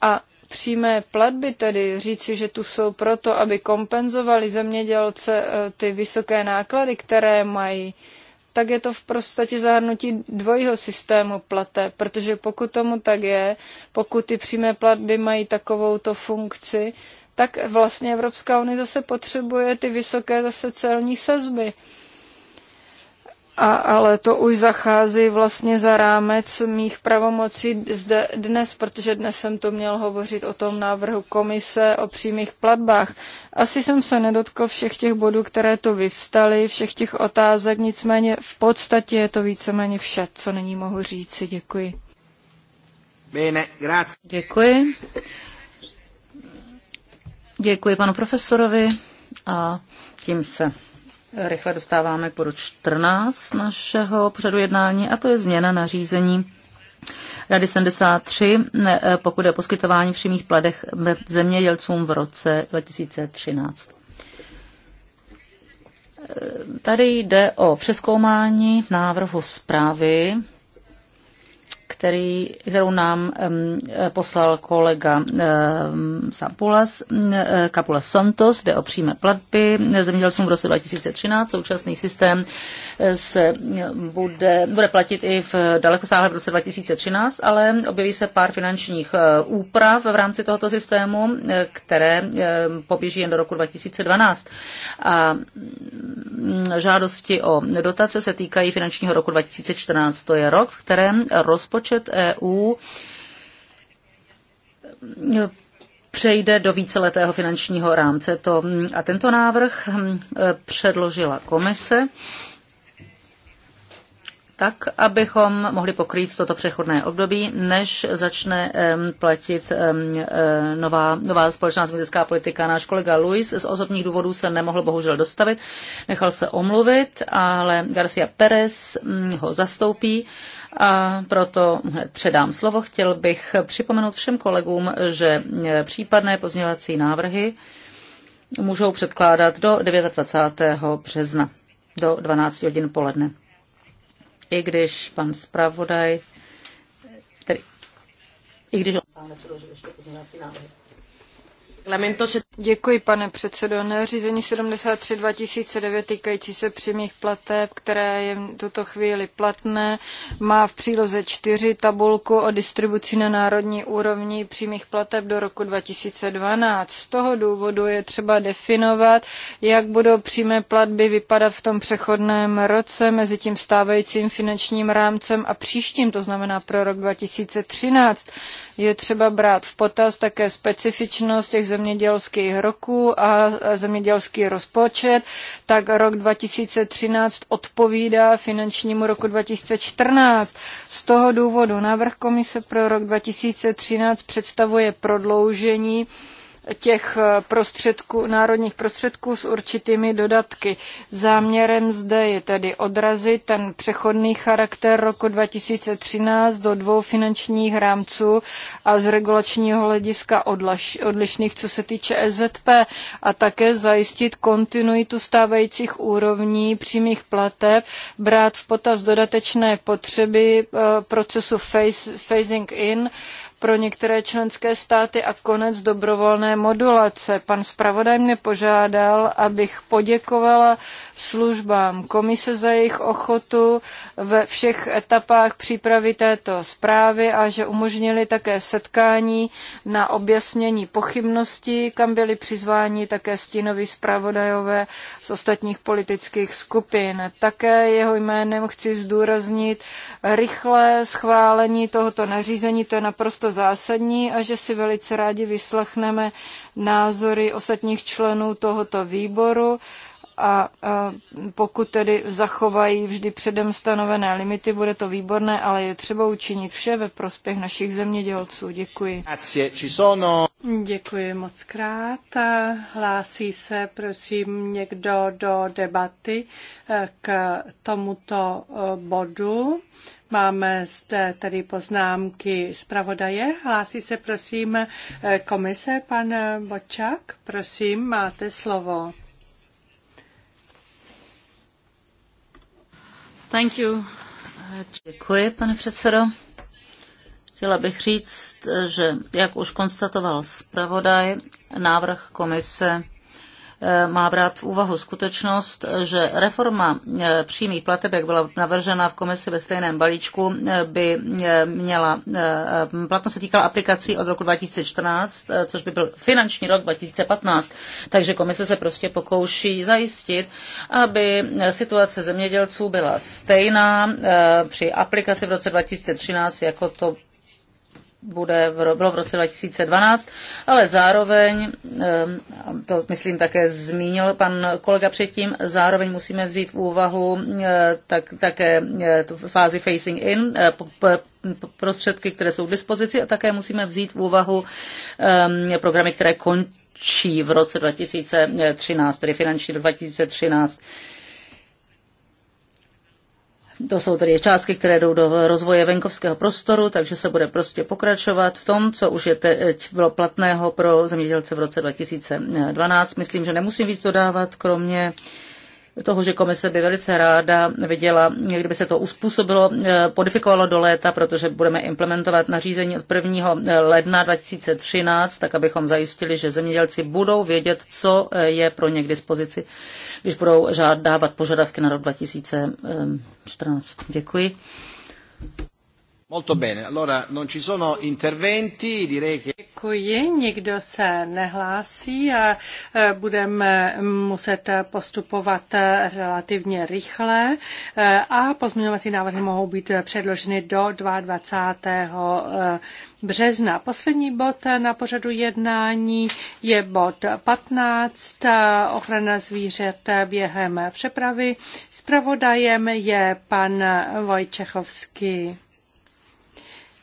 A přímé platby, tedy říci, že tu jsou proto, aby kompenzovali zemědělce eh, ty vysoké náklady, které mají, tak je to v prostatě zahrnutí dvojího systému plate, protože pokud tomu tak je, pokud ty přímé platby mají takovouto funkci, tak vlastně Evropská unie zase potřebuje ty vysoké zase celní sazby. A, ale to už zachází vlastně za rámec mých pravomocí zde dnes, protože dnes jsem to měl hovořit o tom návrhu komise o přímých platbách. Asi jsem se nedotkl všech těch bodů, které tu vyvstaly, všech těch otázek, nicméně v podstatě je to víceméně vše, co není mohu říci. Děkuji. Bene, grazie. Děkuji. Děkuji panu profesorovi a tím se rychle dostáváme k bodu 14 našeho pořadu jednání a to je změna nařízení Rady 73, eh, pokud je o poskytování přímých pladech zemědělcům v roce 2013. Eh, tady jde o přeskoumání návrhu zprávy který, kterou nám poslal kolega Sampulas, Capula Santos, jde o příjme platby zemědělcům v roce 2013. Současný systém eh, se eh, bude, bude platit i v dalekosáhle v roce 2013, ale objeví se pár finančních eh, úprav v rámci tohoto systému, které poběží jen do roku 2012. A mm, žádosti o dotace se týkají finančního roku 2014. To je rok, v kterém rozpočet rozpočet EU e, přejde do víceletého finančního rámce. To, a tento návrh hm, e, předložila komise tak, abychom mohli pokrýt toto přechodné období, než začne platit e, nová, nová společná zemědělská politika. Náš kolega Luis z osobních důvodů se nemohl bohužel dostavit, nechal se omluvit, ale Garcia Perez hm, ho zastoupí a proto předám slovo. Chtěl bych připomenout všem kolegům, že e, případné pozměňovací návrhy můžou předkládat do 29. března do 12 hodin poledne. I když pan zpravodaj, tedy, i když on sám nepředložil ještě pozměňovací návrhy. Děkuji, pane předsedo. Nařízení 73 2009 týkající se přímých plateb, které je v tuto chvíli platné, má v příloze 4 tabulku o distribuci na národní úrovni přímých plateb do roku 2012. Z toho důvodu je třeba definovat, jak budou přímé platby vypadat v tom přechodném roce mezi tím stávajícím finančním rámcem a příštím, to znamená pro rok 2013. Je třeba brát v potaz také specifičnost těch zemědělských roků a zemědělský rozpočet, tak rok 2013 odpovídá finančnímu roku 2014. Z toho důvodu návrh komise pro rok 2013 představuje prodloužení těch eh, prostředků, národních prostředků s určitými dodatky. Záměrem zde je tedy odrazit ten přechodný charakter roku 2013 do dvou finančních rámců a z regulačního hlediska odlaš, odlišných, co se týče EZP a také zajistit kontinuitu stávajících úrovní přímých plateb, brát v potaz dodatečné potřeby eh, procesu phase, phasing in, pro některé členské státy a konec dobrovolné modulace. Pan zpravodaj mě požádal, abych poděkovala službám komise za jejich ochotu ve všech etapách přípravy této zprávy a že umožnili také setkání na objasnění pochybností, kam byli přizváni také stínoví zpravodajové z ostatních politických skupin. Také jeho jménem chci zdůraznit rychlé schválení tohoto nařízení, to je naprosto naprosto zásadní a že si velice rádi vyslechneme názory ostatních členů tohoto výboru a, pokud tedy zachovají vždy předem stanovené limity, bude to výborné, ale je třeba učinit vše ve prospěch našich zemědělců. Děkuji. Děkuji moc krát. Hlásí se, prosím, někdo do debaty eh, k tomuto eh, bodu. Máme zde tedy poznámky zpravodaje. Hlásí se prosím komise, pan Bočák. Prosím, máte slovo. Thank you. Děkuji, pane předsedo. Chtěla bych říct, že, jak už konstatoval zpravodaj, návrh komise Eh, má brát v úvahu skutečnost, že reforma eh, přímých plateb, jak byla navržena v komisi ve stejném balíčku, eh, by měla, platnost se týkala aplikací od roku 2014, což by byl finanční rok 2015, takže komise se prostě pokouší zajistit, aby situace zemědělců byla stejná při aplikaci v roce 2013, jako to bude v, bylo v roce 2012, ale zároveň, ehm, to myslím také zmínil pan kolega předtím, zároveň musíme vzít v úvahu e, tak, také e, tu fázi facing in, e, prostředky, které jsou k dispozici a také musíme vzít v úvahu ehm, programy, které končí v roce 2013, tedy finanční rok 2013 to jsou tedy částky, které jdou do rozvoje venkovského prostoru, takže se bude prostě pokračovat v tom, co už je teď bylo platného pro zemědělce v roce 2012. Myslím, že nemusím víc dodávat, kromě toho, že komise by velice ráda viděla, kdyby se to uspůsobilo, eh, podifikovalo do léta, protože budeme implementovat nařízení od 1. Eh, ledna 2013, tak abychom zajistili, že zemědělci budou vědět, co eh, je pro ně k dispozici, když budou žádávat požadavky na rok 2014. Děkuji. Molto bene, allora non ci sono interventi, direi che... Děkuji, nikdo se nehlásí a e, budeme muset postupovat relativně rychle e, a pozměňovací návrhy mohou být předloženy do 22 e, března. Poslední bod na pořadu jednání je bod 15, ochrana zvířat během přepravy. Spravodajem je pan Vojčechovský.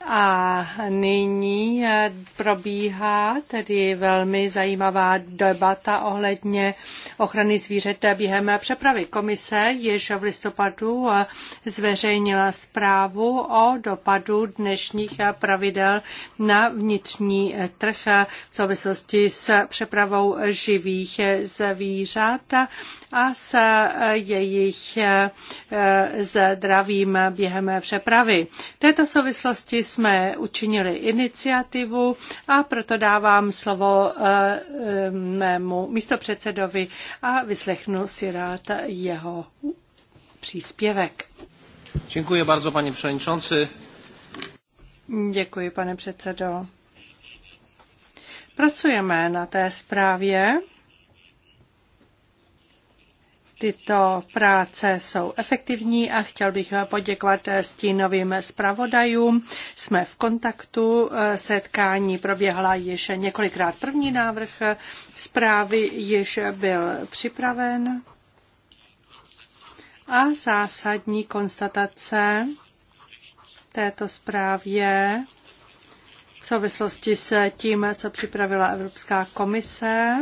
A nyní eh, probíhá tedy velmi zajímavá debata ohledně ochrany zvířete během přepravy. Komise již v listopadu eh, zveřejnila zprávu o dopadu dnešních eh, pravidel na vnitřní trh v souvislosti s přepravou živých zvířat a s jejich zdravím během přepravy. V této souvislosti jsme učinili iniciativu a proto dávám slovo eh, eh, mému místopředsedovi a vyslechnu si rád jeho příspěvek. Děkuji bardzo, pane předsedající. Děkuji, pane předsedo. Pracujeme na té zprávě Tyto práce jsou efektivní a chtěl bych poděkovat stínovým zpravodajům. Jsme v kontaktu, setkání proběhla již několikrát. První návrh zprávy již byl připraven a zásadní konstatace této zprávě v souvislosti s tím, co připravila Evropská komise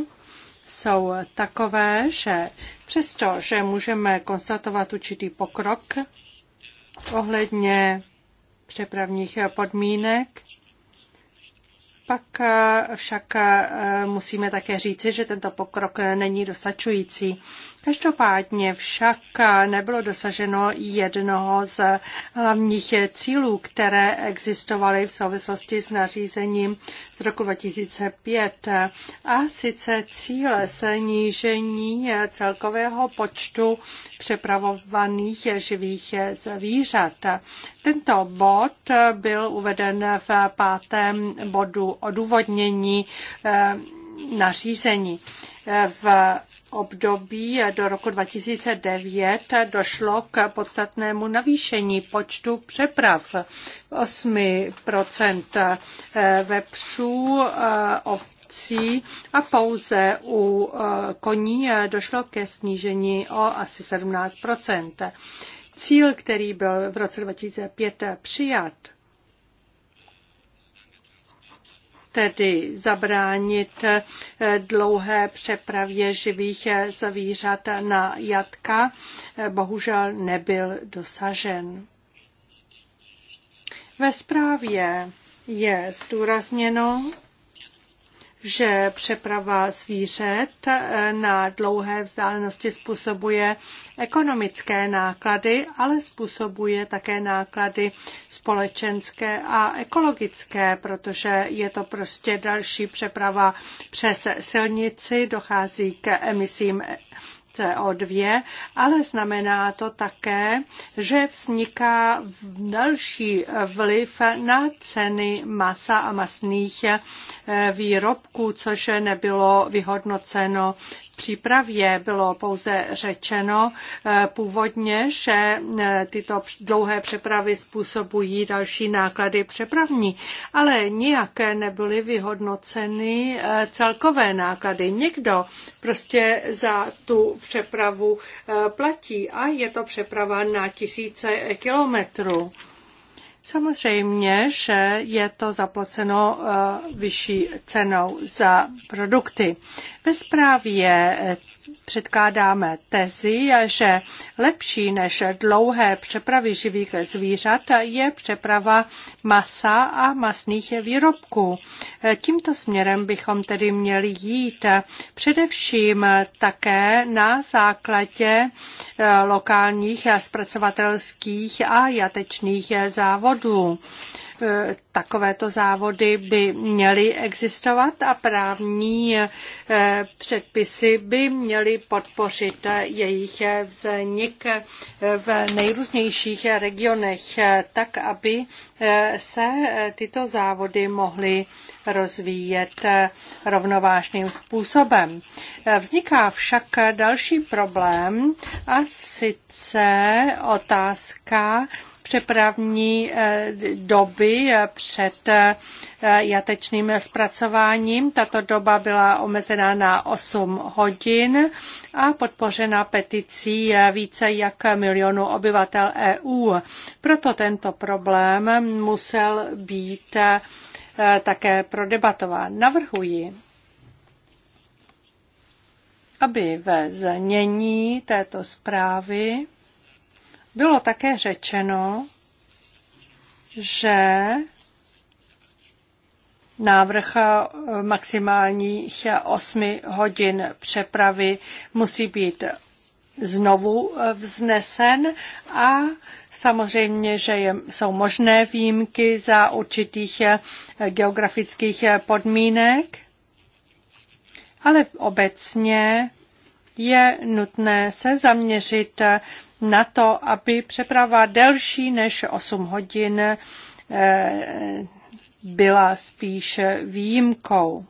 jsou takové, že přesto, že můžeme konstatovat určitý pokrok ohledně přepravních podmínek, pak eh, však eh, musíme také říci, že tento pokrok eh, není dostačující. Každopádně však nebylo dosaženo jednoho z hlavních cílů, které existovaly v souvislosti s nařízením z roku 2005, a sice cíle snížení celkového počtu přepravovaných živých zvířat. Tento bod byl uveden v pátém bodu odůvodnění eh, nařízení. V období do roku 2009 došlo k podstatnému navýšení počtu přeprav 8 eh, vepřů, eh, ovcí a pouze u eh, koní došlo ke snížení o asi 17 Cíl, který byl v roce 2005 přijat, tedy zabránit eh, dlouhé přepravě živých eh, zvířat na jatka, eh, bohužel nebyl dosažen. Ve zprávě je zdůrazněno, že přeprava zvířat eh, na dlouhé vzdálenosti způsobuje ekonomické náklady, ale způsobuje také náklady společenské a ekologické, protože je to prostě další přeprava přes silnici, dochází k emisím CO2, ale znamená to také, že vzniká další vliv na ceny masa a masných eh, výrobků, což nebylo vyhodnoceno přípravě bylo pouze řečeno eh, původně, že eh, tyto dlouhé přepravy způsobují další náklady přepravní, ale nijaké nebyly vyhodnoceny eh, celkové náklady. Někdo prostě za tu přepravu platí a je to přeprava na tisíce kilometrů. Samozřejmě, že je to zaplaceno eh, vyšší cenou za produkty. Ve zprávě předkládáme tezi, že lepší než dlouhé přepravy živých zvířat je přeprava masa a masných výrobků. Tímto směrem bychom tedy měli jít především také na základě eh, lokálních zpracovatelských a jatečných závodů. E, takovéto závody by měly existovat a právní e, předpisy by měly podpořit jejich vznik v nejrůznějších regionech, e, tak aby se tyto závody mohly rozvíjet rovnovážným způsobem. Vzniká však další problém a sice otázka přepravní eh, doby eh, před eh, jatečným zpracováním. Tato doba byla omezená na 8 hodin a podpořena peticí více jak milionu obyvatel EU. Proto tento problém musel být také prodebatován. Navrhuji, aby ve znění této zprávy bylo také řečeno, že návrh eh, maximálních 8 hodin přepravy musí být znovu eh, vznesen a samozřejmě, že je, jsou možné výjimky za určitých eh, geografických podmínek, ale obecně je nutné se zaměřit na to, aby přeprava delší než 8 hodin eh, byla spíš výjimkou.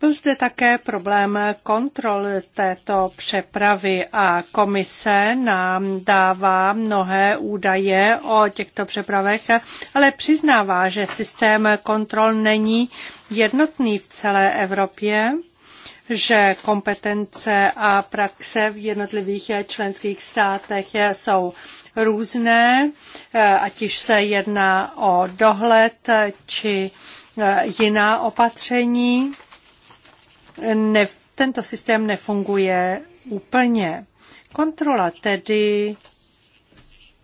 Byl zde také problém kontrol této přepravy a komise nám dává mnohé údaje o těchto přepravech, ale přiznává, že systém kontrol není jednotný v celé Evropě že kompetence a praxe v jednotlivých členských státech jsou různé, ať již se jedná o dohled či jiná opatření ne, tento systém nefunguje úplně. Kontrola tedy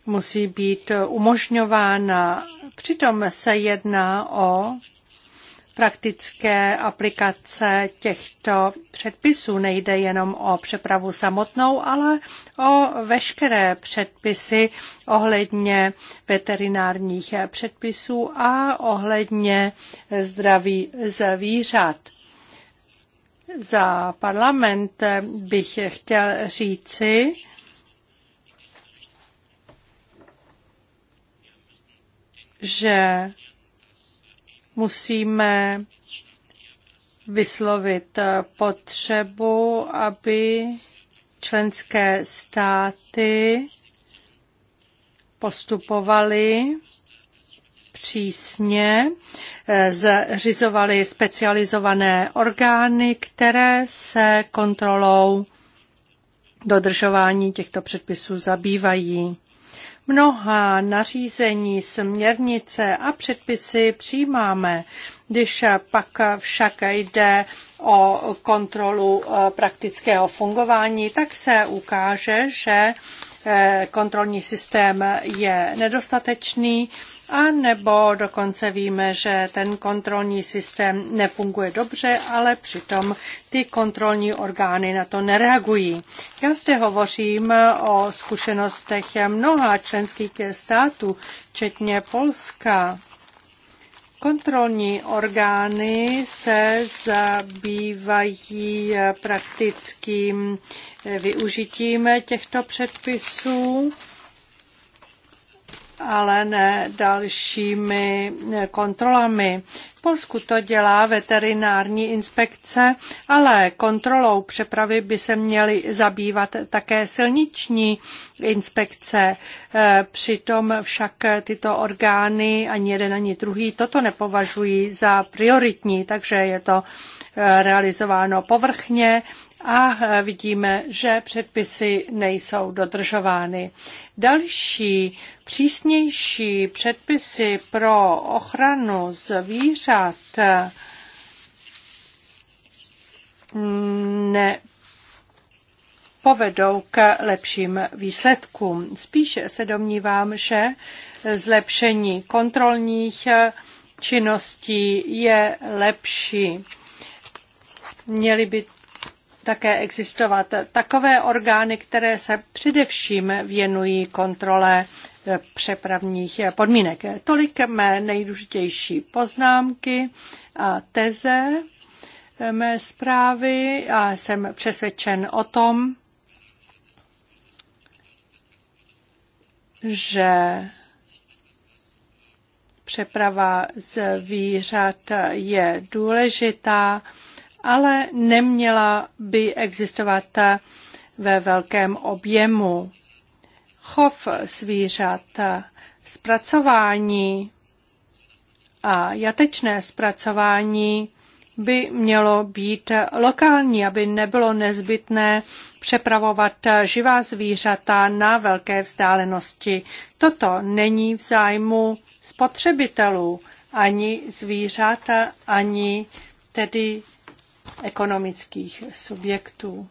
musí být umožňována. Přitom se jedná o praktické aplikace těchto předpisů. Nejde jenom o přepravu samotnou, ale o veškeré předpisy ohledně veterinárních předpisů a ohledně zdraví zvířat. Za parlament bych chtěl říci, že musíme vyslovit potřebu, aby členské státy postupovaly přísně eh, zřizovaly specializované orgány, které se kontrolou dodržování těchto předpisů zabývají. Mnoha nařízení, směrnice a předpisy přijímáme, když pak však jde o kontrolu eh, praktického fungování, tak se ukáže, že eh, kontrolní systém je nedostatečný a nebo dokonce víme, že ten kontrolní systém nefunguje dobře, ale přitom ty kontrolní orgány na to nereagují. Já zde hovořím o zkušenostech mnoha členských států, včetně Polska. Kontrolní orgány se zabývají praktickým využitím těchto předpisů ale ne dalšími kontrolami. V Polsku to dělá veterinární inspekce, ale kontrolou přepravy by se měly zabývat také silniční inspekce. E, přitom však tyto orgány, ani jeden, ani druhý, toto nepovažují za prioritní, takže je to e, realizováno povrchně, a e, vidíme, že předpisy nejsou dodržovány. Další přísnější předpisy pro ochranu zvířat e, ne povedou k lepším výsledkům. Spíše se domnívám, že zlepšení kontrolních e, činností je lepší. Měly by také existovat takové orgány, které se především věnují kontrole eh, přepravních eh, podmínek. Tolik mé nejdůležitější poznámky a teze eh, mé zprávy a jsem přesvědčen o tom, že přeprava zvířat je důležitá ale neměla by existovat ve velkém objemu. Chov zvířat, zpracování a jatečné zpracování by mělo být lokální, aby nebylo nezbytné přepravovat živá zvířata na velké vzdálenosti. Toto není v zájmu spotřebitelů ani zvířata, ani tedy ekonomických subjektů.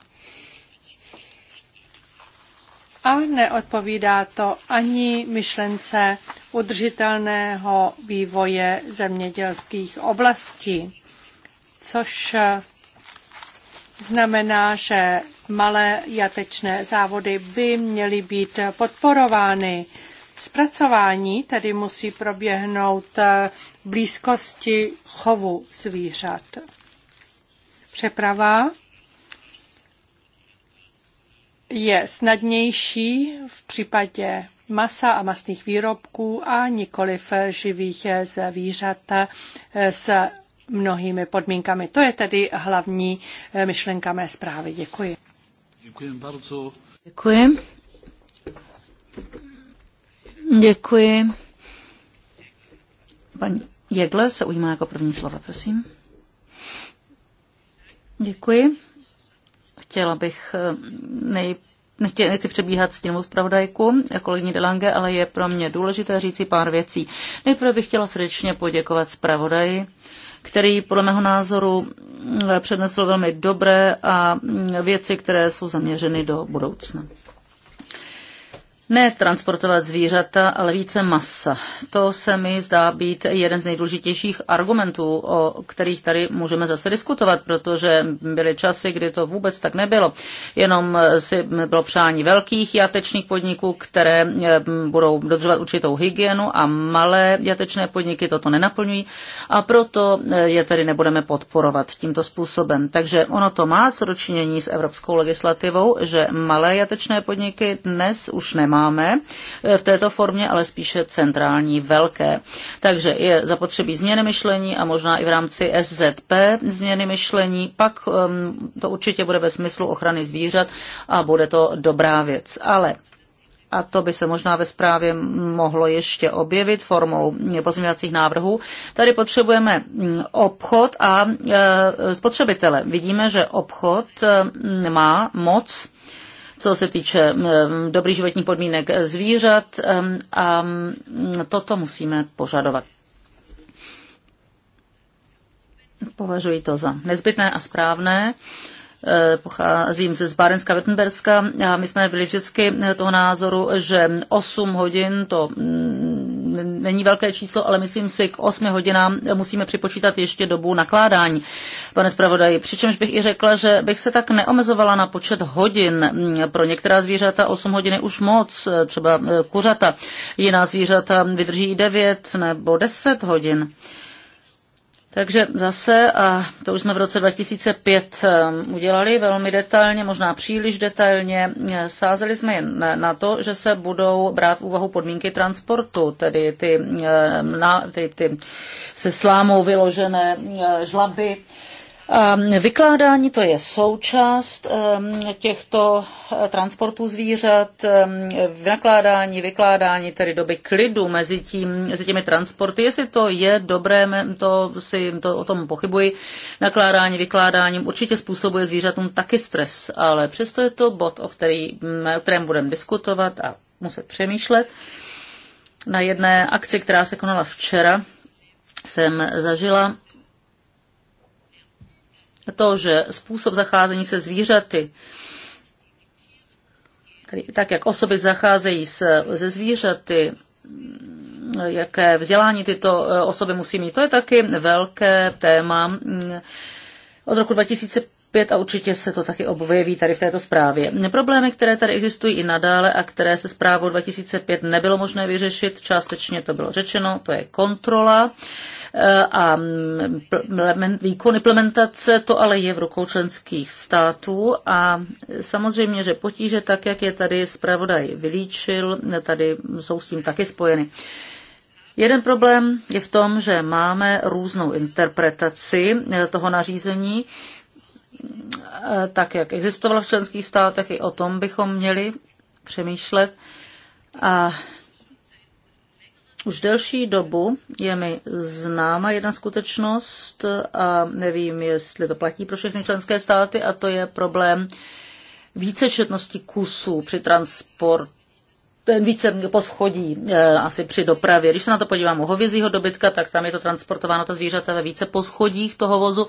A neodpovídá to ani myšlence udržitelného vývoje zemědělských oblastí, což znamená, že malé jatečné závody by měly být podporovány. Zpracování tedy musí proběhnout blízkosti chovu zvířat. Přeprava je snadnější v případě masa a masných výrobků a nikoliv živých zvířat s mnohými podmínkami. To je tedy hlavní eh, myšlenka mé zprávy. Děkuji. Děkuji bardzo. Děkuji. Děkuji. Pan Jedle se ujímá jako první slova, prosím. Děkuji. Chtěla bych eh, nej Nechtěl, nechci přebíhat tím zpravodajku, eh, kolegyni Delange, ale je pro mě důležité říci pár věcí. Nejprve bych chtěla srdečně poděkovat zpravodaji, který podle mého názoru eh, přednesl velmi dobré a mm, věci, které jsou zaměřeny do budoucna ne transportovat zvířata, ale více masa. To se mi zdá být jeden z nejdůležitějších argumentů, o kterých tady můžeme zase diskutovat, protože byly časy, kdy to vůbec tak nebylo. Jenom si bylo přání velkých jatečných podniků, které eh, budou dodržovat určitou hygienu a malé jatečné podniky toto nenaplňují a proto eh, je tady nebudeme podporovat tímto způsobem. Takže ono to má sročinění s evropskou legislativou, že malé jatečné podniky dnes už nemá nemáme v této formě, ale spíše centrální velké. Takže je zapotřebí změny myšlení a možná i v rámci SZP změny myšlení, pak um, to určitě bude ve smyslu ochrany zvířat a bude to dobrá věc. Ale a to by se možná ve zprávě mohlo ještě objevit formou pozměňovacích návrhů. Tady potřebujeme mm, obchod a e, spotřebitele. Vidíme, že obchod e, má moc co se týče dobrých životních podmínek zvířat a toto musíme požadovat. Považuji to za nezbytné a správné. Eh, pocházím ze Zbárenska, Wittenberska a my jsme byli vždycky toho názoru, že 8 hodin to mm, není velké číslo, ale myslím si, k 8 hodinám musíme připočítat ještě dobu nakládání, pane zpravodaji. Přičemž bych i řekla, že bych se tak neomezovala na počet hodin. Mm, pro některá zvířata 8 hodin je už moc, eh, třeba eh, kuřata. Jiná zvířata vydrží 9 nebo 10 hodin. Takže zase, a to už jsme v roce 2005 um, udělali velmi detailně, možná příliš detailně, sázeli jsme jen na to, že se budou brát v úvahu podmínky transportu, tedy ty, um, na, ty, ty se slámou vyložené uh, žlaby, Ehm, vykládání to je součást ehm, těchto eh, transportů zvířat, ehm, vykládání, vykládání tedy doby klidu mezi, tím, mezi těmi transporty, jestli to je dobré, to si to, o tom pochybuji, nakládání, vykládáním určitě způsobuje zvířatům taky stres, ale přesto je to bod, o, který, o kterém budeme diskutovat a muset přemýšlet. Na jedné akci, která se konala včera, jsem zažila to, že způsob zacházení se zvířaty, tak jak osoby zacházejí se, se zvířaty, jaké vzdělání tyto eh, osoby musí mít, to je taky velké téma. Od roku 2005 a určitě se to taky objeví tady v této zprávě. Problémy, které tady existují i nadále a které se zprávou 2005 nebylo možné vyřešit, částečně to bylo řečeno, to je kontrola. Uh, Eh, a výkon implementace, to ale je v rukou členských států a samozřejmě, že potíže, tak jak je tady zpravodaj vylíčil, tady jsou s tím taky spojeny. Jeden problém je v tom, že máme různou interpretaci eh, toho nařízení, eh, tak jak existovalo v členských státech, i o tom bychom měli přemýšlet. A už delší dobu je mi známa jedna skutečnost a nevím, jestli to platí pro všechny členské státy, a to je problém vícečetnosti kusů při transportu ten více poschodí e, asi při dopravě. Když se na to podívám u hovězího dobytka, tak tam je to transportováno, ta zvířata ve více poschodích toho vozu.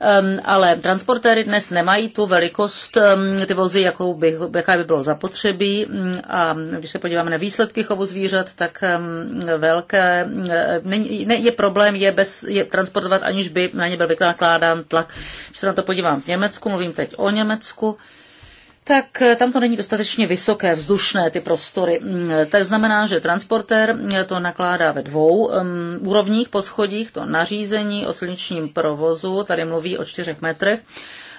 Um, ale transportéry dnes nemají tu velikost um, ty vozy, jakou by, jaká by bylo zapotřebí. Mm, a když se podíváme na výsledky chovu zvířat, tak um, velké uh, ne, ne, je problém je, bez, je transportovat, aniž by na ně byl vykládán tlak. Když se na to podívám v Německu, mluvím teď o Německu, tak eh, tam to není dostatečně vysoké, vzdušné ty prostory. Mm, to znamená, že transportér eh, to nakládá ve dvou um, úrovních po schodích, to nařízení o silničním provozu, tady mluví o čtyřech metrech,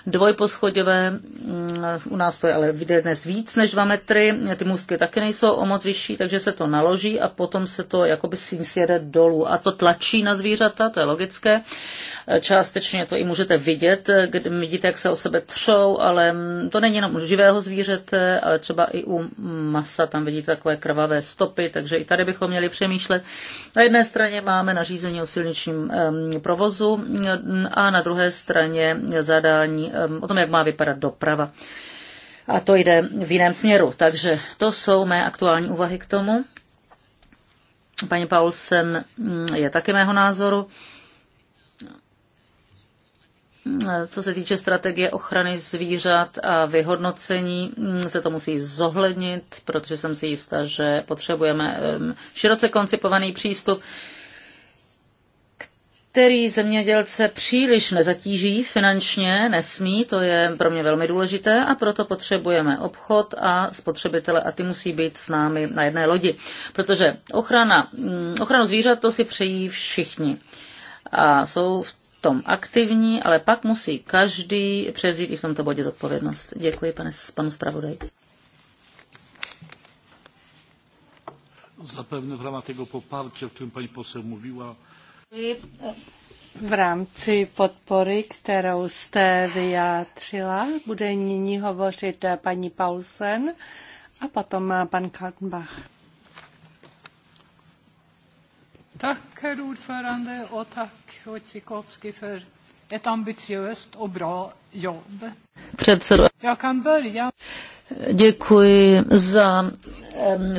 dvojposchodové, mm, u nás to je ale dnes víc než dva metry, ty můstky taky nejsou o moc vyšší, takže se to naloží a potom se to jakoby s jede dolů a to tlačí na zvířata, to je logické Částečně to i můžete vidět, kdy vidíte, jak se o sebe třou, ale to není jenom u živého zvířete, ale třeba i u masa, tam vidíte takové krvavé stopy, takže i tady bychom měli přemýšlet. Na jedné straně máme nařízení o silničním provozu a na druhé straně zadání o tom, jak má vypadat doprava. A to jde v jiném směru. Takže to jsou mé aktuální úvahy k tomu. Paní Paulsen mm, je taky mého názoru co se týče strategie ochrany zvířat a vyhodnocení, se to musí zohlednit, protože jsem si jistá, že potřebujeme široce koncipovaný přístup, který zemědělce příliš nezatíží finančně, nesmí, to je pro mě velmi důležité a proto potřebujeme obchod a spotřebitele a ty musí být s námi na jedné lodi, protože ochrana, mm, ochranu zvířat to si přejí všichni. A jsou v tom aktivní, ale pak musí každý převzít i v tomto bodě zodpovědnost. Děkuji pane, panu zpravodaj. Zapevne v rámci toho poparcia, o kterém paní posel mluvila. V rámci podpory, kterou jste vyjádřila, bude nyní hovořit paní Paulsen a potom pan Kaltenbach. Tack, herr ordförande, och tack, Wojciechowski, för ett ambitiöst och bra jobb. Jag kan börja. Děkuji za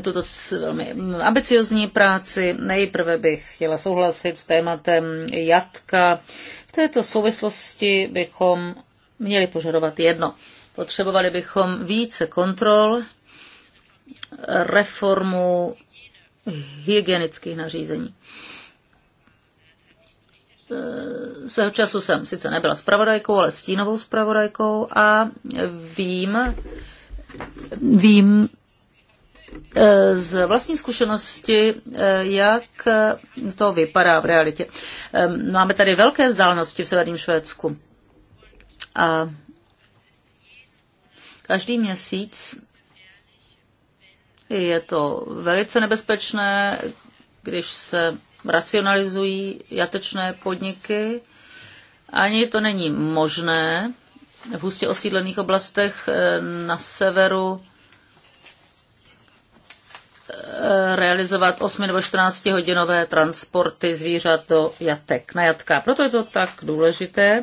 tuto velmi ambiciozní práci. Nejprve bych chtěla souhlasit s tématem jatka. V této souvislosti bychom měli požadovat jedno. Potřebovali bychom více kontrol, reformu hygienických nařízení. E, svého času jsem sice nebyla spravodajkou, ale stínovou spravodajkou a vím, vím e, z vlastní zkušenosti, e, jak to vypadá v realitě. Máme tady velké vzdálenosti v severním Švédsku. A každý měsíc je to velice nebezpečné, když se racionalizují jatečné podniky. Ani to není možné v hustě osídlených oblastech eh, na severu eh, realizovat 8 nebo 14 hodinové transporty zvířat do jatek, na jatka. Proto je to tak důležité.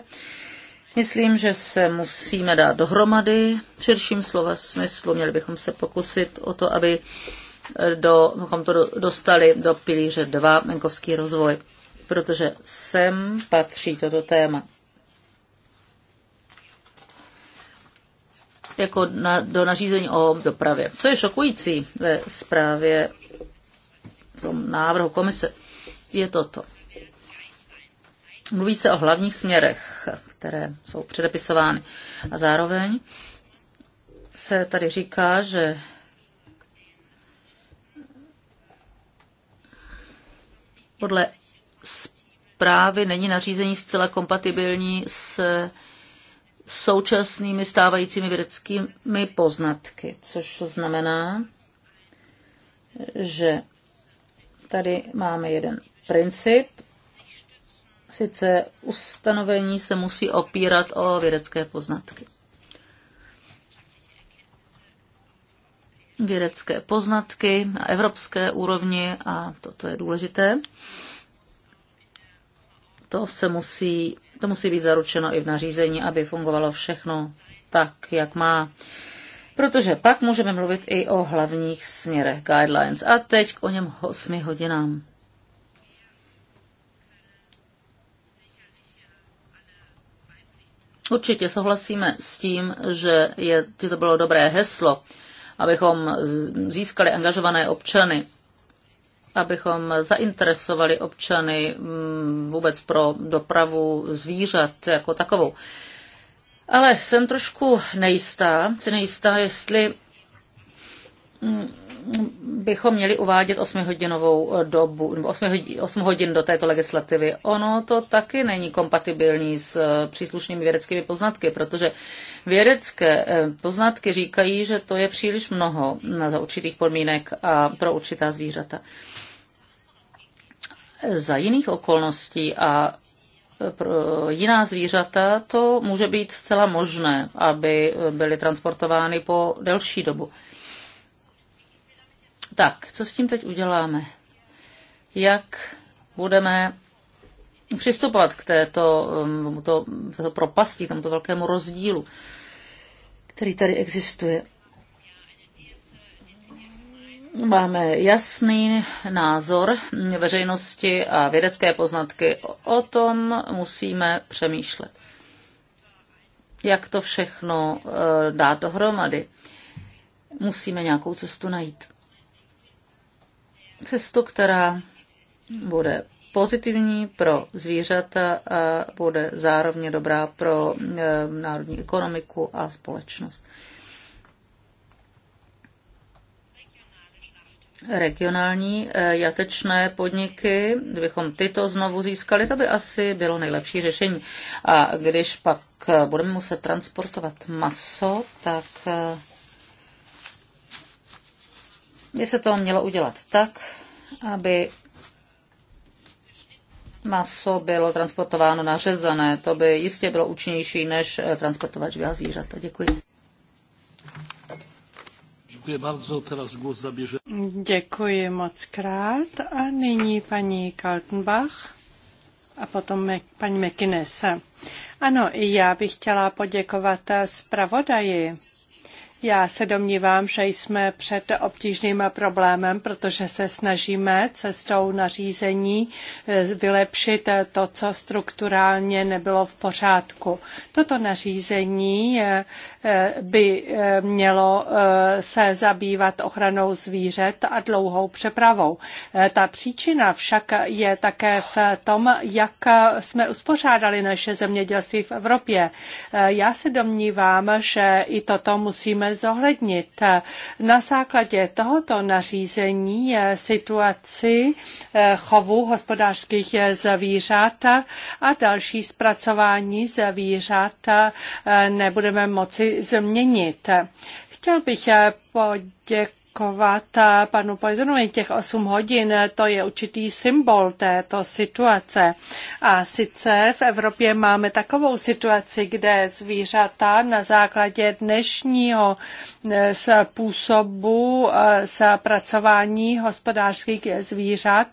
Myslím, že se musíme dát dohromady v širším slova smyslu. Měli bychom se pokusit o to, aby eh, do, bychom to dostali do pilíře 2, venkovský rozvoj, protože sem patří toto téma. jako na, do nařízení o dopravě. Co je šokující ve zprávě v tom návrhu komise, je toto. Mluví se o hlavních směrech, které jsou předepisovány. A zároveň se tady říká, že podle zprávy není nařízení zcela kompatibilní s současnými stávajícími vědeckými poznatky, což znamená, že tady máme jeden princip Sice ustanovení se musí opírat o vědecké poznatky. Vědecké poznatky na evropské úrovni a toto je důležité. To, se musí, to musí být zaručeno i v nařízení, aby fungovalo všechno tak, jak má. Protože pak můžeme mluvit i o hlavních směrech guidelines. A teď k o něm 8 hodinám. Určitě souhlasíme s tím, že je, že to bylo dobré heslo, abychom získali angažované občany, abychom zainteresovali občany mm, vůbec pro dopravu zvířat jako takovou. Ale jsem trošku nejistá, jsem nejistá, jestli mm, bychom měli uvádět 8-hodinovou eh, dobu, nebo 8 hodin, 8 hodin do této legislativy. Ono to taky není kompatibilní s eh, příslušnými vědeckými poznatky, protože vědecké eh, poznatky říkají, že to je příliš mnoho mm, za určitých podmínek a pro určitá zvířata. Za jiných okolností a pro jiná zvířata to může být zcela možné, aby byly transportovány po delší dobu. Tak, co s tím teď uděláme? Jak budeme přistupovat k této, um, to, to propasti, tomuto velkému rozdílu, který tady existuje? Máme jasný názor veřejnosti a vědecké poznatky. O tom musíme přemýšlet. Jak to všechno eh, dát dohromady? Musíme nějakou cestu najít cestu, která bude pozitivní pro zvířata a bude zároveň dobrá pro e, národní ekonomiku a společnost. regionální e, jatečné podniky, kdybychom tyto znovu získali, to by asi bylo nejlepší řešení. A když pak e, budeme muset transportovat maso, tak by se to mělo udělat tak, aby maso bylo transportováno nařezané. To by jistě bylo účinnější, než eh, transportovat živá zvířata. Děkuji. Děkuji bardzo. Teraz głos zabierze. Děkuji moc krát. A nyní paní Kaltenbach a potom paní McInnes. Ano, i já bych chtěla poděkovat eh, zpravodaji. Já se domnívám, že jsme před obtížným problémem, protože se snažíme cestou nařízení eh, vylepšit to, co strukturálně nebylo v pořádku. Toto nařízení eh, eh, by mělo se zabývat ochranou zvířat a dlouhou přepravou. Ta příčina však je také v tom, jak jsme uspořádali naše zemědělství v Evropě. Já se domnívám, že i toto musíme zohlednit. Na základě tohoto nařízení eh, situaci eh, chovu hospodářských eh, zvířat a další zpracování zvířat nebudeme moci změnit. Chtěl bych poděkovat poděkovat eh, panu Poizonovi. Těch 8 hodin eh, to je určitý symbol této situace. A sice v Evropě máme takovou situaci, kde zvířata na základě dnešního způsobu eh, zapracování hospodářských zvířat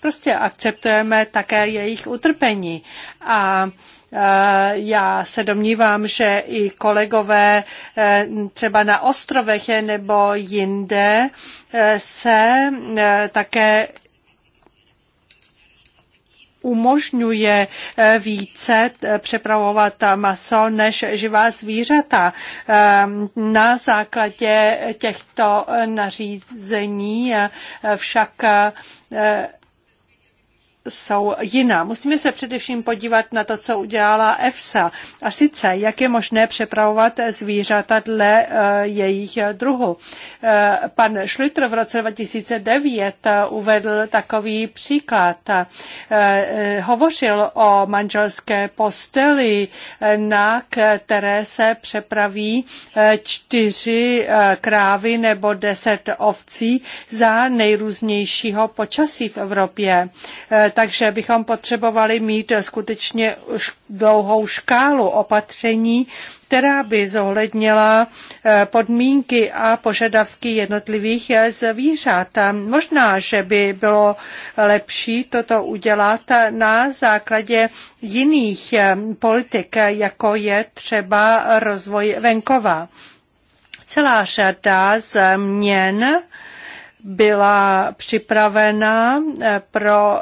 prostě akceptujeme také jejich utrpení. A Eh, já se domnívám, že i kolegové eh, třeba na ostrovech nebo jinde eh, se také umožňuje více přepravovat maso než živá zvířata. Na základě těchto nařízení však jsou jiná. Musíme se především podívat na to, co udělala EFSA. A sice, jak je možné přepravovat zvířata dle eh, jejich druhu. Eh, pan Schlüter v roce 2009 eh, uvedl takový příklad. Hovořil o manželské posteli, na které se přepraví čtyři krávy nebo deset ovcí za nejrůznějšího počasí v Evropě takže bychom potřebovali mít skutečně dlouhou škálu opatření, která by zohlednila eh, podmínky a požadavky jednotlivých eh, zvířat. Možná, že by bylo lepší toto udělat na základě jiných eh, politik, jako je třeba rozvoj venkova. Celá řada změn byla připravena eh, pro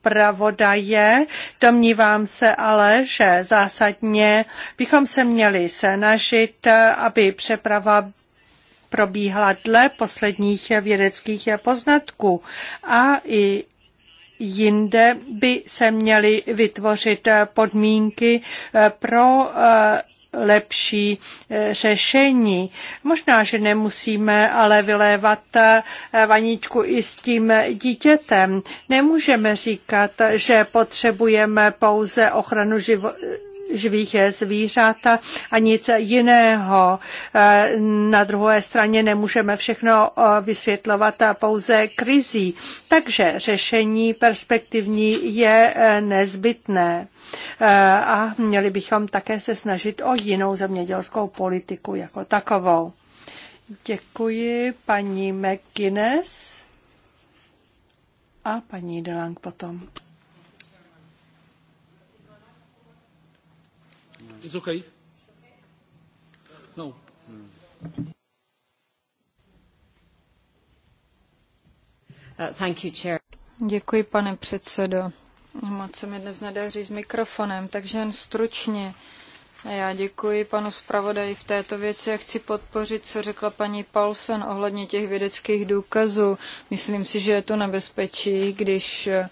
zpravodaje. Domnívám se ale, že zásadně bychom se měli snažit, eh, aby přeprava probíhala dle posledních vědeckých poznatků a i jinde by se měly vytvořit podmínky eh, pro lepší eh, řešení. Možná, že nemusíme ale vylévat eh, vaničku i s tím dítětem. Nemůžeme říkat, že potřebujeme pouze ochranu života živých zvířat a nic jiného. E, na druhé straně nemůžeme všechno e, vysvětlovat pouze krizí, takže řešení perspektivní je e, nezbytné a měli bychom také se snažit o jinou zemědělskou politiku jako takovou. Děkuji paní McGuinness a paní Delang potom. It's okay. No. Uh, thank you, chair. Děkuji, pane předsedo. Moc se mi dnes nedaří s mikrofonem, takže jen stručně. Já děkuji panu zpravodaji v této věci a chci podpořit, co řekla paní Paulsen ohledně těch vědeckých důkazů. Myslím si, že je to nebezpečí, když uh,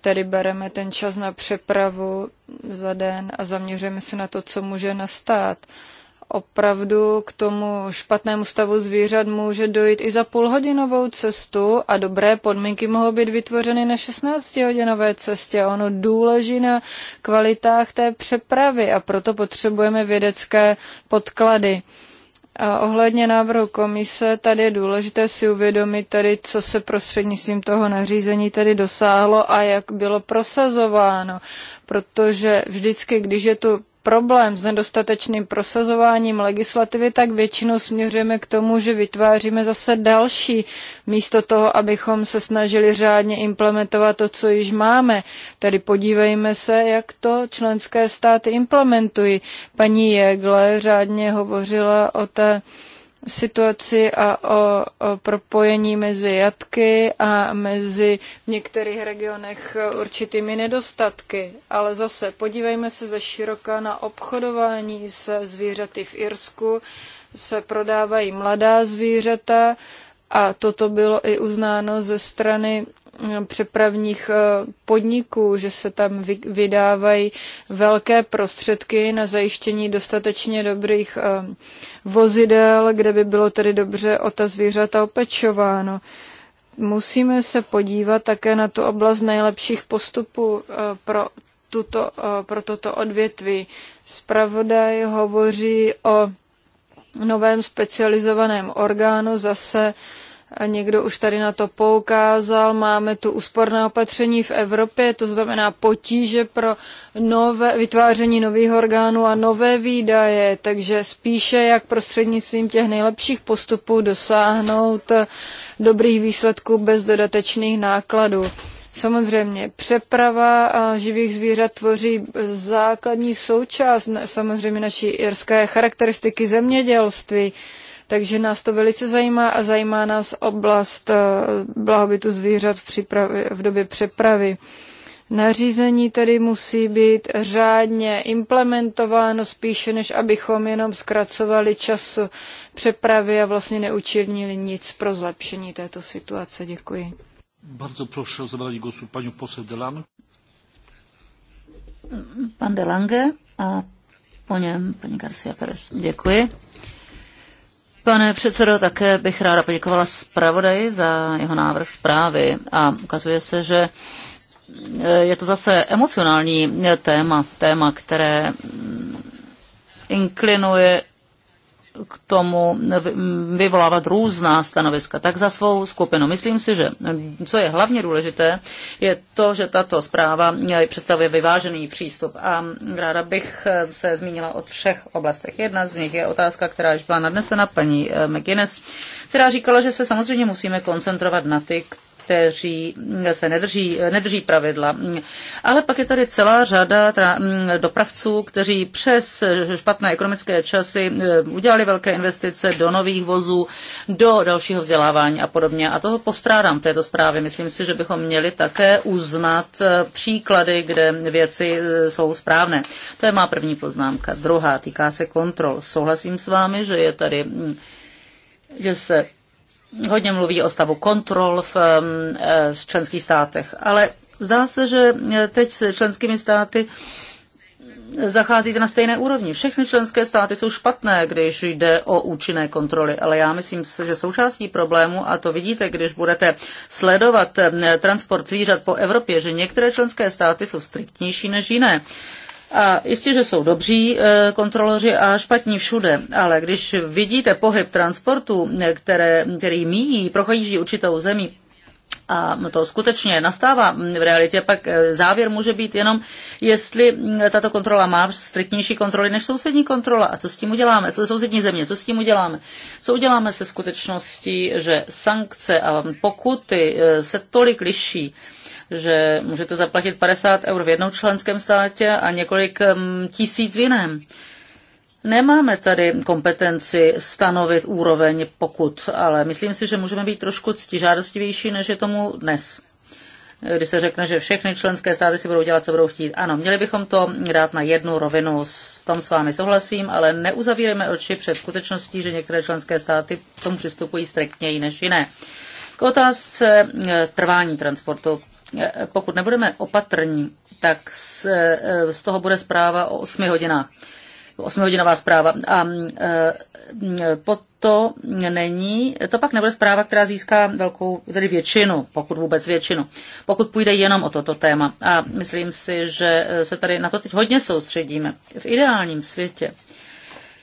tedy bereme ten čas na přepravu za den a zaměřujeme se na to, co může nastat. Opravdu k tomu špatnému stavu zvířat může dojít i za půlhodinovou cestu a dobré podmínky mohou být vytvořeny na 16-hodinové cestě. Ono důleží na kvalitách té přepravy a proto potřebujeme vědecké podklady. A ohledně návrhu komise, tady je důležité si uvědomit tady, co se prostřednictvím toho nařízení tady dosáhlo a jak bylo prosazováno, protože vždycky, když je tu problém s nedostatečným prosazováním legislativy, tak většinou směřujeme k tomu, že vytváříme zase další, místo toho, abychom se snažili řádně implementovat to, co již máme. Tedy podívejme se, jak to členské státy implementují. Paní Jegle řádně hovořila o té uh, situaci a o, o propojení mezi jatky a mezi v některých regionech určitými nedostatky. Ale zase podívejme se ze široka na obchodování se zvířaty v Irsku. Se prodávají mladá zvířata a toto bylo i uznáno ze strany přepravních eh, podniků, že se tam vydávají velké prostředky na zajištění dostatečně dobrých eh, vozidel, kde by bylo tedy dobře o ta zvířata opečováno. Musíme se podívat také na tu oblast nejlepších postupů eh, pro, tuto, pro toto odvětví. Spravodaj hovoří o novém specializovaném orgánu zase uh, a někdo už tady na to poukázal, máme tu úsporné opatření v Evropě, to znamená potíže pro nové, vytváření nových orgánů a nové výdaje, takže spíše jak prostřednictvím těch nejlepších postupů dosáhnout dobrých výsledků bez dodatečných nákladů. Samozřejmě přeprava živých zvířat tvoří základní součást samozřejmě naší irské charakteristiky zemědělství. Takže nás to velice zajímá a zajímá nás oblast eh, blahobytu zvířat v, připravi, v době přepravy. Nařízení tedy musí být řádně implementováno spíše, než abychom jenom zkracovali čas přepravy a vlastně neučinili nic pro zlepšení této situace. Děkuji. Bardzo proszę o zabranie głosu panią poseł Delan. Pan Delange a po něm paní Garcia Perez. Dziękuję. Pane předsedo, také bych ráda poděkovala zpravodaji za jeho návrh zprávy a ukazuje se, že eh, je to zase emocionální eh, téma, téma, které mm, inklinuje k tomu vyvolávat různá stanoviska. Tak za svou skupinu. Myslím si, že co je hlavně důležité, je to, že tato zpráva představuje vyvážený přístup. A ráda bych se zmínila o třech oblastech. Jedna z nich je otázka, která již byla nadnesena paní eh, McGuinness, která říkala, že se samozřejmě musíme koncentrovat na ty, kteří se nedrží, nedrží pravidla. Ale pak je tady celá řada dopravců, kteří přes špatné ekonomické časy udělali velké investice do nových vozů, do dalšího vzdělávání a podobně. A toho postrádám v této zprávě. Myslím si, že bychom měli také uznat e, příklady, kde věci e, jsou správné. To je má první poznámka. Druhá týká se kontrol. Souhlasím s vámi, že je tady že se hodně mluví o stavu kontrol v, e, v členských státech, ale zdá se, že e, teď s členskými státy zacházíte na stejné úrovni. Všechny členské státy jsou špatné, když jde o účinné kontroly, ale já myslím, že součástí problému, a to vidíte, když budete sledovat transport zvířat po Evropě, že některé členské státy jsou striktnější než jiné. A jistě, že jsou dobří eh, kontroloři a špatní všude, ale když vidíte pohyb transportu, eh, které, který míjí, prochodí určitou zemí, a to skutečně nastává v realitě, pak eh, závěr může být jenom, jestli mm, tato kontrola má striktnější kontroly než sousední kontrola. A co s tím uděláme? Co sousední země? Co s tím uděláme? Co uděláme se skutečností, že sankce a pokuty se tolik liší? že můžete zaplatit 50 eur v jednom členském státě a několik tisíc v jiném. Nemáme tady kompetenci stanovit úroveň pokud, ale myslím si, že můžeme být trošku ctižádostivější, než je tomu dnes. Když se řekne, že všechny členské státy si budou dělat, co budou chtít. Ano, měli bychom to dát na jednu rovinu, s tom s vámi souhlasím, ale neuzavíráme oči před skutečností, že některé členské státy k tomu přistupují striktněji než jiné. K otázce eh, trvání transportu. E, pokud nebudeme opatrní, tak z, e, z toho bude zpráva o 8 hodinách. 8-hodinová zpráva. A e, to není, to pak nebude zpráva, která získá velkou, tedy většinu, pokud vůbec většinu, pokud půjde jenom o toto téma. A myslím si, že se tady na to teď hodně soustředíme. V ideálním světě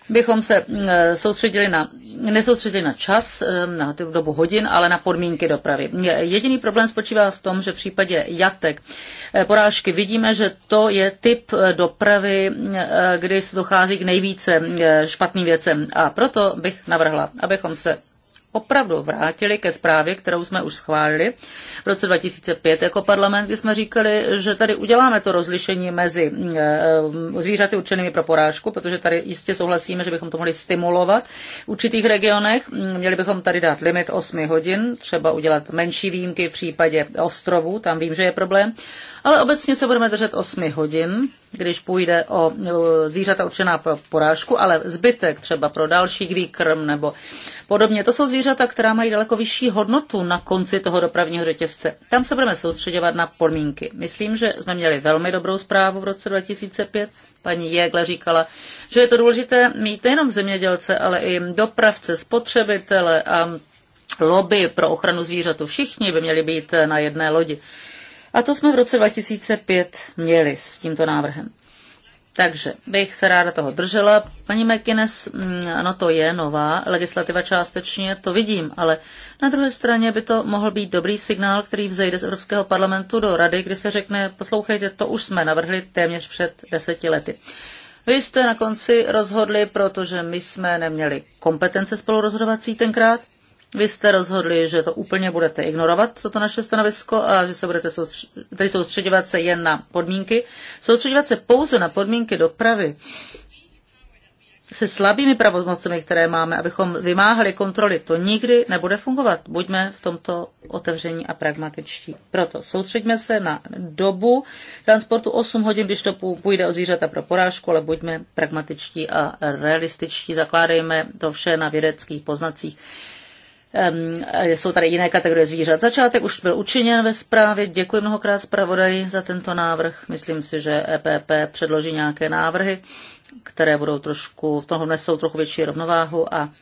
bychom se mm, eh, soustředili na, nesoustředili na čas, eh, na tu dobu hodin, ale na podmínky dopravy. Jediný problém spočívá v tom, že v případě jatek eh, porážky vidíme, že to je typ dopravy, kdy se dochází k nejvíce špatným věcem. A proto bych navrhla, abychom se opravdu vrátili ke zprávě, kterou jsme už schválili v roce 2005 jako parlament, kdy jsme říkali, že tady uděláme to rozlišení mezi eh, zvířaty určenými pro porážku, protože tady jistě souhlasíme, že bychom to mohli stimulovat v určitých regionech. Měli bychom tady dát limit 8 hodin, třeba udělat menší výjimky v případě ostrovů, tam vím, že je problém. Ale obecně se budeme držet 8 hodin, když půjde o e, zvířata určená pro porážku, ale zbytek třeba pro další výkrm nebo podobně. To jsou zvířata, která mají daleko vyšší hodnotu na konci toho dopravního řetězce. Tam se budeme soustředěvat na podmínky. Myslím, že jsme měli velmi dobrou zprávu v roce 2005 paní Jegle říkala, že je to důležité mít nejenom zemědělce, ale i dopravce, spotřebitele a lobby pro ochranu zvířat. Všichni by měli být na jedné lodi. A to jsme v roce 2005 měli s tímto návrhem. Takže bych se ráda toho držela. Paní McInnes, mm, ano, to je nová legislativa částečně, to vidím, ale na druhé straně by to mohl být dobrý signál, který vzejde z Evropského parlamentu do rady, kdy se řekne, poslouchejte, to už jsme navrhli téměř před deseti lety. Vy jste na konci rozhodli, protože my jsme neměli kompetence spolurozhodovací tenkrát, vy jste rozhodli, že to úplně budete ignorovat, co to naše stanovisko, a že se budete soustři- tedy soustředovat se jen na podmínky. Soustředovat se pouze na podmínky dopravy se slabými pravomocemi, které máme, abychom vymáhali kontroly, to nikdy nebude fungovat. Buďme v tomto otevření a pragmatičtí. Proto soustředíme se na dobu transportu 8 hodin, když to půjde o zvířata pro porážku, ale buďme pragmatičtí a realističtí. Zakládejme to vše na vědeckých poznacích. Eh, jsou tady jiné kategorie zvířat. Začátek už byl učiněn ve zprávě. Děkuji mnohokrát zpravodaji za tento návrh. Myslím si, že EPP předloží nějaké návrhy, které budou trošku, v tom nesou trochu větší rovnováhu a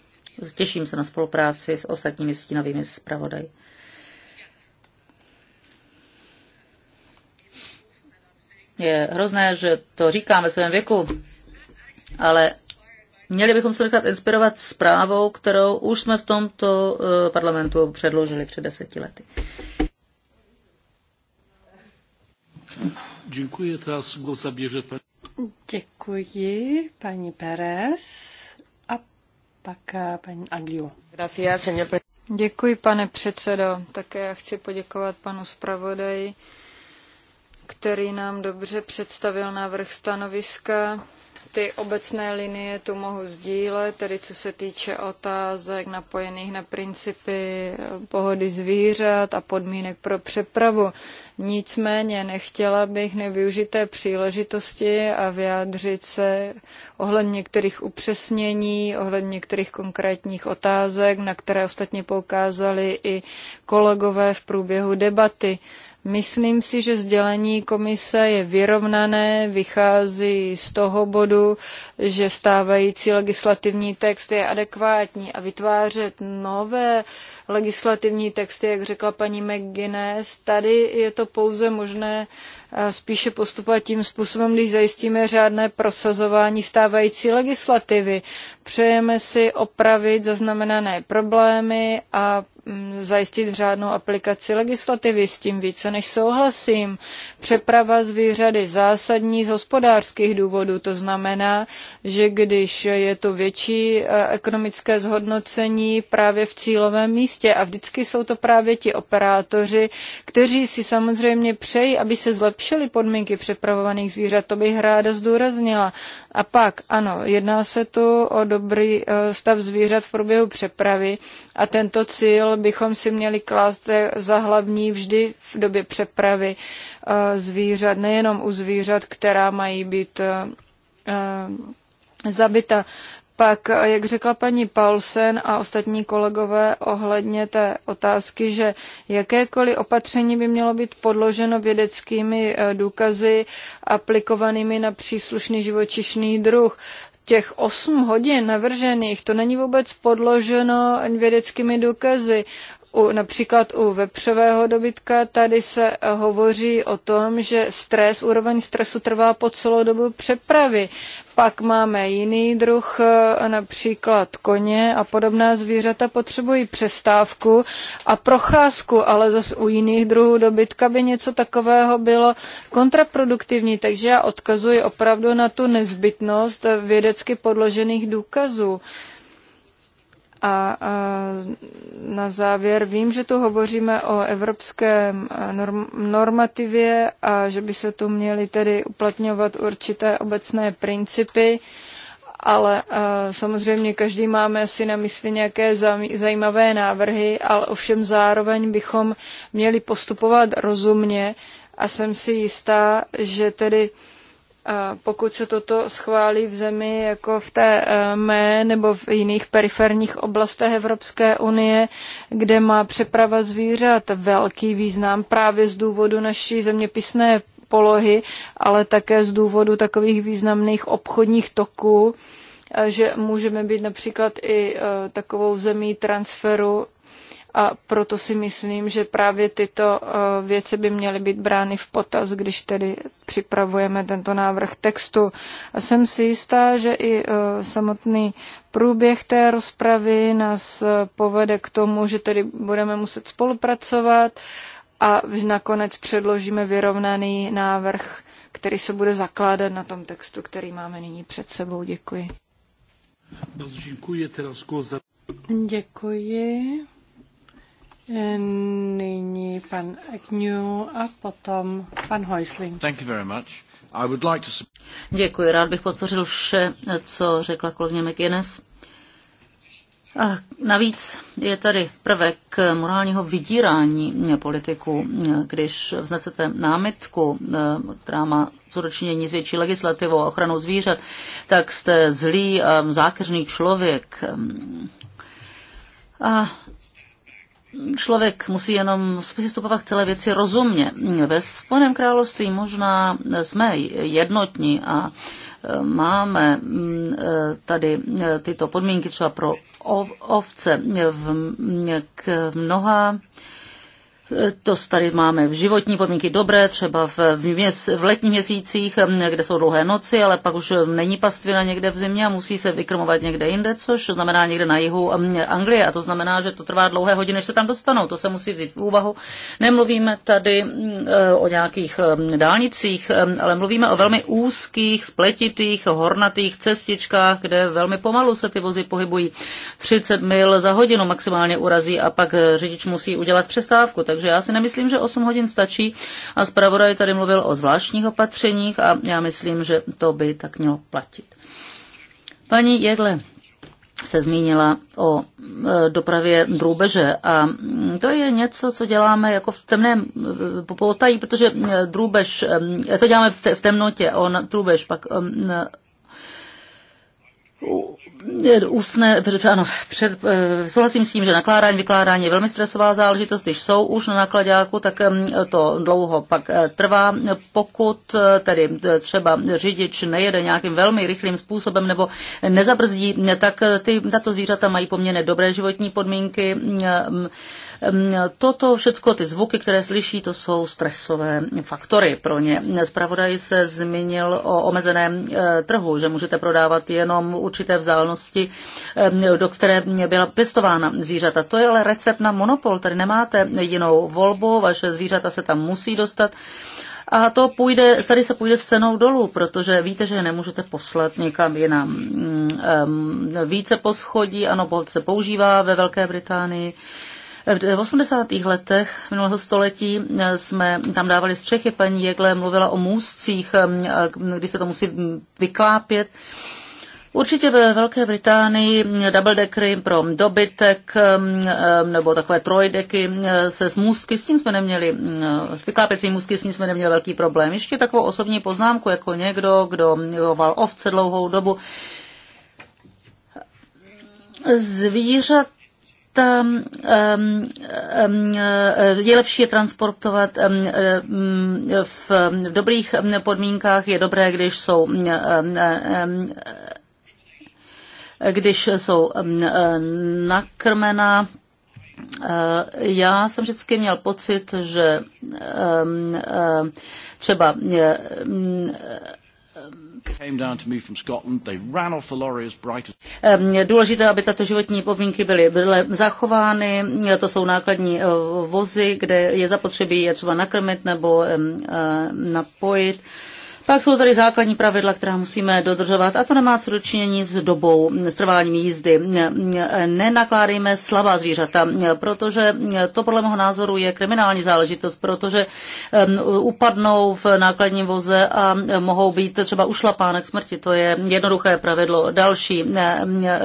těším se na spolupráci s ostatními stínovými zpravodaji. Je hrozné, že to říkám ve svém věku, ale Měli bychom se nechat inspirovat zprávou, kterou už jsme v tomto eh, parlamentu předložili před deseti lety. Děkuji, teraz głos zabierze pani. Děkuji, paní Pérez a pak eh, paní Aglio. Děkuji, pane předsedo. Také já chci poděkovat panu zpravodaji, který nám dobře představil návrh stanoviska ty obecné linie tu mohu sdílet, tedy co se týče otázek napojených na principy eh, pohody zvířat a podmínek pro přepravu. Nicméně nechtěla bych nevyužité příležitosti a vyjádřit se ohledně některých upřesnění, ohledně některých konkrétních otázek, na které ostatně poukázali i kolegové v průběhu debaty. Myslím si, že sdělení komise je vyrovnané, vychází z toho bodu, že stávající legislativní text je adekvátní a vytvářet nové legislativní texty, jak řekla paní McGuinness, tady je to pouze možné spíše postupovat tím způsobem, když zajistíme řádné prosazování stávající legislativy. Přejeme si opravit zaznamenané problémy a Mm, zajistit řádnou aplikaci legislativy, s tím více než souhlasím. Přeprava zvířat je zásadní z hospodářských důvodů, to znamená, že když je to větší eh, ekonomické zhodnocení právě v cílovém místě a vždycky jsou to právě ti operátoři, kteří si samozřejmě přejí, aby se zlepšily podmínky přepravovaných zvířat, to bych ráda zdůraznila. A pak, ano, jedná se tu o dobrý eh, stav zvířat v průběhu přepravy a tento cíl ale bychom si měli klást za hlavní vždy v době přepravy eh, zvířat, nejenom u zvířat, která mají být eh, eh, zabita. Pak, jak řekla paní Paulsen a ostatní kolegové ohledně té otázky, že jakékoliv opatření by mělo být podloženo vědeckými důkazy aplikovanými na příslušný živočišný druh těch 8 hodin navržených, to není vůbec podloženo ani vědeckými důkazy. U, například u vepřového dobytka tady se hovoří o tom, že stres, úroveň stresu trvá po celou dobu přepravy. Pak máme jiný druh, e, například koně a podobná zvířata potřebují přestávku a procházku, ale zase u jiných druhů dobytka by něco takového bylo kontraproduktivní. Takže já odkazuji opravdu na tu nezbytnost vědecky podložených důkazů. A na závěr vím, že tu hovoříme o evropském eh, normativě a že by se tu měly tedy uplatňovat určité obecné principy, ale eh, samozřejmě každý máme asi na mysli nějaké zajímavé návrhy, ale ovšem zároveň bychom měli postupovat rozumně a jsem si jistá, že tedy pokud se toto schválí v zemi jako v té eh, mé nebo v jiných periferních oblastech Evropské unie, kde má přeprava zvířat velký význam právě z důvodu naší zeměpisné polohy, ale také z důvodu takových významných obchodních toků, eh, že můžeme být například i eh, takovou zemí transferu a proto si myslím, že právě tyto eh, věci by měly být brány v potaz, když tedy připravujeme tento návrh textu. A jsem si jistá, že i eh, samotný průběh té rozpravy nás eh, povede k tomu, že tedy budeme muset spolupracovat a nakonec předložíme vyrovnaný návrh, který se bude zakládat na tom textu, který máme nyní před sebou. Děkuji. Děkuji. Eh, nyní pan Agnew a potom pan Heusling. Thank you very much. I would like to... Děkuji, rád bych podpořil vše, co řekla kolegyně McInnes. A navíc je tady prvek morálního vydírání politiků. Když vznesete námitku, eh, která má zoročnění s větší legislativou a ochranou zvířat, tak jste zlý, a zákeřný člověk. A člověk musí jenom přistupovat k celé věci rozumně. Ve Spojeném království možná jsme jednotní a e, máme mm, e, tady e, tyto podmínky třeba pro ovce v, mnoha to tady máme v životní podmínky dobré, třeba v, v, měs, v letních měsících, kde jsou dlouhé noci, ale pak už není pastvina někde v zimě a musí se vykrmovat někde jinde, což znamená někde na jihu Anglie. A to znamená, že to trvá dlouhé hodiny, než se tam dostanou. To se musí vzít v úvahu. Nemluvíme tady e, o nějakých dálnicích, ale mluvíme o velmi úzkých, spletitých, hornatých cestičkách, kde velmi pomalu se ty vozy pohybují. 30 mil za hodinu maximálně urazí a pak řidič musí udělat přestávku. Takže já si nemyslím, že 8 hodin stačí a zpravodaj tady mluvil o zvláštních opatřeních a já myslím, že to by tak mělo platit. Paní Jegle, se zmínila o e, dopravě drůbeže a mm, to je něco, co děláme jako v temném e, popolotají, protože e, drůbež, to děláme v, temnotě, on drůbež pak ústné, ano, před, eh, souhlasím s tím, že nakládání, vykládání je velmi stresová záležitost, když jsou už na nakladáku, tak eh, to dlouho pak eh, trvá. Pokud tedy třeba řidič nejede nějakým velmi rychlým způsobem nebo nezabrzdí, tak ty, tato zvířata mají poměrně dobré životní podmínky mm, Ehm, toto všechno, ty zvuky, které slyší, to jsou stresové faktory pro ně. Spravodaj se zmínil o omezeném eh, trhu, že můžete prodávat jenom určité vzdálenosti, ehm, do které byla pěstována zvířata. To je ale recept na monopol, tady nemáte jinou volbu, vaše zvířata se tam musí dostat. A to půjde, tady se půjde s cenou dolů, protože víte, že je nemůžete poslat někam jinam. Mm, ehm, více poschodí, ano, se používá ve Velké Británii. V 80. letech minulého století eh, jsme tam dávali střechy, paní Jegle mluvila o můzcích, eh, eh, kdy se to musí vyklápět. Určitě ve Velké Británii double deckery pro dobytek nebo takové trojdeky se s můstky, s tím jsme neměli, s vyklápěcí můstky, s tím jsme neměli velký problém. Ještě takovou osobní poznámku, jako někdo, kdo hoval ovce dlouhou dobu, Zvířat Um, um, uh, je lepší je transportovat um, uh, v dobrých podmínkách, je dobré, když jsou když jsou nakrmená. Uh, já jsem vždycky měl pocit, že třeba Důležité, aby tato životní podmínky byly zachovány. To jsou nákladní eh, vozy, kde je zapotřebí je třeba nakrmit nebo eh, napojit. Pak jsou tady základní pravidla, která musíme dodržovat a to nemá co dočinění s dobou, s trváním jízdy. Nenakládejme slabá zvířata, protože to podle mého názoru je kriminální záležitost, protože upadnou v nákladním voze a mohou být třeba ušlapánek smrti. To je jednoduché pravidlo. Další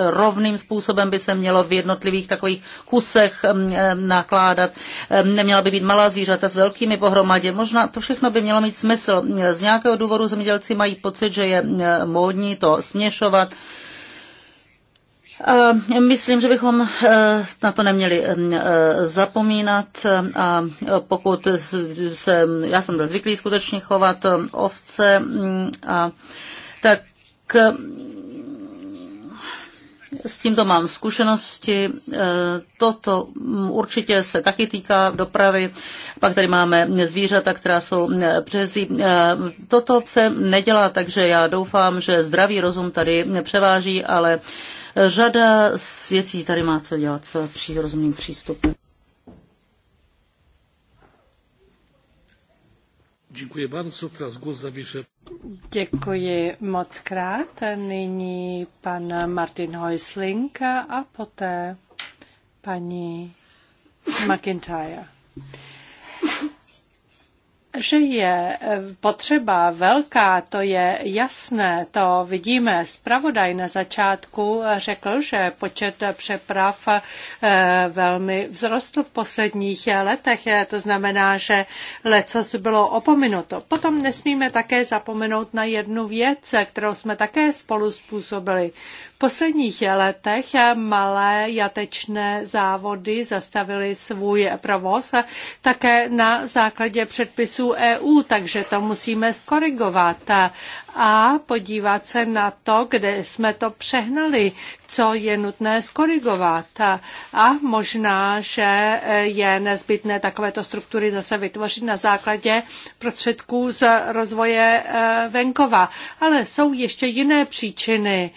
rovným způsobem by se mělo v jednotlivých takových kusech nakládat. Neměla by být malá zvířata s velkými pohromadě. Možná to všechno by mělo mít smysl. Z nějakého důvodu důvodu zemědělci mají pocit, že je e, módní to směšovat. myslím, že bychom e, na to neměli e, zapomínat a pokud se, já jsem byl zvyklý skutečně chovat ovce a tak s tímto mám zkušenosti. E, toto mm, určitě se taky týká dopravy. Pak tady máme zvířata, která jsou e, březí. E, toto se nedělá, takže já doufám, že zdravý rozum tady převáží, ale řada z věcí tady má co dělat s rozumným přístupem. Děkuji bardzo. Teraz głos zabierze. Děkuji moc krát. Nyní pan Martin Heusling a poté paní McIntyre. Že je eh, potřeba velká, to je jasné, to vidíme. Spravodaj na začátku eh, řekl, že počet přeprav eh, velmi vzrostl v posledních letech. To znamená, že lecos bylo opominuto. Potom nesmíme také zapomenout na jednu věc, kterou jsme také spolu způsobili posledních letech malé jatečné závody zastavily svůj provoz také na základě předpisů EU, takže to musíme skorigovat a podívat se na to, kde jsme to přehnali, co je nutné skorigovat. A možná, že je nezbytné takovéto struktury zase vytvořit na základě prostředků z rozvoje eh, venkova. Ale jsou ještě jiné příčiny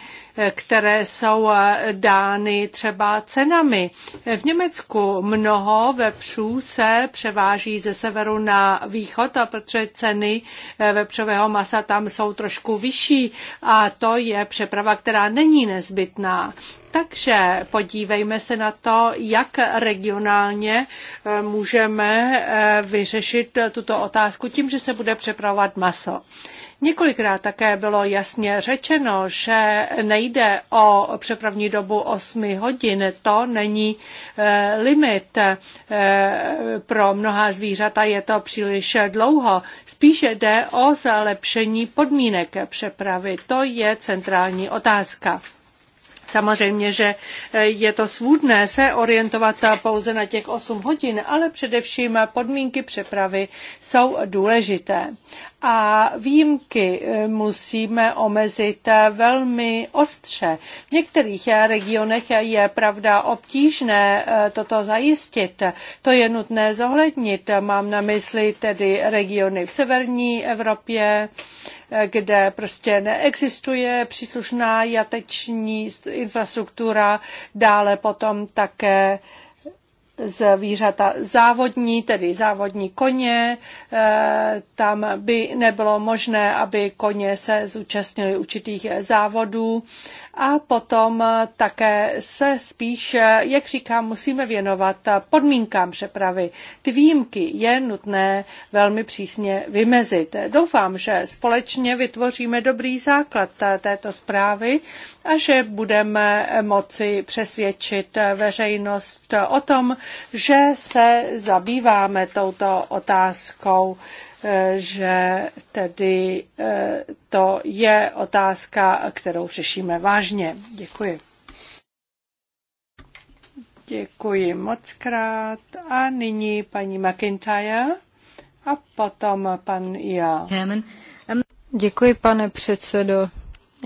které jsou eh, dány třeba cenami. V Německu mnoho vepřů se převáží ze severu na východ, a protože ceny eh, vepřového masa tam jsou trošku vyšší a to je přeprava, která není nezbytná. Takže podívejme se na to, jak regionálně eh, můžeme eh, vyřešit tuto otázku tím, že se bude přepravovat maso. Několikrát také bylo jasně řečeno, že nejde o přepravní dobu 8 hodin, to není eh, limit. pro mnoha zvířata je to příliš dlouho. Spíše jde o zlepšení podmínek přepravy. To je centrální otázka. Samozřejmě, že eh, je to svůdné se orientovat pouze na těch 8 hodin, ale především podmínky přepravy jsou důležité a výjimky eh, musíme omezit eh, velmi ostře. V některých eh, regionech je pravda obtížné toto zajistit. To je nutné zohlednit. Mám na mysli tedy regiony v severní Evropě, kde prostě neexistuje příslušná jateční infrastruktura, dále potom také zvířata závodní, tedy závodní koně. E, tam by nebylo možné, aby koně se zúčastnili určitých závodů a potom také se spíš, jak říkám, musíme věnovat podmínkám přepravy. Ty výjimky je nutné velmi přísně vymezit. Doufám, že společně vytvoříme dobrý základ této zprávy a že budeme moci přesvědčit veřejnost o tom, že se zabýváme touto otázkou že tedy eh, to je otázka, kterou řešíme vážně. Děkuji. Děkuji moc krát. A nyní paní McIntyre a potom pan já. Um- Děkuji, pane předsedo.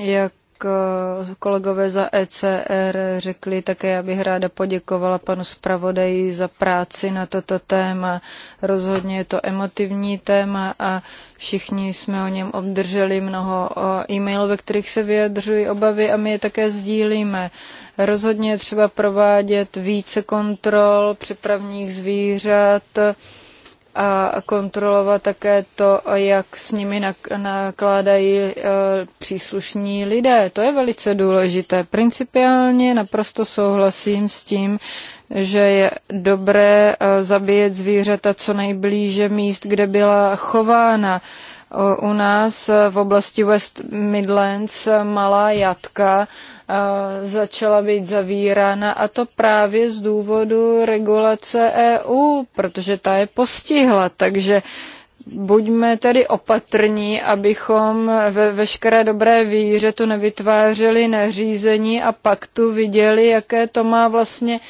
Jak Eh, kolegové za ECR řekli, také já bych ráda poděkovala panu zpravodaji za práci na toto téma. Rozhodně je to emotivní téma a všichni jsme o něm obdrželi mnoho eh, e-mailů, ve kterých se vyjadřují obavy a my je také sdílíme. Rozhodně je třeba provádět více kontrol přepravních zvířat, a kontrolovat také to, jak s nimi nakládají e, příslušní lidé. To je velice důležité. Principiálně naprosto souhlasím s tím, že je dobré e, zabíjet zvířata co nejblíže míst, kde byla chována. U nás e, v oblasti West Midlands e, malá jatka e, začala být zavírána a to právě z důvodu regulace EU, protože ta je postihla, takže buďme tedy opatrní, abychom ve veškeré dobré víře tu nevytvářeli nařízení a pak tu viděli, jaké to má vlastně uh,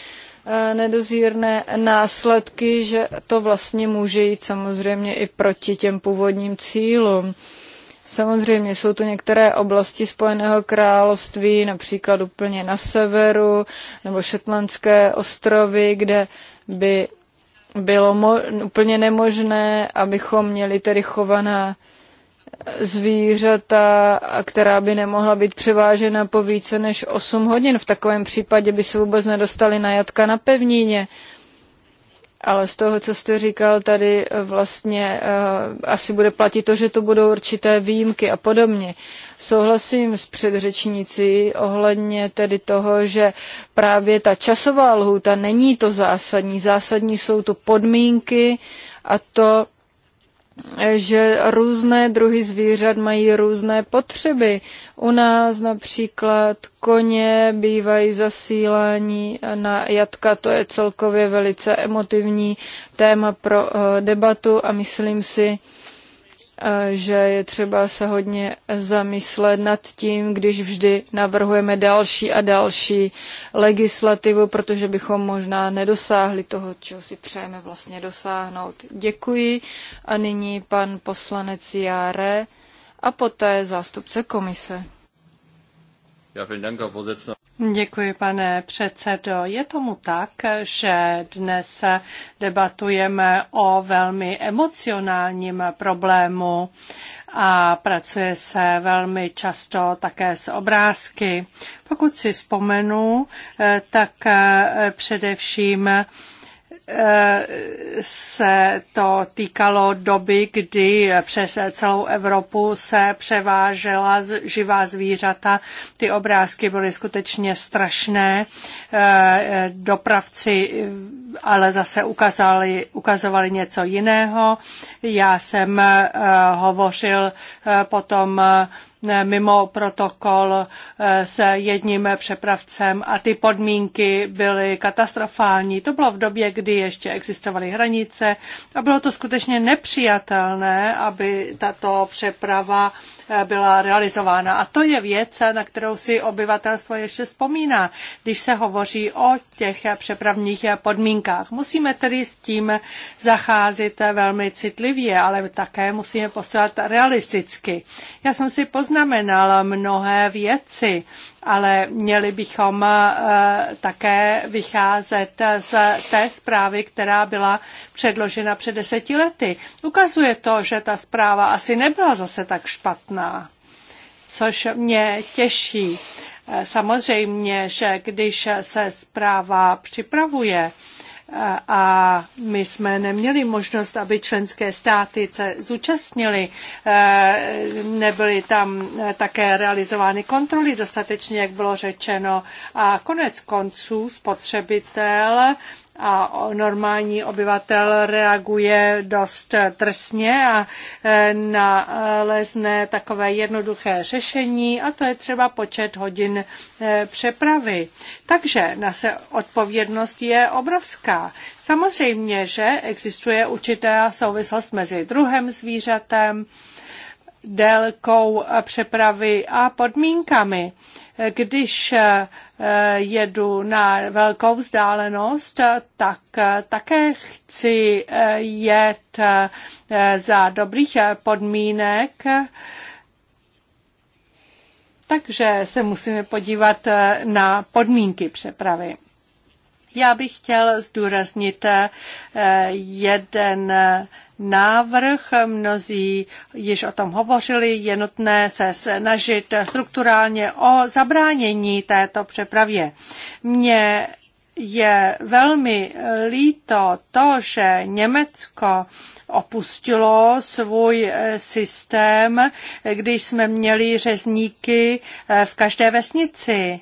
Eh, nedozírné následky, že to vlastně může jít samozřejmě i proti těm původním cílům. Samozřejmě jsou tu některé oblasti Spojeného království, například úplně na severu, nebo Šetlandské ostrovy, kde by bylo mo- úplně nemožné, abychom měli tedy chovaná zvířata, která by nemohla být převážena po více než 8 hodin. V takovém případě by se vůbec nedostali na jatka na pevníně. Ale z toho, co jste říkal, tady eh, vlastně uh, asi bude platit to, že to budou určité výjimky a podobně. Souhlasím s předřečnící ohledně tedy toho, že právě ta časová lhůta není to zásadní. Zásadní jsou to podmínky a to, že různé druhy zvířat mají různé potřeby. U nás například koně bývají zasílání na jatka, to je celkově velice emotivní téma pro eh, debatu a myslím si, že je třeba se hodně zamyslet nad tím, když vždy navrhujeme další a další legislativu, protože bychom možná nedosáhli toho, čeho si přejeme vlastně dosáhnout. Děkuji a nyní pan poslanec Járe a poté zástupce komise. Děkuji, pane předsedo. Je tomu tak, že dnes debatujeme o velmi emocionálním problému a pracuje se velmi často také s obrázky. Pokud si vzpomenu, eh, tak eh, především se to týkalo doby, kdy přes celou Evropu se převážela živá zvířata. Ty obrázky byly skutečně strašné. Eh, dopravci ale zase ukazali, ukazovali něco jiného. Já jsem eh, hovořil eh, potom eh, mimo protokol s jedním přepravcem a ty podmínky byly katastrofální. To bylo v době, kdy ještě existovaly hranice a bylo to skutečně nepřijatelné, aby tato přeprava byla realizována. A to je věc, na kterou si obyvatelstvo ještě vzpomíná, když se hovoří o těch přepravních podmínkách. Musíme tedy s tím zacházet velmi citlivě, ale také musíme postupovat realisticky. Já jsem si poznamenala mnohé věci, ale měli bychom eh, také vycházet z té zprávy, která byla předložena před deseti lety. Ukazuje to, že ta zpráva asi nebyla zase tak špatná, což mě těší. Eh, samozřejmě, že když se zpráva připravuje, a my jsme neměli možnost, aby členské státy se zúčastnily. E, nebyly tam e, také realizovány kontroly dostatečně, jak bylo řečeno. A konec konců spotřebitel a normální obyvatel reaguje dost trsně a e, nalezne takové jednoduché řešení a to je třeba počet hodin e, přepravy. Takže naše odpovědnost je obrovská. Samozřejmě, že existuje určitá souvislost mezi druhem zvířatem, délkou přepravy a podmínkami. Když eh, jedu na velkou vzdálenost, tak eh, také chci eh, jet za dobrých podmínek. Takže se musíme podívat na podmínky přepravy. Já bych chtěl zdůraznit jeden návrh. Mnozí již o tom hovořili. Je nutné se snažit strukturálně o zabránění této přepravě. Mě je velmi líto to, že Německo opustilo svůj systém, když jsme měli řezníky v každé vesnici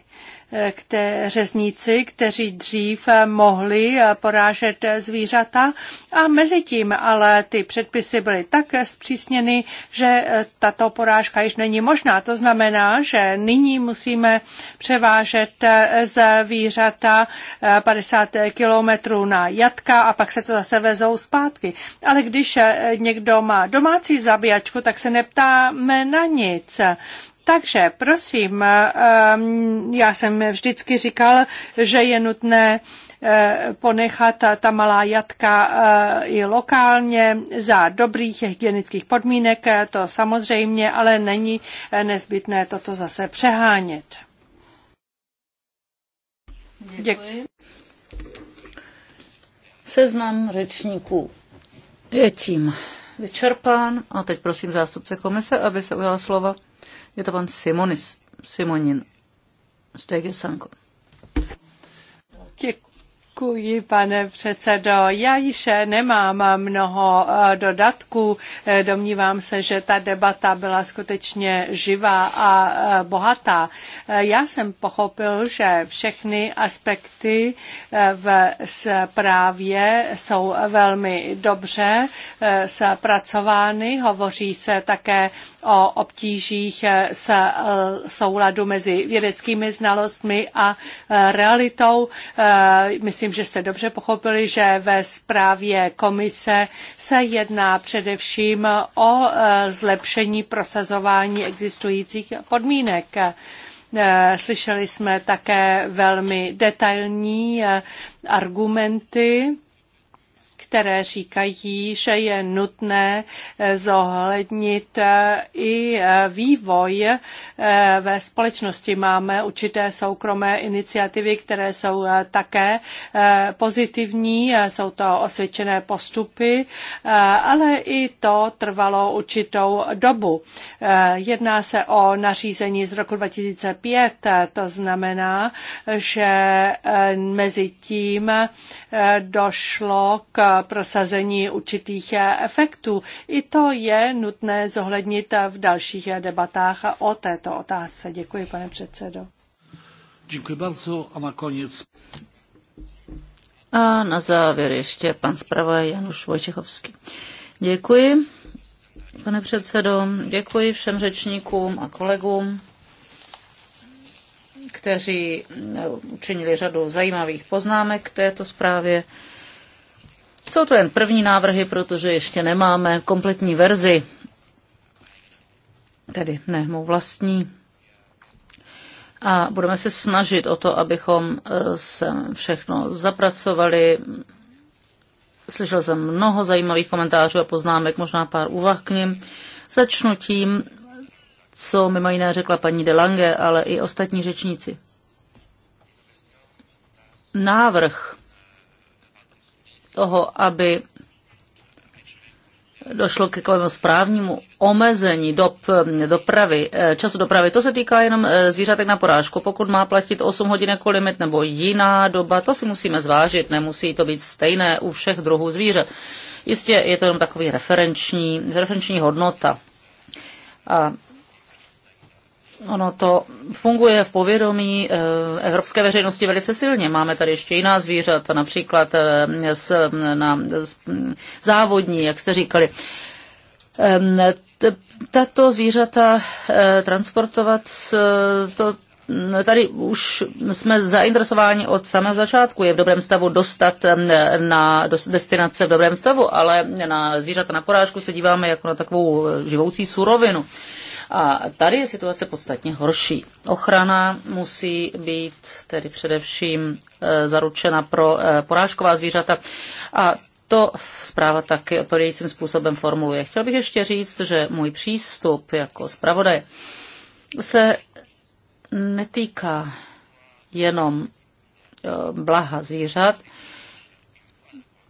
k řezníci, kteří dřív mohli porážet zvířata a mezi tím ale ty předpisy byly tak zpřísněny, že tato porážka již není možná. To znamená, že nyní musíme převážet zvířata 50 kilometrů na jatka a pak se to zase vezou zpátky. Ale když někdo má domácí zabíjačku, tak se neptáme na nic. Takže prosím, ehm, já jsem vždycky říkal, že je nutné eh, ponechat ta malá jatka eh, i lokálně za dobrých hygienických podmínek, eh, to samozřejmě, ale není nezbytné toto zase přehánět. Děkuji. Seznam řečníků je tím vyčerpán. A teď prosím zástupce komise, aby se ujala slova. Je to pan Simonis, Simonin z TG Sanko. Děkuji. pane předsedo. Já již nemám mnoho eh, dodatků. Eh, domnívám se, že ta debata byla skutečně živá a eh, bohatá. Já jsem pochopil, že všechny aspekty v zprávě jsou velmi dobře zpracovány. Hovoří se také o obtížích eh, s eh, souladu mezi vědeckými znalostmi a eh, realitou. Myslím, že jste dobře pochopili, že ve zprávě komise se jedná především o zlepšení prosazování existujících podmínek. Slyšeli jsme také velmi detailní argumenty které říkají, že je nutné eh, zohlednit eh, i eh, vývoj ve společnosti. Máme určité soukromé iniciativy, které jsou také pozitivní, jsou to osvědčené postupy, ale i to trvalo určitou dobu. Jedná se o nařízení z roku 2005, to znamená, že mezi tím došlo k prosazení určitých efektů. I to je nutné zohlednit v dalších debatách o této otázce. Děkuji, pane předsedo. Děkuji bardzo a konec. A na závěr ještě pan zpravodaj Januš Vojčechovský. Děkuji, pane předsedo, děkuji všem řečníkům a kolegům kteří učinili řadu zajímavých poznámek k této zprávě. Jsou to jen první návrhy, protože ještě nemáme kompletní verzi, tedy ne mou vlastní. A budeme se snažit o to, abychom e, se všechno zapracovali. Slyšel jsem mnoho zajímavých komentářů a poznámek, možná pár úvah k nim. Začnu tím, co mimo jiné řekla paní de Lange, ale i ostatní řečníci. Návrh toho, aby došlo k takovému správnímu omezení dop, dopravy, eh, času dopravy. To se týká jenom eh, zvířatek na porážku. Pokud má platit 8 hodin jako limit nebo jiná doba, to si musíme zvážit. Nemusí to být stejné u všech druhů zvířat. Jistě je to jenom takový referenční, referenční hodnota. A Ono to funguje v povědomí eh, evropské veřejnosti velice silně. Máme tady ještě jiná zvířata, například eh, s, na, s, závodní, jak jste říkali. Ehm, tato zvířata eh, transportovat, to, mm, tady už jsme zainteresováni od samého začátku. Je v dobrém stavu dostat na destinace v dobrém stavu, ale na zvířata na porážku se díváme jako na takovou živoucí surovinu. A tady je situace podstatně horší. Ochrana musí být tedy především e, zaručena pro e, porážková zvířata a to zpráva taky odpovědějícím způsobem formuluje. Chtěl bych ještě říct, že můj přístup jako zpravodaje se netýká jenom e, blaha zvířat.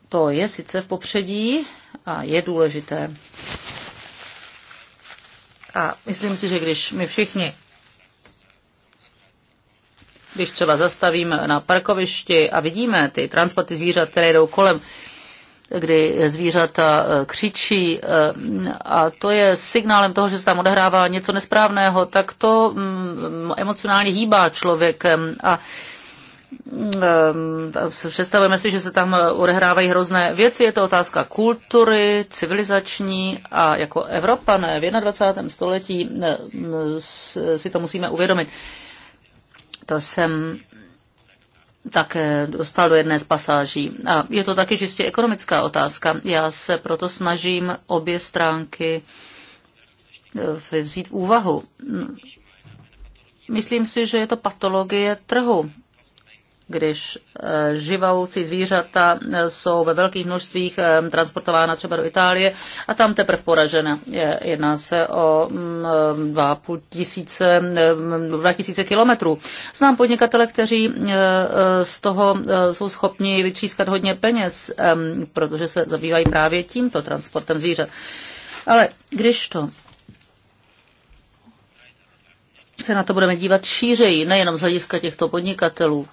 To je sice v popředí a je důležité a myslím si, že když my všichni, když třeba zastavíme na parkovišti a vidíme ty transporty zvířat, které jdou kolem, kdy zvířata eh, křičí eh, a to je signálem toho, že se tam odehrává něco nesprávného, tak to mm, emocionálně hýbá člověkem a Ehm, představujeme si, že se tam odehrávají hrozné věci. Je to otázka kultury, civilizační a jako Evropané v 21. století ehm, si to musíme uvědomit. To jsem také dostal do jedné z pasáží. A je to taky čistě ekonomická otázka. Já se proto snažím obě stránky eh, vzít v úvahu. Myslím si, že je to patologie trhu když eh, živoucí zvířata eh, jsou ve velkých množstvích eh, transportována třeba do Itálie a tam teprve poražena. Jedná se o 2000 mm, tisíce, kilometrů. Znám podnikatele, kteří z toho jsou schopni vytřískat hodně peněz, protože se zabývají právě tímto transportem zvířat. Ale když to se na to budeme dívat šířeji, nejenom z hlediska těchto podnikatelů,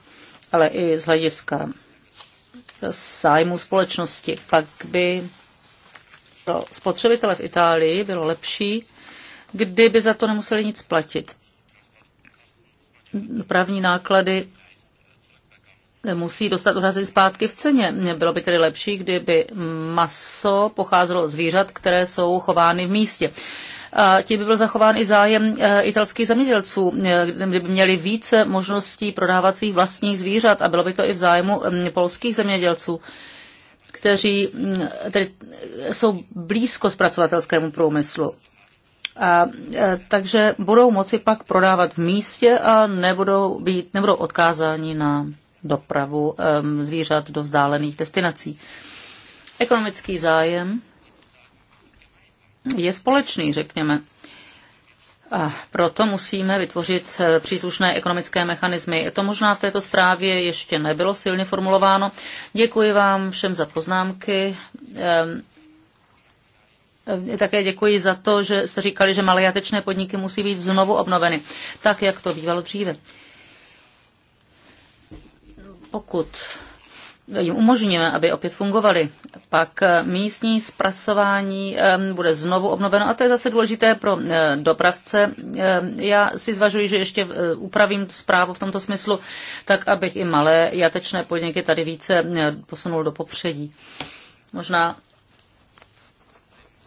ale i z hlediska zájmu společnosti. Pak by pro spotřebitele v Itálii bylo lepší, kdyby za to nemuseli nic platit. Právní náklady musí dostat uhrazení zpátky v ceně. Bylo by tedy lepší, kdyby maso pocházelo zvířat, které jsou chovány v místě a tím by byl zachován i zájem e, italských zemědělců, e, kdyby měli více možností prodávat svých vlastních zvířat a bylo by to i v zájmu polských zemědělců kteří tedy e, jsou blízko zpracovatelskému průmyslu. A, takže budou moci pak prodávat v místě a nebudou, být, nebudou odkázáni na dopravu um, zvířat do vzdálených destinací. Ekonomický zájem je společný, řekněme. A proto musíme vytvořit eh, příslušné ekonomické mechanismy. To možná v této zprávě ještě nebylo silně formulováno. Děkuji vám všem za poznámky. Ehm, také děkuji za to, že jste říkali, že malé podniky musí být znovu obnoveny, tak jak to bývalo dříve. Pokud jim umožníme, aby opět fungovaly. Pak eh, místní zpracování eh, bude znovu obnoveno a to je zase důležité pro eh, dopravce. Já si zvažuji, že ještě upravím zprávu v tomto smyslu, tak abych i malé jatečné podniky tady více posunul do popředí. Možná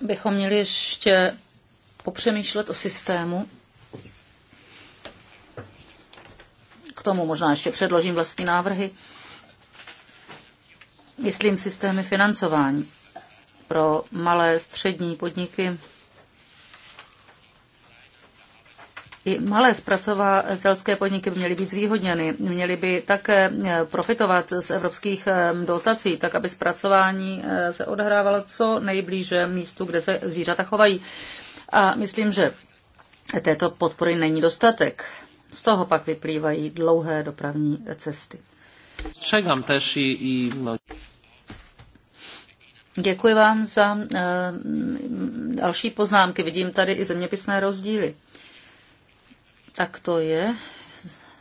bychom měli ještě popřemýšlet o systému. K tomu možná ještě předložím vlastní návrhy myslím systémy financování pro malé střední podniky. I malé zpracovatelské podniky by měly být zvýhodněny, měly by také eh, profitovat z evropských eh, dotací, tak aby zpracování eh, se odhrávalo co nejblíže místu, kde se zvířata chovají. A myslím, že této podpory není dostatek. Z toho pak vyplývají dlouhé dopravní cesty tež i, i... Děkuji vám za uh, další poznámky. Vidím tady i zeměpisné rozdíly. Tak to je,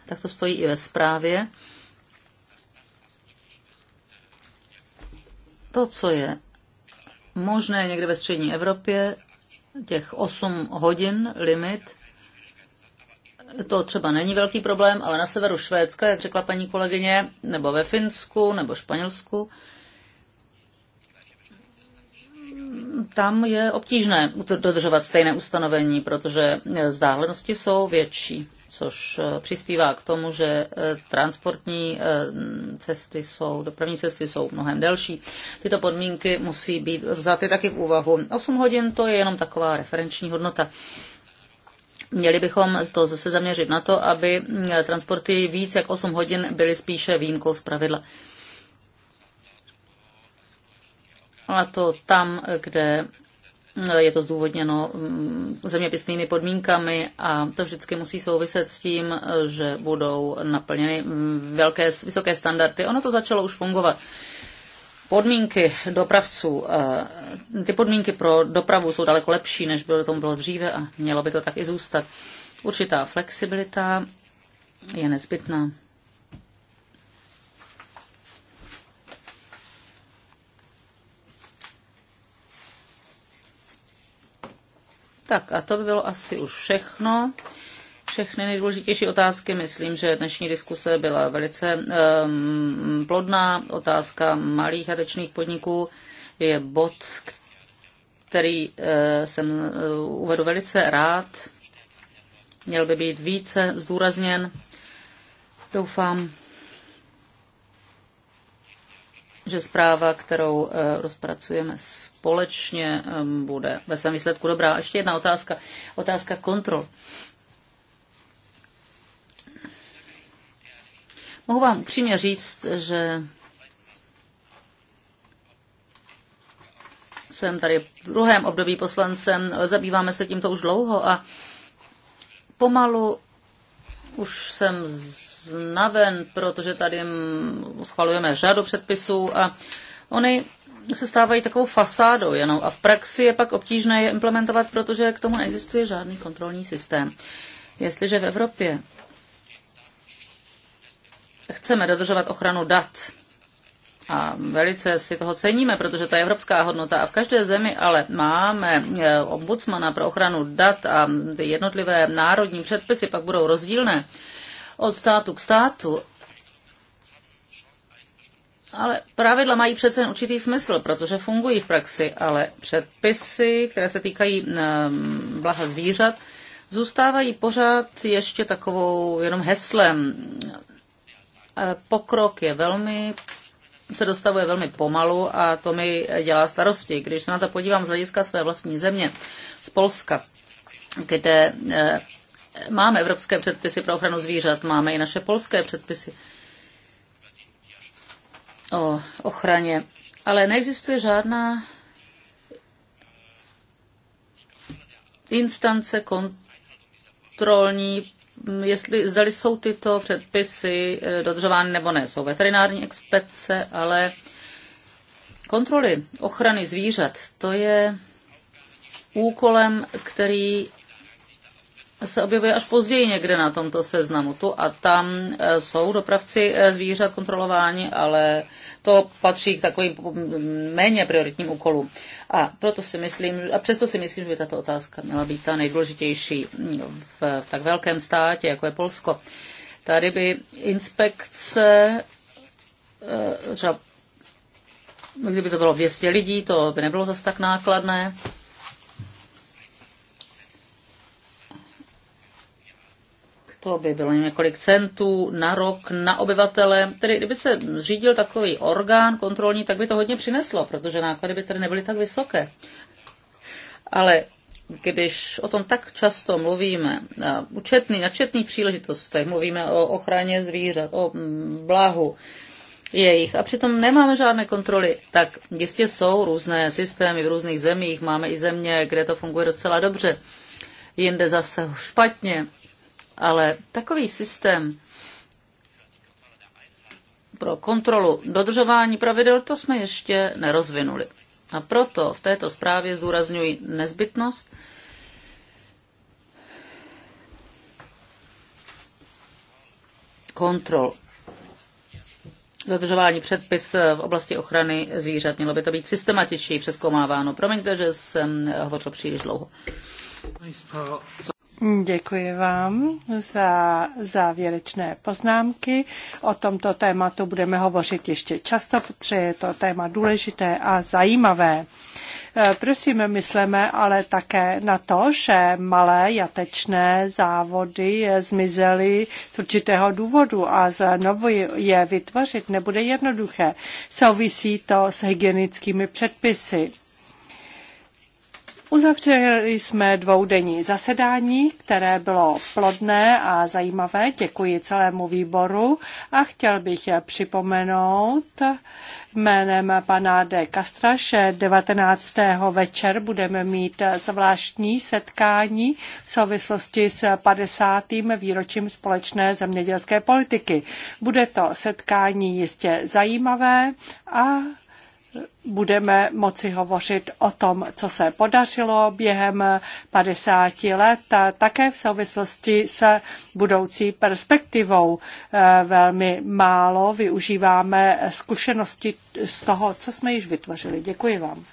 tak to stojí i ve zprávě. To, co je možné někde ve střední Evropě, těch 8 hodin limit, to třeba není velký problém, ale na severu Švédska, jak řekla paní kolegyně, nebo ve Finsku, nebo Španělsku, tam je obtížné dodržovat stejné ustanovení, protože vzdálenosti jsou větší, což eh, přispívá k tomu, že eh, transportní eh, cesty jsou, dopravní cesty jsou mnohem delší. Tyto podmínky musí být vzaty taky v úvahu. 8 hodin to je jenom taková referenční hodnota. Měli bychom to zase zaměřit na to, aby mm, transporty víc jak 8 hodin byly spíše výjimkou z pravidla. A to tam, kde mm, je to zdůvodněno mm, zeměpisnými podmínkami a to vždycky musí souviset s tím, že budou naplněny velké, vysoké standardy. Ono to začalo už fungovat podmínky dopravců, eh, ty podmínky pro dopravu jsou daleko lepší, než bylo tomu bylo dříve a mělo by to tak i zůstat. Určitá flexibilita je nezbytná. Tak a to by bylo asi už všechno všechny nejdůležitější otázky. Myslím, že dnešní diskuse byla velice um, plodná. Otázka malých a ročných podniků je bod, který uh, jsem uh, uvedu velice rád. Měl by být více zdůrazněn. Doufám, že zpráva, kterou eh, rozpracujeme společně, ehm, bude ve svém výsledku dobrá. Ještě jedna otázka. Otázka kontrol. Mohu vám upřímně říct, že jsem tady v druhém období poslancem, zabýváme se tímto už dlouho a pomalu už jsem znaven, protože tady schvalujeme řadu předpisů a oni se stávají takovou fasádou jenom a v praxi je pak obtížné je implementovat, protože k tomu neexistuje žádný kontrolní systém. Jestliže v Evropě chceme dodržovat ochranu dat. A velice si toho ceníme, protože to je evropská hodnota. A v každé zemi ale máme eh, ombudsmana pro ochranu dat a ty jednotlivé národní předpisy pak budou rozdílné od státu k státu. Ale pravidla mají přece určitý smysl, protože fungují v praxi, ale předpisy, které se týkají eh, blaha zvířat, zůstávají pořád ještě takovou jenom heslem Pokrok je velmi se dostavuje velmi pomalu a to mi dělá starosti. Když se na to podívám z hlediska své vlastní země, z Polska, kde eh, máme evropské předpisy pro ochranu zvířat, máme i naše polské předpisy o ochraně, ale neexistuje žádná instance kontrolní Mm, jestli zdali jsou tyto předpisy eh, dodržovány nebo ne. Jsou veterinární expedice, ale kontroly ochrany zvířat, to je úkolem, který se objevuje až později někde na tomto seznamu. Tu a tam eh, jsou dopravci eh, zvířat kontrolováni, ale to patří k takovým mm, méně prioritním úkolům. A proto si myslím, a přesto si myslím, že by tato otázka měla být ta nejdůležitější v, tak velkém státě, jako je Polsko. Tady by inspekce eh, třeba kdyby to bylo 200 lidí, to by nebylo zase tak nákladné. to by bylo několik centů na rok na obyvatele. Tedy kdyby se zřídil takový orgán kontrolní, tak by to hodně přineslo, protože náklady by tady nebyly tak vysoké. Ale když o tom tak často mluvíme, na učetný, na četných příležitostech, mluvíme o ochraně zvířat, o blahu jejich a přitom nemáme žádné kontroly, tak jistě jsou různé systémy v různých zemích, máme i země, kde to funguje docela dobře, jinde zase špatně ale takový systém pro kontrolu dodržování pravidel, to jsme ještě nerozvinuli. A proto v této zprávě zúrazňuji nezbytnost kontrol. Dodržování předpis v oblasti ochrany zvířat mělo by to být systematičtěji přeskoumáváno. Promiňte, že jsem hovořil příliš dlouho. Děkuji vám za závěrečné poznámky. O tomto tématu budeme hovořit ještě často, protože je to téma důležité a zajímavé. Eh, prosím, myslíme, ale také na to, že malé jatečné závody zmizely z určitého důvodu a znovu je vytvořit nebude jednoduché. Souvisí to s hygienickými předpisy. Uzavřeli jsme dvoudenní zasedání, které bylo plodné a zajímavé. Děkuji celému výboru a chtěl bych připomenout jménem pana de Castra, že 19. večer budeme mít zvláštní setkání v souvislosti s 50. výročím společné zemědělské politiky. Bude to setkání jistě zajímavé a budeme moci hovořit o tom, co se podařilo během 50 let, a také v souvislosti s budoucí perspektivou. Eh, velmi málo využíváme zkušenosti z toho, co jsme již vytvořili. Děkuji vám.